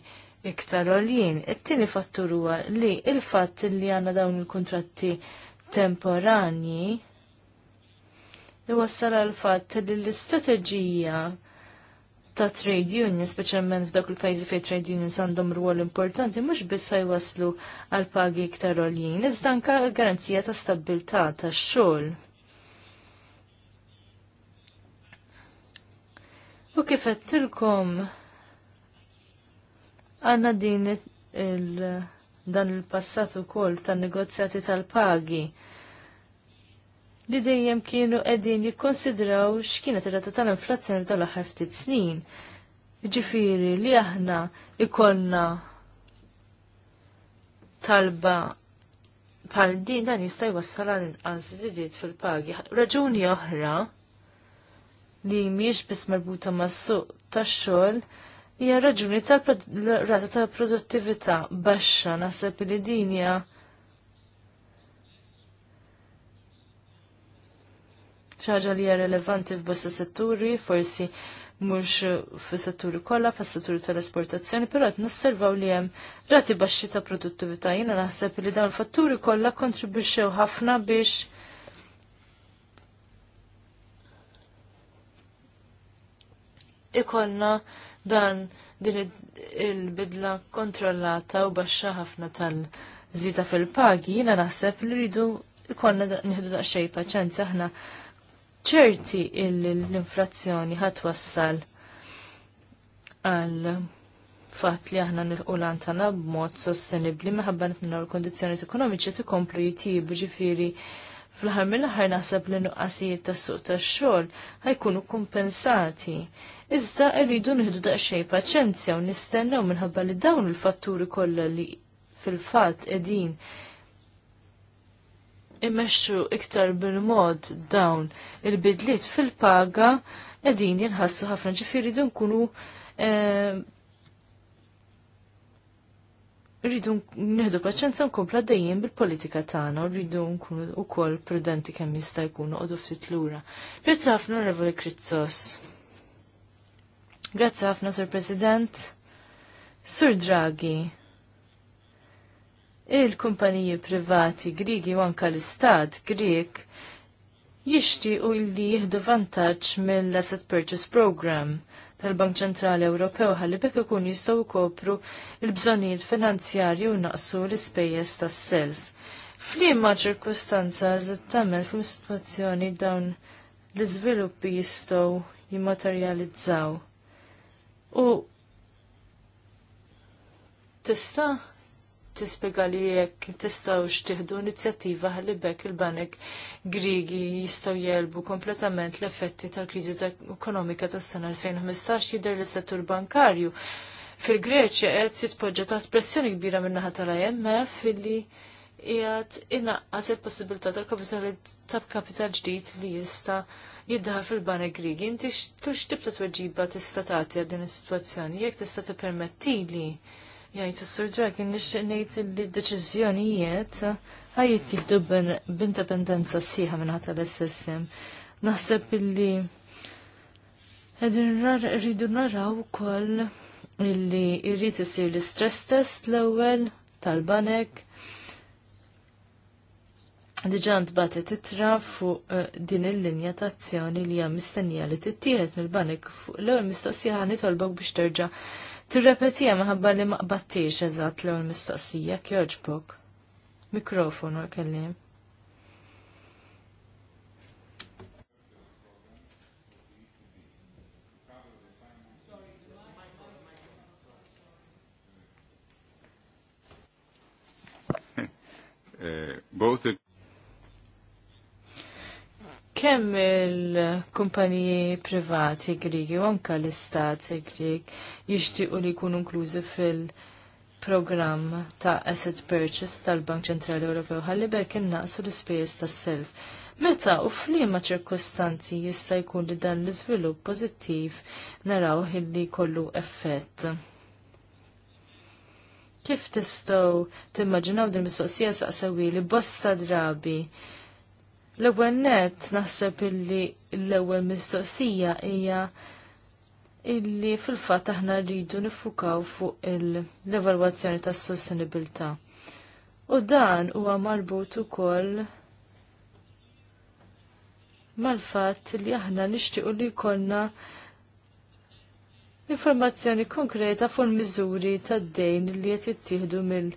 iktar għoljien. It-tieni fattur huwa li il-fatt li għandna dawn il-kontratti temporani iwassal għal fatt li l-istrateġija ta' trade union, speċjalment f'dak il-pajjiżi fejn trade unions għandhom rwol importanti, mhux biss jwaslu għal pagi iktar għoljin, iżda anke l-garanzija ta' stabilta tax-xogħol. U kif għettilkom għanna din il, dan il-passat kol ta' negozjati tal-pagi li dejjem kienu qegħdin jikkonsidraw x'kienet ir-rata tal-inflazzjoni tal-aħħar ftit snin. Ġifiri li aħna ikollna talba bħal din dan jista' jwassal għal inqas żidiet fil-pagi. Raġuni oħra li mhijiex biss marbuta mas-suq tax-xogħol hija raġuni tal-rata tal-produttività baxxa naħseb li dinja. ċaġa li hija relevanti f'bosta setturi, forsi mhux fis-setturi kollha fis-setturi tal-esportazzjoni, però qed nosservaw li hemm rati baxxi ta' produttività. Jiena naħseb li dawn il-fatturi kollha kontribwixxew ħafna biex Ikonna dan din il-bidla kontrollata u baxxa ħafna tal-żita fil-pagi, jiena naħseb li rridu ikonna nieħdu daqsxejn paċenza aħna ċerti l-inflazzjoni ħatwassal għal fatt li aħna nilqu lantana b'mod sostenibli meħabba nitminna l-kondizjoni ekonomiċi tikomplu jitib ġifiri fl-ħar mill-ħar naħseb li nuqqasijiet tas suq tax-xogħol ħajkunu kompensati. Iżda rridu nieħdu xej paċenzja u nistennew minħabba li dawn il-fatturi kollha li fil-fatt qegħdin immexxu iktar bil-mod dawn il-bidliet fil-paga edin jinħassu ħafna ġifiri dun kunu eh, rridu nieħdu paċenza nkompla dejjem bil-politika tagħna u rridu nkunu wkoll prudenti kemm jista' jkunu qogħdu ftit lura. Grazzi ħafna Revoli Krizzos. Grazzi ħafna Sur President. Sur Draghi il-kumpaniji privati Grigi u anka l-istat Grieg jixtiequ li jieħdu vantaġġ mill-Asset Purchase Program tal-Bank Ċentrali Ewropew ħalli bekk ikun jistgħu jkopru l-bżonnijiet finanzjarji u naqsu l-ispejjeż tas-self. F'liema ċirkustanza eżattament f'sitwazzjoni dawn l-iżviluppi jistgħu jimmaterjalizzaw. U tista' tispiega li jekk tistgħu tieħdu inizjattiva ħalli bekk il-banek Grigi jistgħu jelbu kompletament l-effetti tal-kriżi ekonomika tas-sena 2015 jidher li settur bankarju. Fil-Greċja qed jitpoġġa taħt pressjoni kbira min-naħa tal-IMF illi qiegħed inaqqas il-possibilità tal-kapital ġdid li jista' jiddaħal fil-banek Grigi. Inti x'tux tibta tweġiba tista' tagħti għad din is-sitwazzjoni jekk tista' tippermettili. Jajt, s-sur Draghi, nixtieq ngħid li d-deċiżjonijiet ħaj b'independenza b'indipendenza sħiħa minn ħadd l-SSM. Naħseb illi għedin rridu naraw ukoll illi jrid isir l-istress test l-ewwel tal-banek. Diġà ntbatet titra fuq eh, din il-linja ta' azzjoni li hija mistennija li tittieħed mill-banek fuq l-ewwel mistoqsija ħanitolbok biex terġa' Tirrepetija maħabba li maqbattiex eżatt l għol mistoqsija kjoġbuk. Mikrofonu l-kellim. Eh, both the kemm il-kumpaniji privati Grigi u anka l-istat Grieg jixtiequ li jkunu inklużi fil-programm ta' asset purchase tal-Bank Ċentrali Ewropew ħalli bekk innaqsu l-ispejjeż tas-self. Meta u f'liema ċirkustanzi jista' jkun li dan l-iżvilupp pożittiv naraw illi jkollu effett. Kif tistgħu timmaġinaw din mistoqsija saqsewi li bosta drabi L-ewwel net naħseb illi l-ewwel mistoqsija hija illi fil-fatt aħna rridu nifukaw fuq l-evalwazzjoni tas-sostenibilità. U dan huwa marbut ukoll mal-fatt li aħna nixtiequ li jkollna informazzjoni konkreta fuq il miżuri tad-dejn li qed jittieħdu mill-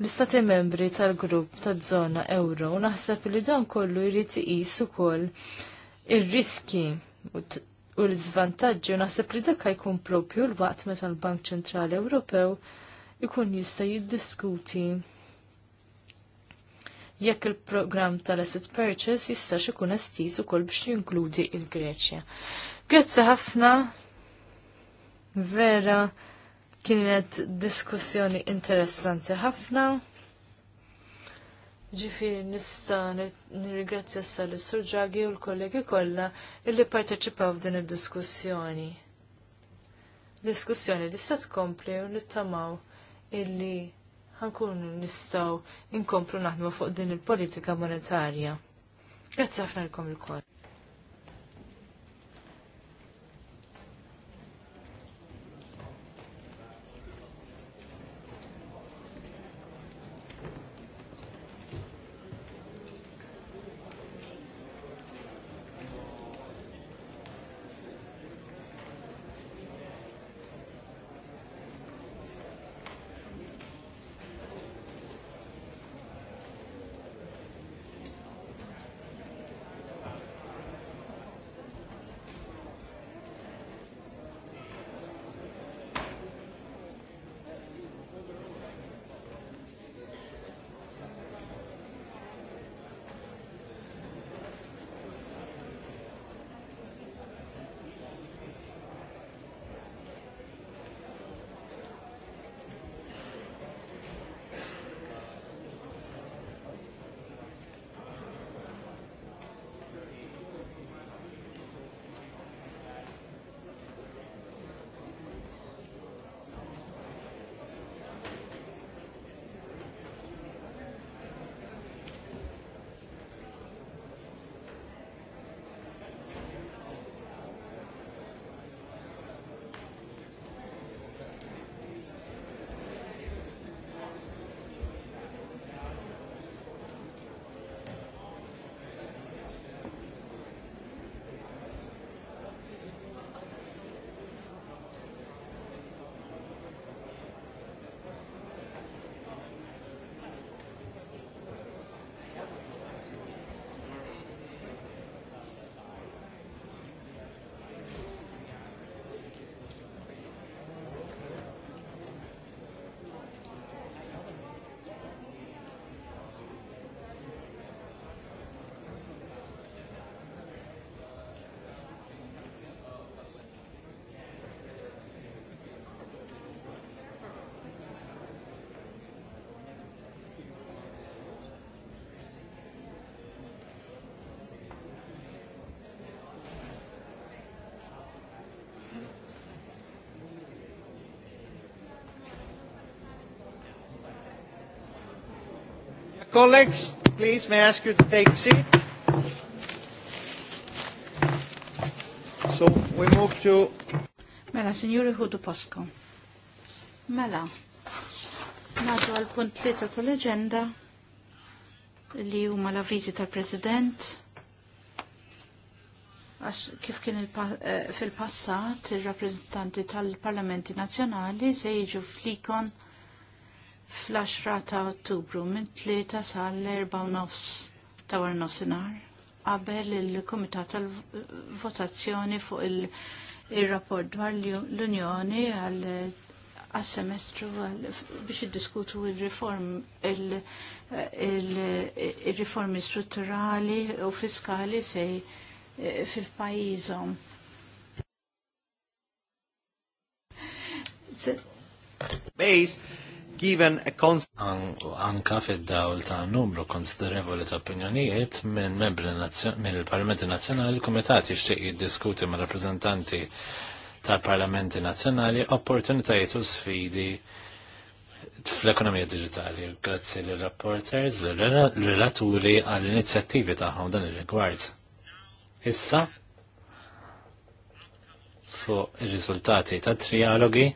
l-istati membri tal-grupp tad-żona euro naħseb li dan kollu jrid iqis ukoll ir-riski u l-żvantaġġi u naħseb li dak jkun propju l-waqt meta l-Bank Ċentrali Ewropew ikun jista' jiddiskuti jekk il-programm tal-asset purchase jista' ikun estiż ukoll biex jinkludi il-Greċja. Grazzi ħafna vera kienet diskussjoni interessanti ħafna. Ġifiri nista nirrigrazzja sal sur Draghi u l-kollegi kollha illi parteċipaw f'din id-diskussjoni. Diskussjoni li se tkompli u nittamaw illi ħankun nistaw inkomplu naħdmu fuq din il-politika monetarja. Grazzi ħafna l-kom il-koll. Colleagues, please may I ask you to take a seat. So we move to Mela, Signori Hudu Pasco. Mela, nadu għal punt tlieta tal-leġenda li huma la viżi tal-President. Għax kif kien eh, fil-passat, ir rappreżentanti tal-Parlamenti Nazzjonali se jiġu flikon fl-10 ta' ottubru minn 3 sal-4 nofs ta' war nofsinar qabel il-Komitat tal-Votazzjoni fuq il-rapport dwar l-Unjoni għal għas-semestru biex id-diskutu il-reform il-reformi strutturali u fiskali sej eh, fil-pajizom. Base given a constant... anka fid-dawl ta' numru konsiderevoli ta' opinjonijiet minn membri minn il-Parlamenti Nazzjonali, il-Kumitat jixtieq jiddiskuti ma' rappreżentanti tal-Parlamenti Nazzjonali opportunitajiet u sfidi fl-ekonomija digitali. Grazzi li rapporters li relaturi għall-inizjattivi tagħhom dan ir-rigward. Issa fuq ir-riżultati ta' trialogi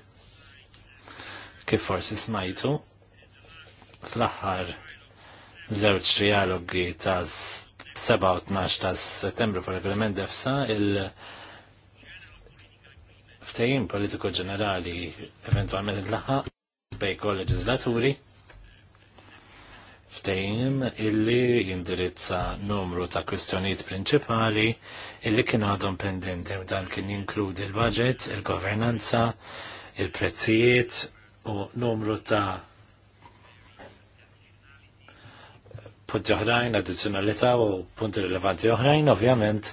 kif forsi smajtu fl-aħħar żewġ trialogi ta' 7-12 ta' settembru fuq regolament defsa il ftejim politiku ġenerali eventualment intlaħħa bej kol-leġislaturi ftejim illi jindirizza numru ta' kwistjonijiet prinċipali illi kien għadhom pendenti u dan kien jinkludi l-budget, il-governanza, il-prezzijiet, u numru ta' punti oħrajn, addizzjonalità u punti rilevanti oħrajn, ovvjament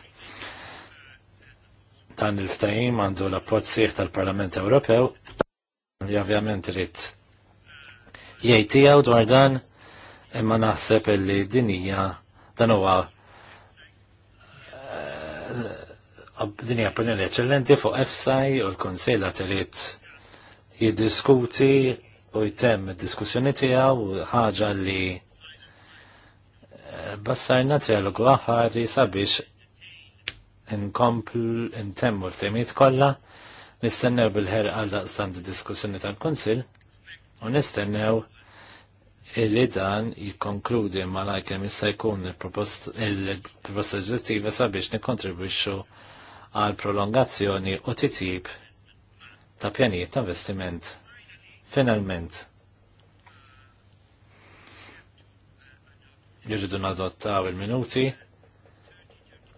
dan il-ftajim għandu l-appoġġ sieħ tal-Parlament Ewropew li ovvjament rrit jgħid tiegħu dwar dan imma naħseb li din hija dan huwa eh, din hija opinjoni eċċellenti fuq EFSAI u l-Kunsejl trid jiddiskuti u jtem id-diskussjoni tiegħu ħaġa li eh, bassajna trialogu aħħar sabiex inkompl intemmu l-temiet kollha nistennew bil-ħer għal id diskussjoni tal-Kunsil u nistennew illi dan jikkonkludi ma lajkem jista' jkun il-proposta ġettiva sabiex nikkontribwixxu għal prolongazzjoni u titjib ta' pjanijiet ta' investiment. Finalment. Jirridu nadottaw il-minuti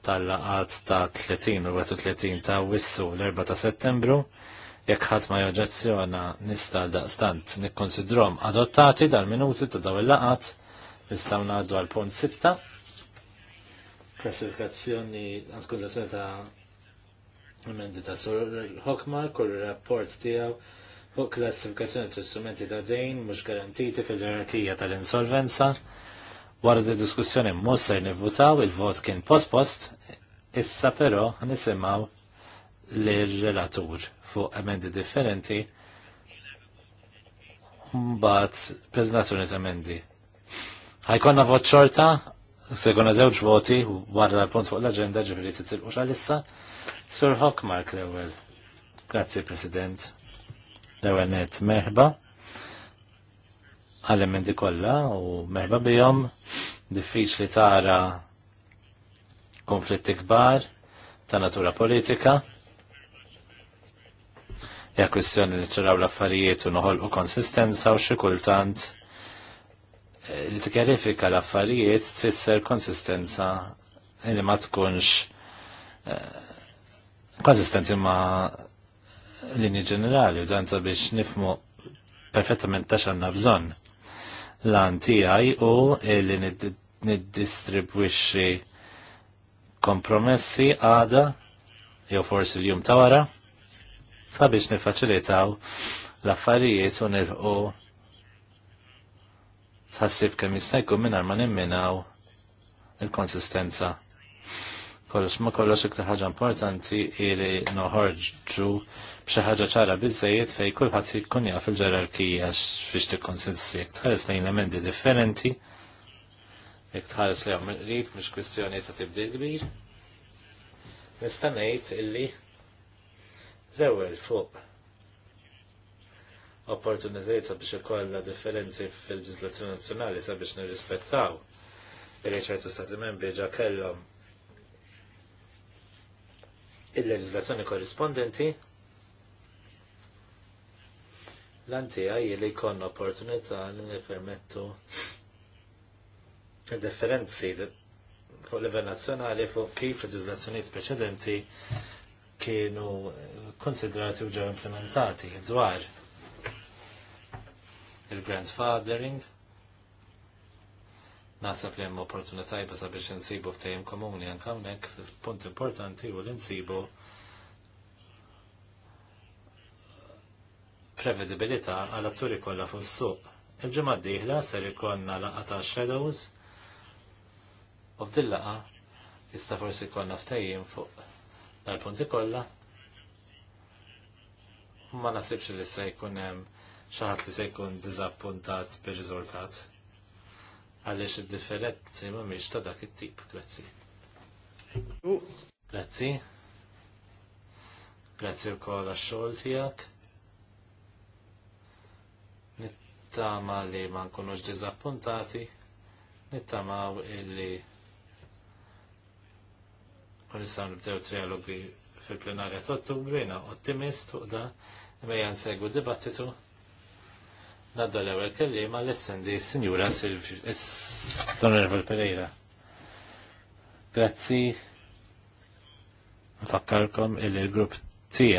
tal-laqat ta' 30 u 30 ta' wissu l-4 ta' settembru jekk ħadd ma joġġezzjona nista' daqstant nikkonsidrom adottati dal-minuti ta' daw il-laqat nistgħu ngħaddu għal punt 6 klassifikazzjoni għaskużazzjoni ta' Mendi ta' sur l-ħokma, kull rapport tijaw fuq klassifikazzjoni ta' strumenti ta' dejn mhux garantiti fil-ġerarkija tal-insolvenza. Wara di diskussjoni mhux se nivvutaw il-vot kien post-post, issa però nisimgħu lir-relatur fuq emendi differenti mbagħad preżentazzjoni ta' emendi. Ħajkonna vot xorta, se jkollna żewġ voti wara l-punt fuq l-aġenda ġifieri titilqu xalissa. issa Sur Hockmark l-ewel. Grazie, President. L-ewel net meħba Għal-emendi kolla u meħba bijom. Diffiċ li tara konflitti kbar ta' natura politika. Ja kwestjoni li ċaraw l-affarijiet u noħol u konsistenza u xikultant eh, li t-kjarifika l-affarijiet tfisser konsistenza li ma tkunx eh, konsistenti ma' linji ġenerali u dan biex nifmu perfettament ta' xanna bżon lan tijaj u li niddistribwixi kompromessi għada jew forsi l-jum ta' wara sabiex nifaċilitaw l-affarijiet u nirħu tħassib kemm jista' jkun mingħajr ma nimminaw il-konsistenza kollox ma kollox iktar ħaġa importanti ili noħorġu b'xi ħaġa ċara biżejjed fej kulħadd jkun jaf il-ġerarkija fiex tikkonsisti jekk tħares lejn emendi differenti, jekk tħares lejhom qrib mhux kwistjoni ta' tibdil kbir. Nista' ngħid illi l-ewwel fuq opportunitajiet sabiex ikollha differenzi fil-ġiżlazzjoni nazzjonali sabiex nirrispettaw il ċertu stati membri ġa kellhom il-leġizlazzjoni korrispondenti l-antija li konna opportunità li nipermettu differenzi fuq livell nazzjonali fuq kif leġislazzjonijiet preċedenti kienu konsidrati u ġew implementati dwar il-grandfathering Nasab li hemm opportunità tajba sabiex insibu ftehim komuni anke hawnhekk punt importanti u li nsibu prevedibilità għal atturi kollha fuq is-suq. Il-ġimgħa d-dieħla ser ikollna laqgħa ta' shadows u f'din laqgħa jista' forsi jkollna ftehim fuq dal-punti kolla. ma nasibx li se jkun hemm xi ħadd li se jkun diżappuntat bir-riżultat għaliex id-differenzi mhumiex ta' dak it-tip. Grazzi. Grazzi. Grazzi wkoll għax-xogħol tiegħek. Nittama li ma nkunux diżappuntati. Nittama illi kun issa nibdew trialogi fil-plenarja ta' Ottubri na ottimist fuq da, imma jansegu dibattitu Nadda l-ewel kellima l-essendi Signora Silvi, Pereira. Grazzi. Nfakkarkom il-grupp TI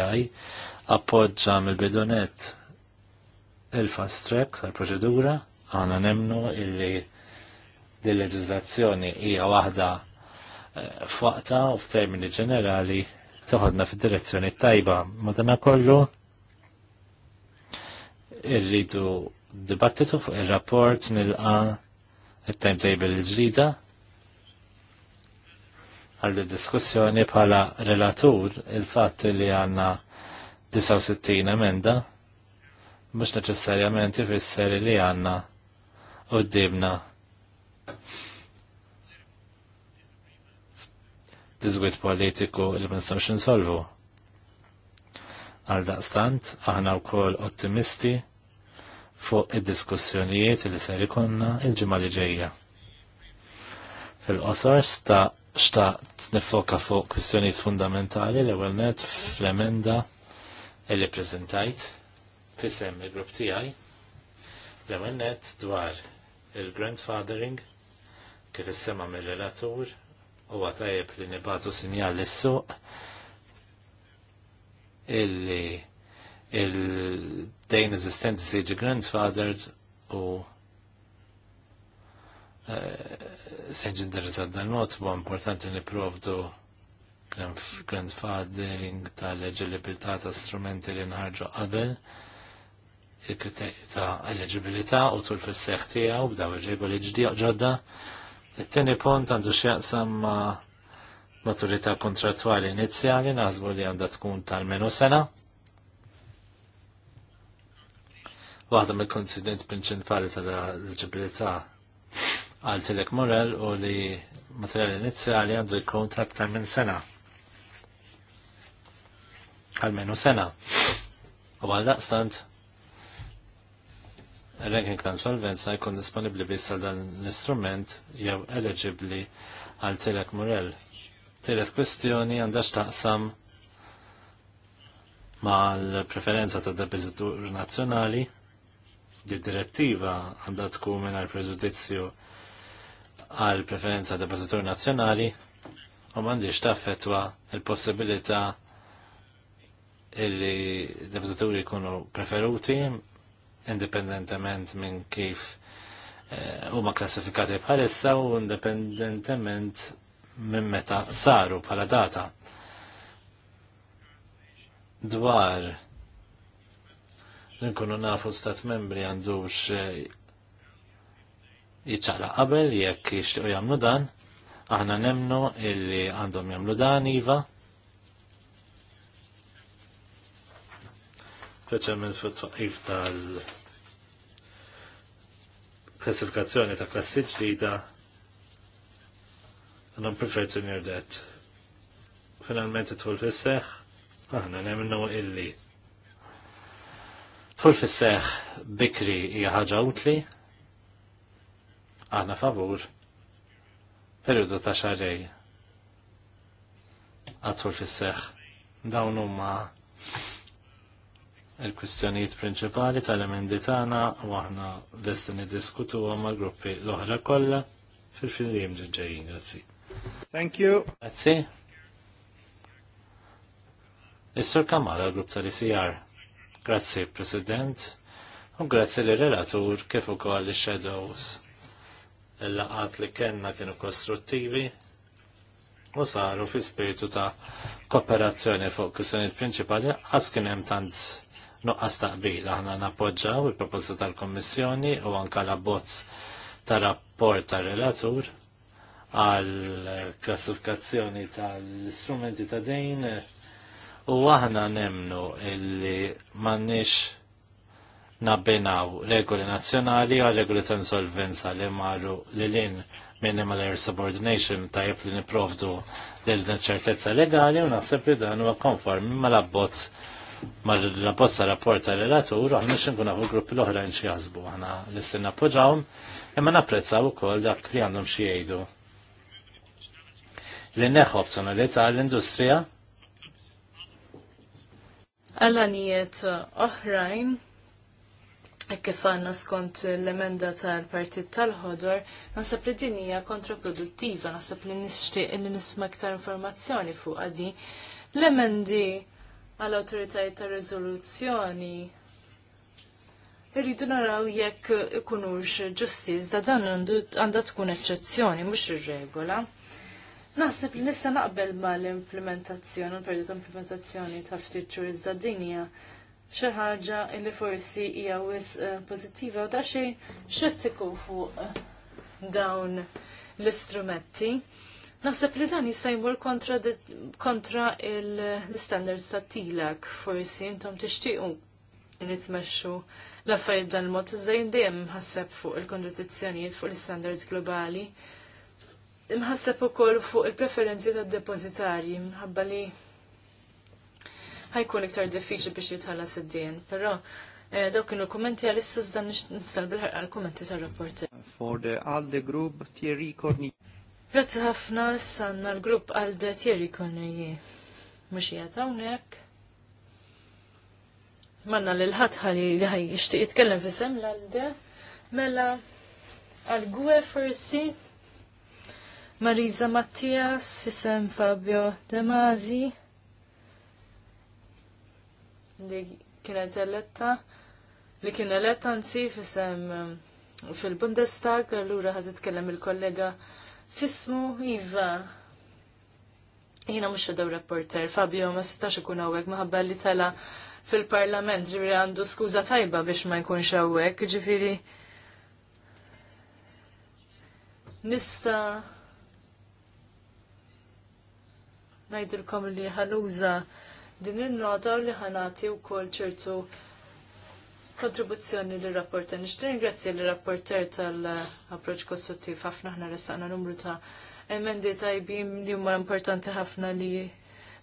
appoġġa mill-bidonet il-fast track tal-proċedura għana nemnu illi il leġizlazzjoni hija waħda eh, f'waqta u f'termini ġenerali toħodna fid-direzzjoni tajba. Madana kollu irridu dibattitu fuq il-rapport nilqa il-timetable il-ġdida għal diskussjoni bħala relatur il-fatt li għanna 69 emenda mux neċessarjament ifisser li għanna u d-dibna dizgwit politiku li ma nistawx nsolvu. Għal daqstant, aħna wkoll ottimisti fuq id-diskussjonijiet li ser ikonna il-ġimgħa li ġejja. Fil-qosor sta xtaqt nifoka fuq kwistjonijiet fundamentali l ewwel net fl-emenda li ppreżentajt, fisem il-grupp tiegħi l ewwel net dwar il-grandfathering kif issema mir-relatur huwa tajjeb li nibatu sinjal lis-suq illi il-dejn eżistenti se jiġi grandfathered u eh, se interesat interessat dan mod huwa importanti li provdu grandfathering tal-eligibilità ta' strumenti li nħarġu qabel il-kriterju ta' eligibilità u tul fis-seħħ tiegħu b'daw ir-regoli ġodda. It-tieni punt għandu x'jaqsam ma' maturità kontrattwali inizjali nażbu li għandha tkun tal-menu sena waħda mill-konsident prinċipali tal-eligibilità għal Tilek Morel u li materjali inizjali għandu jkun ta' aktar minn sena. Għalmenu sena. U għal daqstant, ranking ta' insolvenza jkun disponibli biss għal dan l-istrument jew eligibli għal Tilek Morel. Telek kwestjoni għandax taqsam ma' l-preferenza ta' debizitur nazjonali Di direttiva għandha tkun mingħajr preġudizzju għal preferenza depozitur nazzjonali u m'għandix taffetwa il-possibilità illi depozituri jkunu preferuti indipendentement minn kif eh, huma klassifikati bħalissa u indipendentement minn meta saru bħala data dwar nkunu nafu stat membri għandux eh, jitċala qabel jekk jixtiqu jamlu dan, aħna nemnu illi għandhom jamlu dan iva. Speċjalment fit-twaqif tal klassifikazzjoni ta' klassi ġdida għandhom preferzjoni nirdet. Finalment itħol fis seħ aħna nemnu illi Tfull fisseħ bikri hija ħaġa utli, aħna favur, periodu ta' xarrej. Għatfull fisseħ, Dawn huma il-kwistjonijiet prinċipali tal-emendi tagħna u aħna lesti niddiskutuhom mal-gruppi l-oħra kollha fil filim ġejjin. Grazzi. Thank you. Grazzi. Is-Sur Kamala l grupp tal-ICR. Grazzi, President, u grazie li relatur kif ukoll li shadows il-laqat li kellna kienu kostruttivi u saru fi spiritu ta' kooperazzjoni fuq kwistjonijiet prinċipali għas kien hemm tant nuqqas taqbil aħna nappoġġaw il-proposta tal-Kommissjoni u anke l-abbozz ta' rapport ta' relatur għal klassifikazzjoni tal-istrumenti ta' dejn U aħna nemnu illi m'għandniex nabbenaw regoli nazzjonali għal regoli ta' insolvenza li marru li lin minimal air subordination tajjeb li niprovdu lil ċertezza legali u naħseb li dan huwa konformi mal-abbozz ma' la bozza rapport tal relatur aħna xinkun għafu gruppi l-oħrajn xi jaħsbu aħna li s appoġawhom imma napprezzaw ukoll dak li għandhom xi jgħidu. Li neħu l-industrija għalanijiet oħrajn e kif għanna skont l-emenda tal-partit tal-ħodor, nasab li din hija kontraproduttiva, nasab li nixtieq li nisma' iktar informazzjoni fuq għadi. L-emendi għall awtoritajiet ta' riżoluzzjoni irridu naraw jekk ikunux ġustiz da dan għandha tkun eċċezzjoni mhux ir-regola. Naħseb li nissa naqbel ma l-implementazzjoni, l-perdu ta' implementazzjoni ta' ftit iżda dinja xi ħaġa li forsi hija wis eh, pożittiva u daqsxejn xettiku fuq eh, dawn l-istrumenti. Naħseb li dan jista' jmur kontra, l-standards ta' tilak forsi intom tixtiequ li tmexxu l-affarijiet dan mod iżda dejjem ħasseb fuq il-kondizzjonijiet fuq l-standards globali imħasseb ukoll fuq il-preferenzi tad-depozitarji minħabba li ħajkun iktar diffiċli biex jitħallas id-dien, però eh, Daw kienu kommenti għal-issa zdan nistal l għal-kommenti tal-rapporti. For the ALDE group, Thierry Cornier. Grazzi ħafna sanna l-grupp ALDE Thierry Cornier. Mux jgħatawnek. Manna l-ħatħa li ħaj ixtiq jitkellem fissem l-ALDE. Mela, għal-gwe forsi. Marisa Mattias, fisem Fabio De Masi, li kienet eletta, li kien eletta nsi fisem um, fil-Bundestag, allura ħad itkellem il-kollega fismu Iva. Jina mux xedew reporter, Fabio ma setax ikun għawek maħabba li tala fil-parlament, ġifiri għandu skuza tajba biex ma jkunx għawek, ġifiri. Nista' najdilkom li ħanuża din il-nota li ħanati u kol ċertu kontribuzzjoni li rapporter. Nishtin ringrazzja li rapporter tal-approċ kostruttiv ħafna ħna ressaqna numru ta' emendi tajbim li huma importanti ħafna li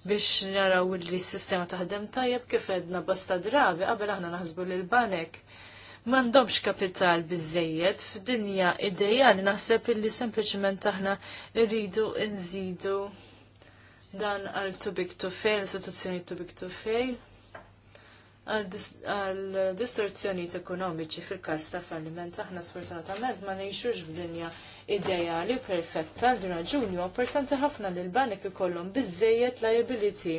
biex naraw li s-sistema taħdem tajjeb kif edna basta drabi qabel aħna naħsbu l banek M'għandhomx kapital bizzejiet f'dinja ideja li naħseb illi sempliċement aħna rridu inżidu dan għal to big to fail, istituzzjoni to big to fail, għal distorzjonijiet ekonomiċi fil-kas ta' falliment aħna sfortunatament ma nejxux b'dinja ideali perfetta għal raġuni u importanti ħafna li l-banek ikollhom biżejjed liability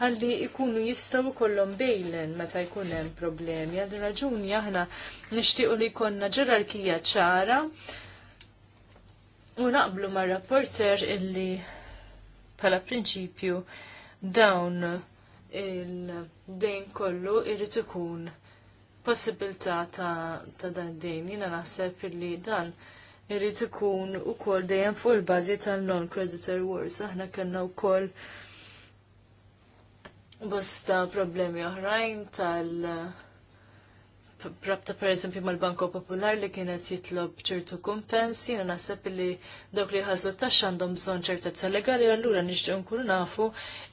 għalli ikunu jistgħu kollom bejlen meta jkun hemm problemi għal raġuni aħna nixtiequ li jkollna ġerarkija ċara u naqblu ma' rapporter illi bħala prinċipju dawn il-dejn kollu irrid ikun possibilità ta', ta dan dejn Jiena naħseb illi dan irrid ikun ukoll dejjem fuq il-bażi tal-non creditor wars. Aħna kellna wkoll bosta problemi oħrajn tal- rabta per eżempju mal-Banko Popular li kienet jitlob ċertu kumpensi jina naħseb li dawk li ħazu tax għandhom bżon ċertezza legali, għallura nixġu nkunu nafu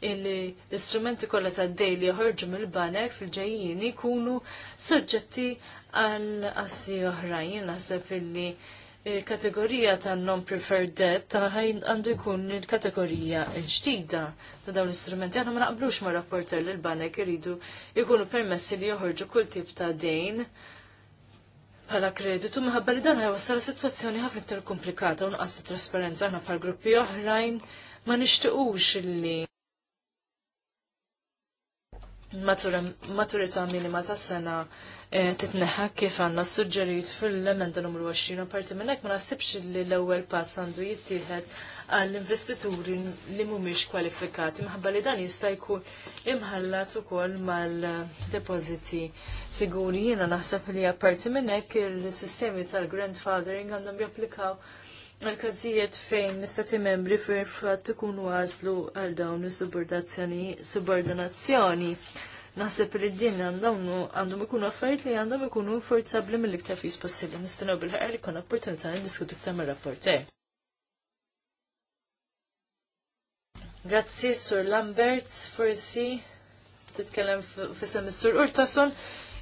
li l-istrumenti kollha ta' dej li joħorġu mill-banek fil-ġejjini jkunu soġġetti għal assi oħrajn, jina naħseb illi il-kategorija ta' non-preferred debt ta' ħajn għandu jkun il-kategorija ġdida ta' dawn l-istrumenti. Għanna ma naqblux ma' rapporter l-banek jridu jkunu permessi li joħorġu kull tip ta' dejn bħala kreditu minħabba li dan ħajwassal situazzjoni ħafna iktar komplikata u nqas trasparenza aħna pal gruppi oħrajn ma nixtiqux li maturita minima ta' sena Eh, titneħa kif għandna suġġerit fil-emenda numru 20 parti minn hekk ma nasibx li l-ewwel pass għandu jittieħed għall-investituri li mhumiex kwalifikati minħabba li dan jista' jkun imħallat ukoll mal depoziti siguri jiena naħseb li apparti minn hekk il-sistemi tal-grandfathering għandhom japplikaw għal-kazijiet fejn l-istati membri fil-fat ikunu għazlu għal dawn is subordinazzjoni naħseb li din għandhom ikunu affarijiet li għandhom ikunu forzabli mill-iktar fis possibbli. Nistennew bil-ħar li kon opportunità niddiskutu ktar mar rapporti Grazzi, Sur Lambert forsi titkellem fissem Sur Urtason.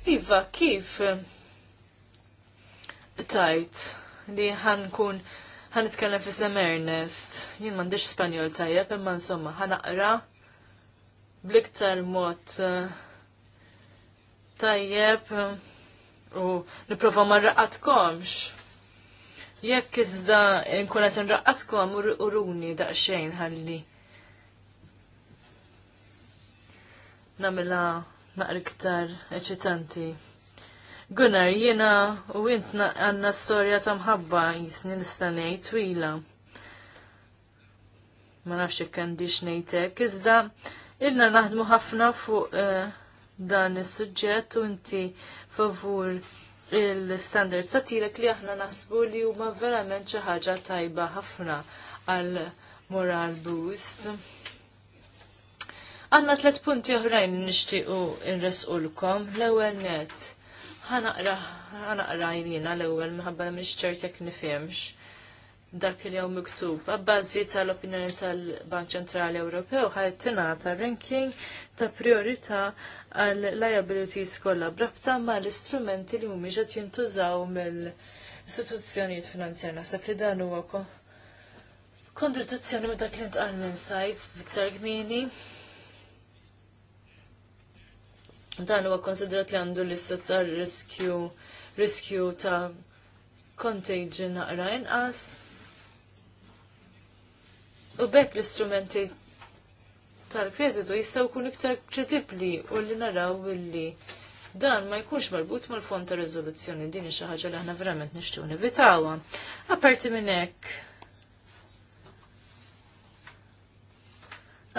Iva, kif eh, tajt li ħankun ħan itkellem fissem Ernest. Jien mandiġ Spanjol tajjeb, imma insomma ħanaqra bliktar mod eh, tajjeb eh, u niprofa ma rraqatkomx Jekk iżda nkun qed nraqqatkom u runi daqsxejn ħalli. Namela naqr iktar eċitanti. Gunnar, jiena u int għandna storja ta' mħabba jisni nista' ngħid twila. Ma nafx jekk għandix ngħidlek, iżda Ilna naħdmu ħafna fuq eh, dan is-suġġett u inti favur il-standards satirek li aħna naħsbu li huma verament xi ħaġa tajba ħafna għal moral boost. Għanna tlet punti oħrajn nixtiequ nresqulkom l-ewwel net. Ħanaqra ħanaqra jlina l-ewwel minħabba mhix ċert jekk nifhemx dak li hawn miktub. Abbażi tal-opinjoni tal-Bank Ċentrali Ewropew ħajt tingħata ranking ta' priorità għal liabilities kollha brabta ma' l-istrumenti li mhumiex qed jintużaw mill-istituzzjonijiet finanzjarji. Sab li dan huwa kontradizzjoni ma' dak li ntqal minn sajt iktar kmieni. Dan huwa konsidrat li għandu l-istat tar riskju riskju ta' contagion naqra inqas. U bekk l-istrumenti tal-kreditu jistaw kun iktar kredibli u li naraw illi dan ma jkunx marbut mal-fond ta' rezoluzzjoni din xi ħaġa li aħna verament nixtieq nivitawha. Aparti minn hekk.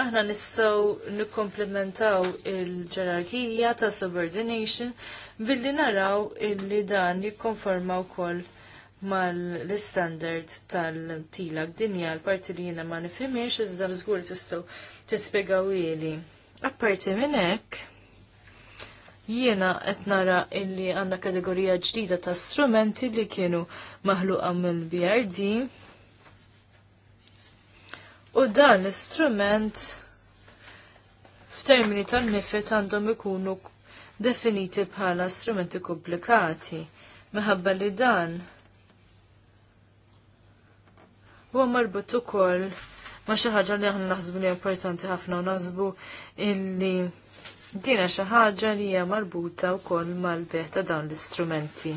Aħna nistgħu nikkomplementaw il-ġerarkija ta' subordination billi naraw illi dan jikkonforma wkoll mal-standard tal-tilak dinja l-parti li jina ma nifimiex iżda żgur tistgħu tispjegaw jeli. Apparti minn hekk, jiena qed nara illi għandna kategorija ġdida ta' strumenti li kienu maħluqa mill-BRD. U dan l-istrument f'termini tal nifet għandhom ikunu definiti bħala strumenti komplikati. Meħabba li dan huwa marbut ukoll ma xi ħaġa li aħna naħsbu li importanti ħafna u naħsbu illi dina xi ħaġa li hija marbuta wkoll mal-beħ ta' dawn l-istrumenti.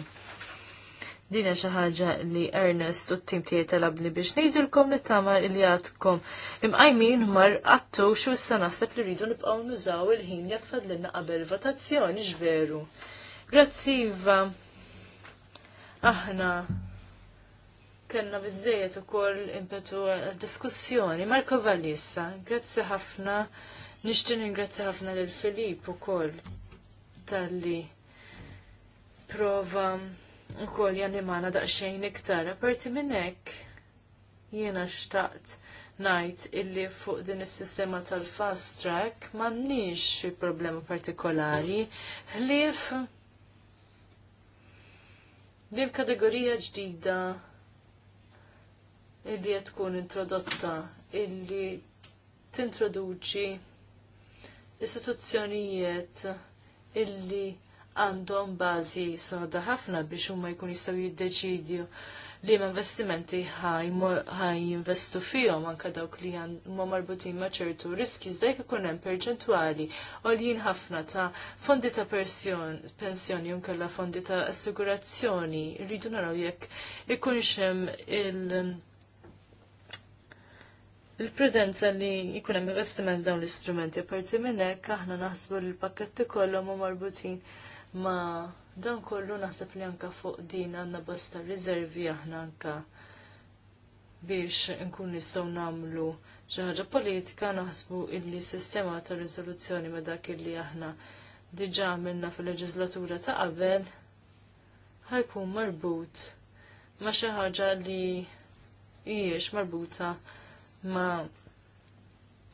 Dina xi ħaġa li Ernest u t-tim tiegħi talabni biex ngħidulkom li tagħmel li għadkom imqajmin mar għattu xi issa naħseb li rridu nibqgħu nużaw il-ħin li tfadlilna qabel votazzjoni x'veru. Grazzi Iva. Aħna kellna bizzejiet ukoll impetu diskussjoni. Marko Valissa, grazzi ħafna, nixtin ingrazzi ħafna lil Filip ukoll tal-li prova ukoll jani maħna daqxejn iktar. Aparti minn hekk jiena xtaqt najt illi fuq din is-sistema tal-fast track m'għandniex problema partikolari. Ħlief Dim kategorija ġdida illi qed tkun introdotta illi tintroduċi istituzzjonijiet illi għandhom bażi soda ħafna biex huma jkun jistgħu jiddeċidju li ma investimenti ħaj investu fihom anka dawk li huma marbutin ma ċertu riski jekk ikun hemm perċentwali għoljin ħafna ta' fondi ta' pensjoni unkella fondi ta' assigurazzjoni rridu naraw jekk ikunx hemm il- il-prudenza li jkun hemm investiment dawn l-istrumenti apparti minn hekk aħna naħsbu li l-pakketti kollhom ma marbutin ma dan kollu naħseb li anka fuq din għandna bosta riservi aħna anka biex nkun nistgħu nagħmlu xi ħaġa politika naħsbu illi sistema ta' riżoluzzjoni ma' dak illi aħna diġà għamilna fil-leġislatura ta' qabel ħajkun marbut ma' xi ħaġa li hijiex marbuta ma'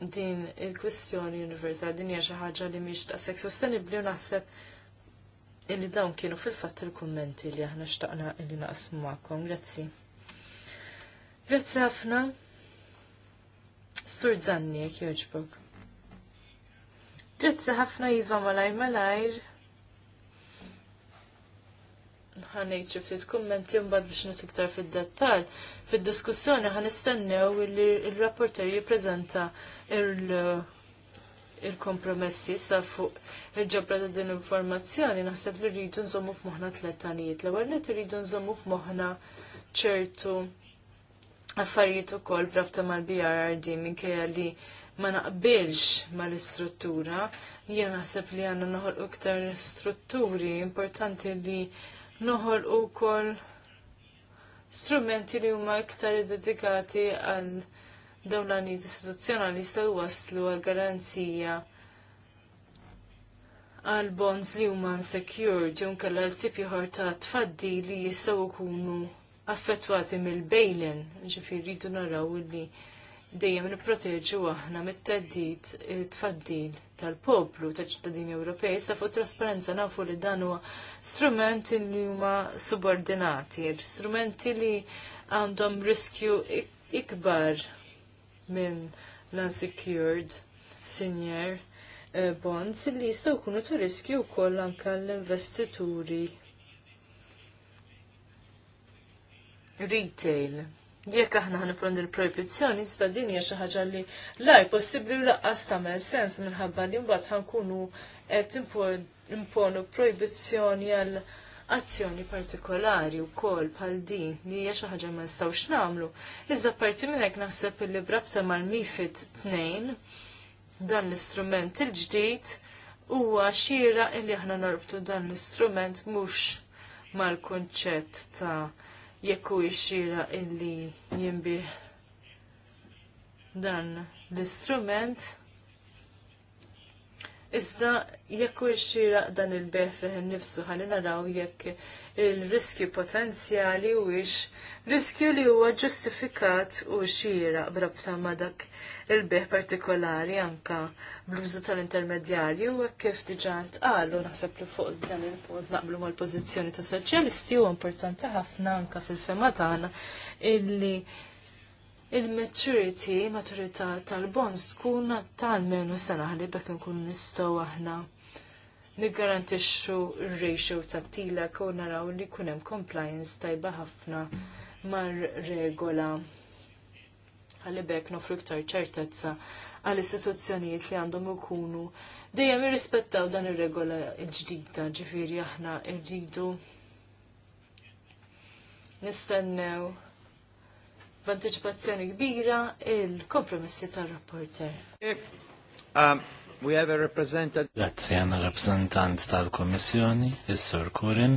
din il-kwistjoni universal din hija xi ħaġa li mhix daqshekk sostenibbli u naħseb illi dawn kienu fil-fatt il-kummenti li aħna xtaqna illi naqsmu magħkom. Grazzi. Grazzi ħafna. Sur Zanni jekk jogħġbok. Grazzi ħafna Iva malajr malajr ħanejt xi ftit kummenti mbagħad biex nagħti iktar fid-dettall. Fid-diskussjoni ħanistennew li l-rapporter jippreżenta il-kompromessi sa fuq il-ġabra ta' din informazzjoni naħseb li rridu nżommu f'moħħna tlettanijiet. L-ewwel li rridu nżommu f'moħħna ċertu affarijiet ukoll brabta mal-BRRD minkejja li ma naqbilx mal-istruttura, Jiena naħseb li għanna noħol iktar strutturi importanti li noħol u kol strumenti li huma iktar dedikati għal dawlani istituzzjonali jistgħu waslu għal garanzija għal bonds li huma unsecured jew kellha l-tip ieħor ta' tfaddi li jistgħu jkunu affettwati mill-bejlen, ġifiri rridu naraw li dejjem nipproteġu aħna mit-teddid tfaddil tal-poplu tal-ċittadini Ewropej sa fuq trasparenza nafu li dan huwa strumenti li huma subordinati, strumenti li għandhom riskju ikbar minn l-unsecured senior eh, bonds li jistgħu jkunu ta' riskju wkoll anke l-investituri retail jekk aħna ħanipron il-proibizzjoni, iżda din hija xi ħaġa li laj possibbli u laqqas tagħmel sens minħabba li mbagħad ħankunu qed imponu proibizzjoni għal azzjoni partikolari wkoll bħal din li hija xi ħaġa ma nistgħux nagħmlu. Iżda parti minn hekk naħseb li brabta mal-mifid tnejn dan l-istrument il-ġdid huwa xira li aħna norbtu dan l-istrument mhux mal-kunċett ta' jekk jixxira illi jimbi dan l-istrument. Iżda jekk jixxira dan il-beħ fiħ nifsu ħalli naraw jekk il-riskju potenzjali u ix riskju li huwa ġustifikat u xira brabta ma dak il-beħ partikolari anka bl-użu tal intermedjali u kif diġant għallu naħseb li fuq dan il-punt naqblu mal-pożizzjoni ta' soċjalisti u importanti ħafna anka fil-fema tagħna illi il-maturity, maturità tal-bonds tkun tal-menu sena li bekk nkun nistgħu aħna niggarantixxu r-ratio tat-tilek u naraw li jkun hemm compliance tajba ħafna mar-regola ħalli bekk nofru iktar ċertezza għall istituzzjonijiet li għandhom ikunu dejjem irrispettaw dan ir-regola l-ġdida ġifieri aħna rridu nistennew b'anticipazzjoni kbira il-kompromessi tar-rapporter. Eh, um, We have a representative. għanna rappresentant tal-Komissjoni, il-Sur Kurin.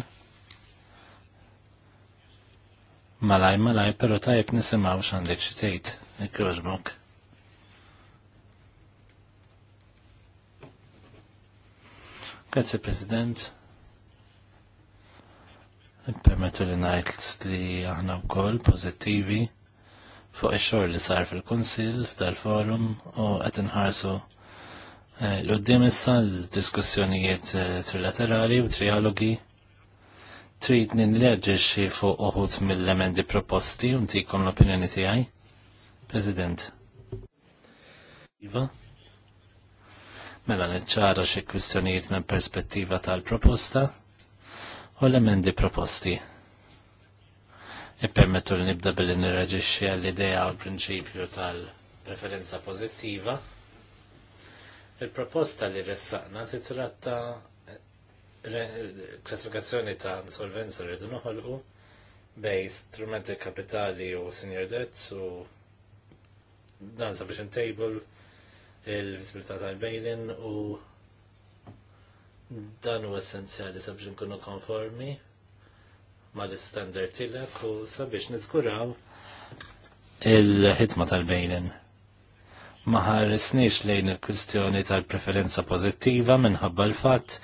Malaj, malaj, pero tajb nisimaw xandek xitejt. Ikkjoġbok. Grazie President. Permetu li najt li aħna wkoll pożittivi fuq ix-xogħol li sar fil-Kunsill f'dal-forum u qed inħarsu Eh, l-qoddim issa l-diskussjonijiet eh, trilaterali u trialogi trid ninleġġi fuq uħut mill-emendi proposti u ntikom l-opinjoni tiegħi. President. Iva? Mela niċċara xi kwistjonijiet minn perspettiva tal-proposta u l-emendi proposti. Ippermettu li nibda billi nirreġixxi għall-idea u l-prinċipju tal-referenza pożittiva Il-proposta li ressaqna titratta eh, klassifikazzjoni ta' insolvenza li noħolqu bej strumenti kapitali u senior debt u dan sabiex table il-visibilità tal-bejlin u dan u essenzjali sabiex nkunu konformi ma l-standard tilek u sabiex nizguraw il ħitma tal-bejlin ma ħaresniex lejn il-kwistjoni tal-preferenza pozittiva minħabba l-fatt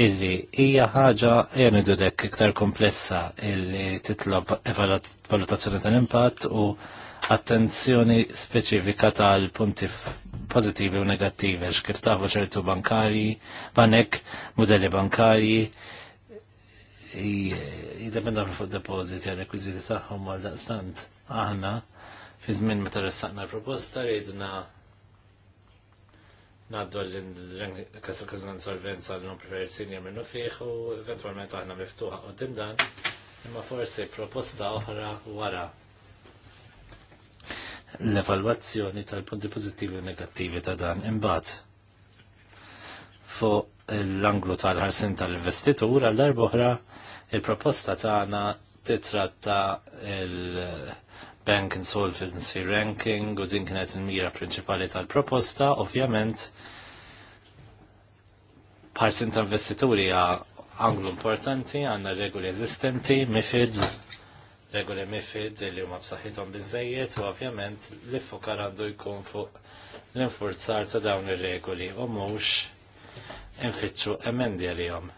illi hija ħaġa jenu dek iktar komplessa illi titlob valutazzjoni tal-impatt u attenzjoni speċifika tal-punti pozittivi u negattivi x'kif tafu ċertu bankari, banek, modelli bankari, jidependu fuq depożiti għal rekwiziti tagħhom għal daqstant aħna fi żmien meta ressaqna proposta rridna naddu l-kazzakazan solvenza l-non preferit senior minnu fiħ u eventualment aħna miftuħa u dan imma forsi proposta oħra wara l-evalwazzjoni tal-punti pozittivi u negattivi ta' dan imbagħad fuq l-anglu tal-ħarsin tal investitura l darba oħra il-proposta tagħna titratta il- Bank Insolvency Ranking u din kienet il-mira prinċipali tal-proposta, ovvjament parsin ta' investituri għanglu importanti, għanna regoli eżistenti, mifid, regoli mifid li huma b'saħħithom biżejjed u ovvjament li fokar għandu jkun fuq l-infurzar ta' dawn ir-regoli u mhux infittxu emendi għalihom.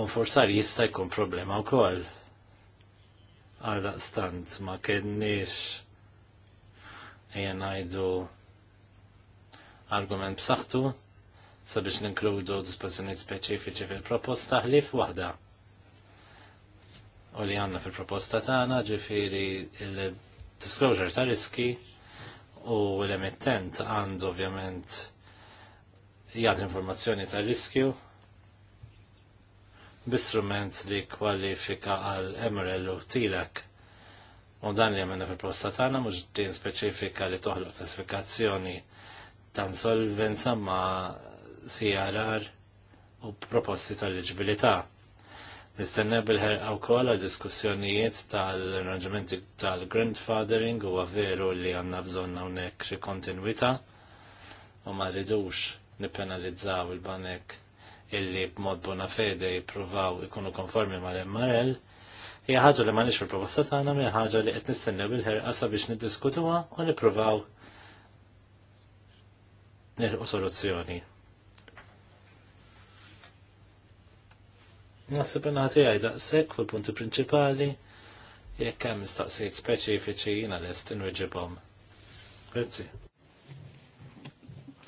u forzar jista' jkun problema wkoll għal stant ma kenniex jenajdu ngħidu argument b'saħħtu sabiex ninkludu dispożizzjonijiet speċifiċi fil-proposta ħlief waħda. U li għandna fil-proposta tagħna ġifieri il-disclosure ta' riski u l-emittent għandu ovvjament jgħat informazzjoni ta' riskju b'istrument li kwalifika għal MRL u tilek. U dan li għamena fil posta tagħna mhux din speċifika li toħloq klassifikazzjoni ta' insolvenza ma' CRR u proposti tal-liġibilità. Nistenna bil-ħerqa wkoll għal diskussjonijiet tal-arranġamenti tal-grandfathering u veru li għandna bżonn hawnhekk xi kontinuita u ma rridux nippenalizzaw il-banek illi b'mod bona fede jippruvaw ikunu konformi mal-MRL, hija ħaġa li m'għandix fil-proposta tagħna minn ħaġa li qed nistennew bil ħerqasa sabiex niddiskutuha u nippruvaw nilqu soluzzjoni. in ħati għaj daqshekk fil-punti prinċipali jekk hemm mistaqsijiet speċifiċi jiena lest inweġibhom. Grazzi.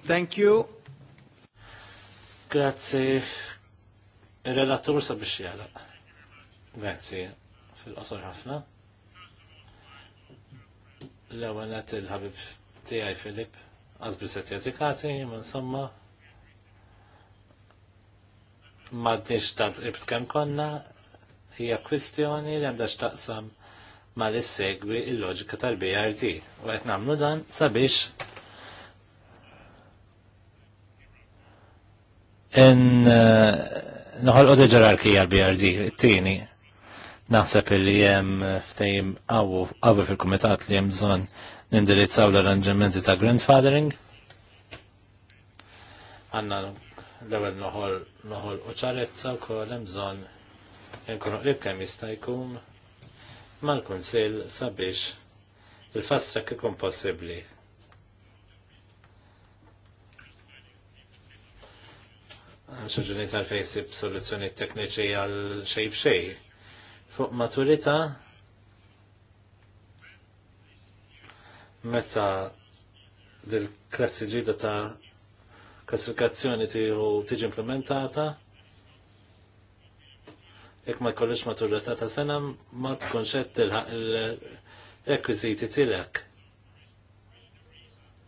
Thank you. Grazzi, relatur sabiex jala. Grazzi, fil-qosor ħafna. l għanet il-ħabib tijaj Filip, għazbi set jatikati, ma insomma, madnix tant ibt kem konna, hija kwistjoni li għandha xtaqsam ma li segwi il-loġika tal-BRD. U għet namlu dan sabiex in eh, noħolqu d-ġerarkija l-BRD, t-tini. Naħseb li jem ftejim għawu fil-komitat li jem bżon nindirizzaw l-arranġamenti ta' grandfathering. Għanna l-ewel noħol u ċarezza u kol jem bżon jenkunu qrib kemm jista' jkun mal konsil sabiex il fastrak kikun ikun possibbli xaġuni tal-fejsib soluzzjoni tekniċi għal xej b'xej. Fuq maturita, meta dil-klassi ġida ta' klassifikazzjoni tiju tiġi implementata, jekk ma kollix maturita ta' sena ma tkunx qed tilħaq il-rekwiżiti tilek.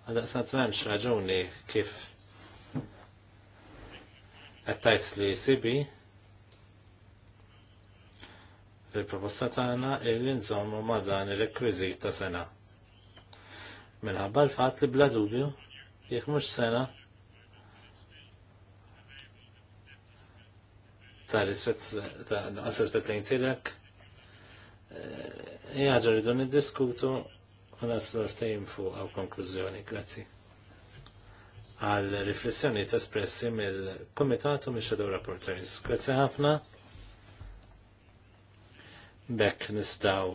Għadda s memx raġuni kif għattajt li sibi il-proposta tagħna illi nżommu ma' dan ir-rekwiżit ta' sena. Minħabba l-fatt li bla dubju jekk mhux sena ta' rispett ta' nuqqas rispett lejn tilek eh, jgħaġa rridu niddiskutu u naslu ftehim fuq għaw konklużjoni. Grazie għal riflessjoni espressi mill komitatu u shadow Rapporteurs. Grazie ħafna. Bekk nistaw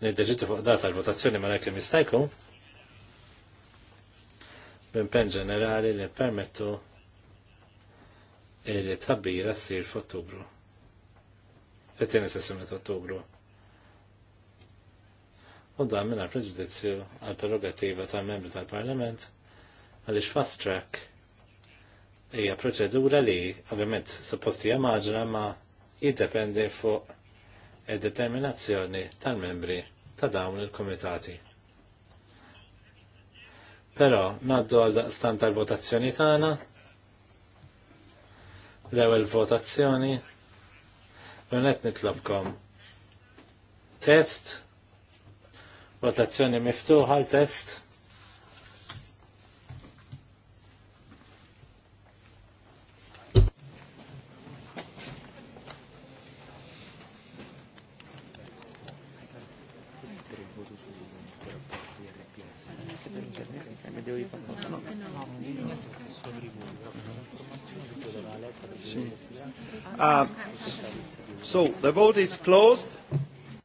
niddeġitu fuq data l-votazzjoni ma l-ekli mistajku b'impen ġenerali li permettu li tabbira s-sir f'Ottubru. Fit-tieni sessjoni ta' Ottubru. U dan minna preġudizzju għal prerogativa ta' membri tal-Parlament għaliex fast track hija proċedura li ovvjament supposti hija maġra ma jiddependi fuq id-determinazzjoni tal-membri ta' dawn il-komitati. Però naddu għal daqstan tal-votazzjoni tagħna l-ewwel votazzjoni u mela qed nitlobkom test votazzjoni miftuħa l-test Uh, so, the vote is closed.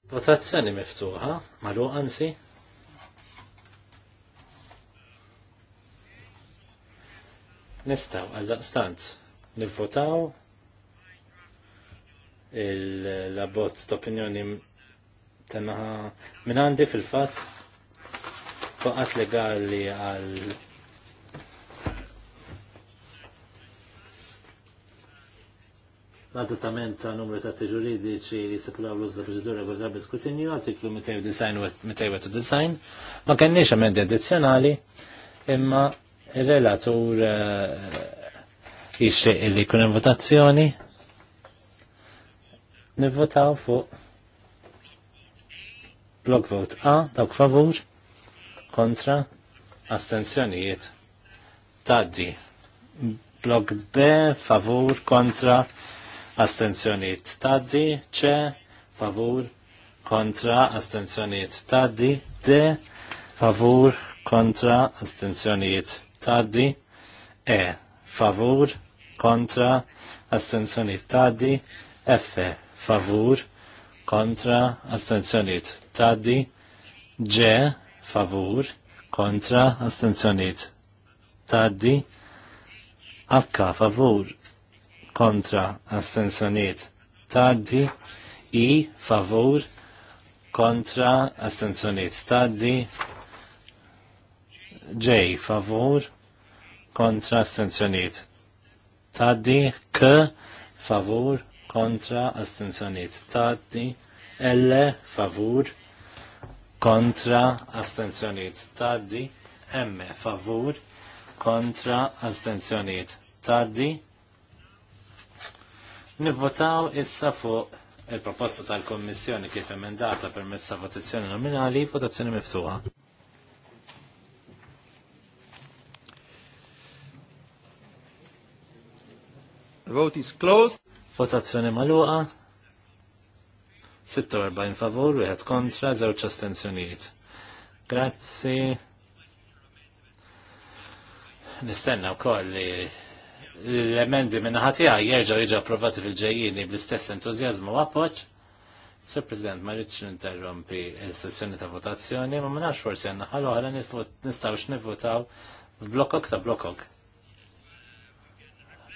Votazzjoni miftuħa, malu ansi. Nistaw għal-daqstant nivvotaw il labot t-opinjoni tannaħa minn għandi fil-fat toqat legali għal l-adottament ta' numru ta' t-ġuridiċi li stipulaw l proċedura ta' proċedura għal darba skrutinju, artiklu ma kenniex amendi addizzjonali, imma il-relatur eh, jixtieq illi kunem votazzjoni, nivvotaw fuq blok vote A, dawk favur, kontra, astenzjonijiet, taddi, Blog B, favur, kontra, astenzjoniet taddi, ċe, favur, kontra, astenzjoniet taddi, de, favur, kontra, astenzjoniet taddi, e, favur, kontra, astenzjoniet taddi, f, favur, kontra, astenzjoniet taddi, g, favur, kontra, astenzjoniet taddi, H favur kontra astensjoniet taddi i favur kontra astensjoniet taddi j favur kontra astensjoniet taddi k favur kontra astensjoniet taddi l favur kontra astensjoniet taddi m favur kontra astensjoniet taddi Nivvotaw issa fuq il-proposta tal-Kommissjoni kif emendata permezz ta' votazzjoni nominali, votazzjoni miftuħa. Vote is closed. Votazzjoni maluqa. 46 favur, wieħed kontra, żewġ astensjonijiet. Grazzi. Nistenna wkoll li l-emendi minna ħatija jerġaw jiġu approvati fil-ġejjini bl-istess entuzjazmu u Sir President, ma rridx interrompi il-sessjoni ta' votazzjoni, ma minnax forsi għanna ħallu ħalla nistawx nivvotaw blokok ta' blokok.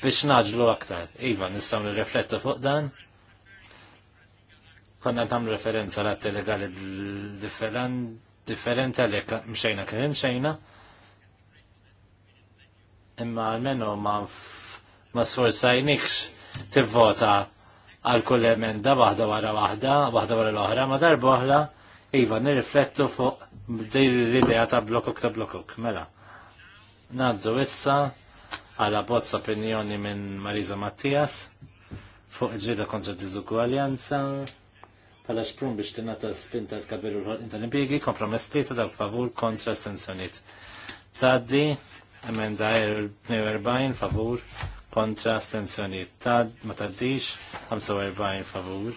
Biex naġlu aktar, Iva, nistaw nirrifletta fuq dan. Konna nagħmlu referenza l-atti legali differenti għalhekk mxejna kien mxejna imma almenu ma ma sforzajnikx tivvota għal kull emenda waħda wara waħda, waħda wara l-oħra, ma darba iva nirriflettu fuq bdejr l-idea ta' blokok ta' blokok, mela. Naddu issa għala bozz opinjoni minn Marisa Mattias fuq ġida kontra diżugwaljanza pala xprun biex t-nata spinta tkabiru l ħol tal-impiegi, kompromess ta' dak favur kontra sanzjoniet. Taddi, Emenda 42 favur kontra astenzjoniet. Tad ma taddix 45 favur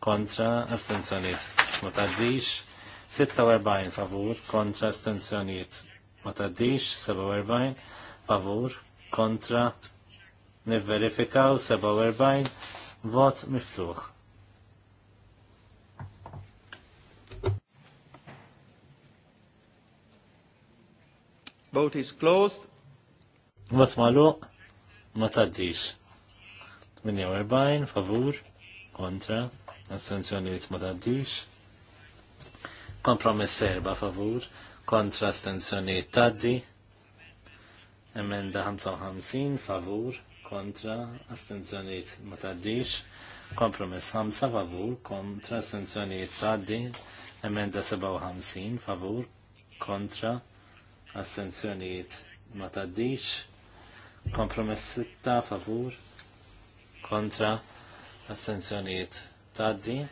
kontra astenzjoniet. Ma taddix 46 favur kontra astenzjoniet. Ma taddix 47 favur kontra nivverifikaw 47 vot miftuħ. Vote is closed. Vot maluq ma taddix. 48 favur kontra astenzjonijiet ma taddix. Kompromess serba favur kontra astenzjonijiet taddi. Emenda 55 favur kontra astenzjonijiet ma taddix. Kompromess 5 favur kontra astenzjonijiet taddi. Emenda 57 favur kontra Astenzjonijiet ma taddix, kompromess 6 favur, kontra assenzjonijiet taddi,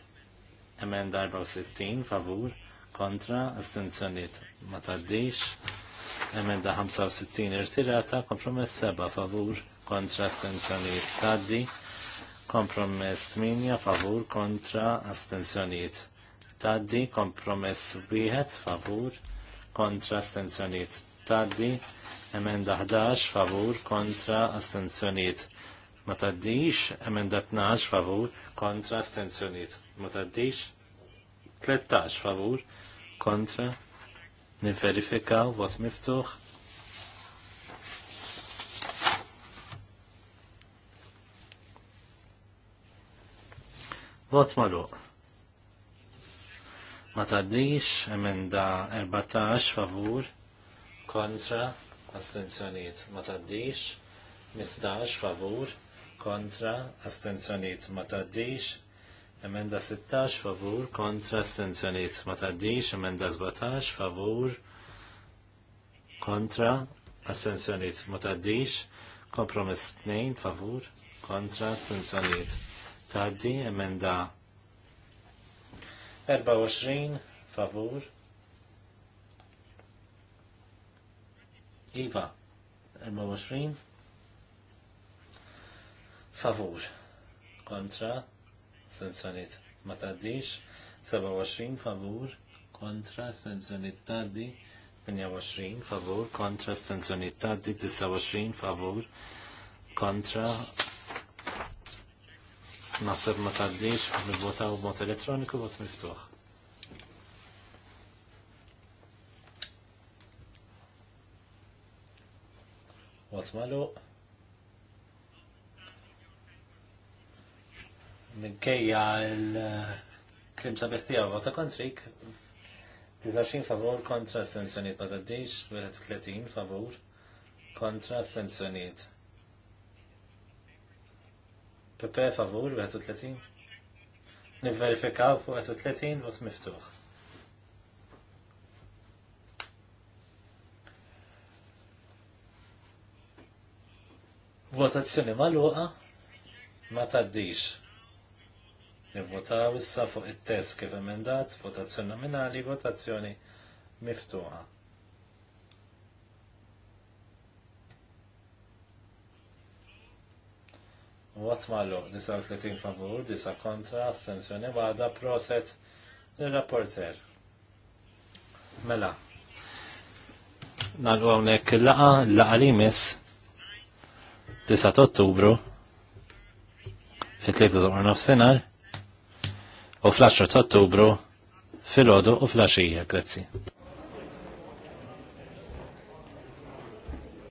emenda sittin favur, kontra astenzjoniet ma taddix, emenda 65 irtirata, kompromess 7 favur, kontra astenzjoniet taddi, kompromess 8 favur, kontra astenzjoniet taddi, kompromess 1 favur, kontra astenzjoniet taddi, emenda 11 favur kontra astenzjoniet ma taddix, emenda 12 favur kontra astenzjoniet ma taddix, 13 favur kontra Nifferifikaw, vot miftuħ Vot maluq ma taddix, emenda 14 favur, kontra, astenzjoniet ma taddix, 15 favur, kontra, astenzjoniet ma taddix, emenda 16 favur, kontra, astenzjoniet ma taddix, emenda 17 favur, kontra, astenzjoniet ma taddix, kompromiss 2 favur, kontra, astenzjoniet taddi, emenda 24 favur. Iva, 24 favur. Kontra, sensonit ma taddix, 27 favur. Kontra, sensonit taddi, 28 favur. Kontra, sensonit taddi, 29 favur. Kontra, Naħseb ma taddix, nivvotaw b'mod elettroniku, vot miftuħ. Vot maluq. Minkejja il-klim eh, ta' beħtija vota kontrik, 29 favor kontra s-sensjoniet ma taddix, 30 favor kontra s-sensjoniet. PP favur 31. Nivverifikaw fuq 31 vot miftuħ. Votazzjoni maluqa ma taddix. Nivvotaw issa fuq it-test kif emendat, votazzjoni nominali, votazzjoni miftuħa. Vot mallu, 39 favur, 9 kontra, astensjoni għada, proset l-rapporter. Mela. Nagħu għonek laqa, laqa li mis, 9 ottubru, fit-3 dwar nofsenar, u fl-10 ottubru, fil-ħodu u fl-axija, grazzi.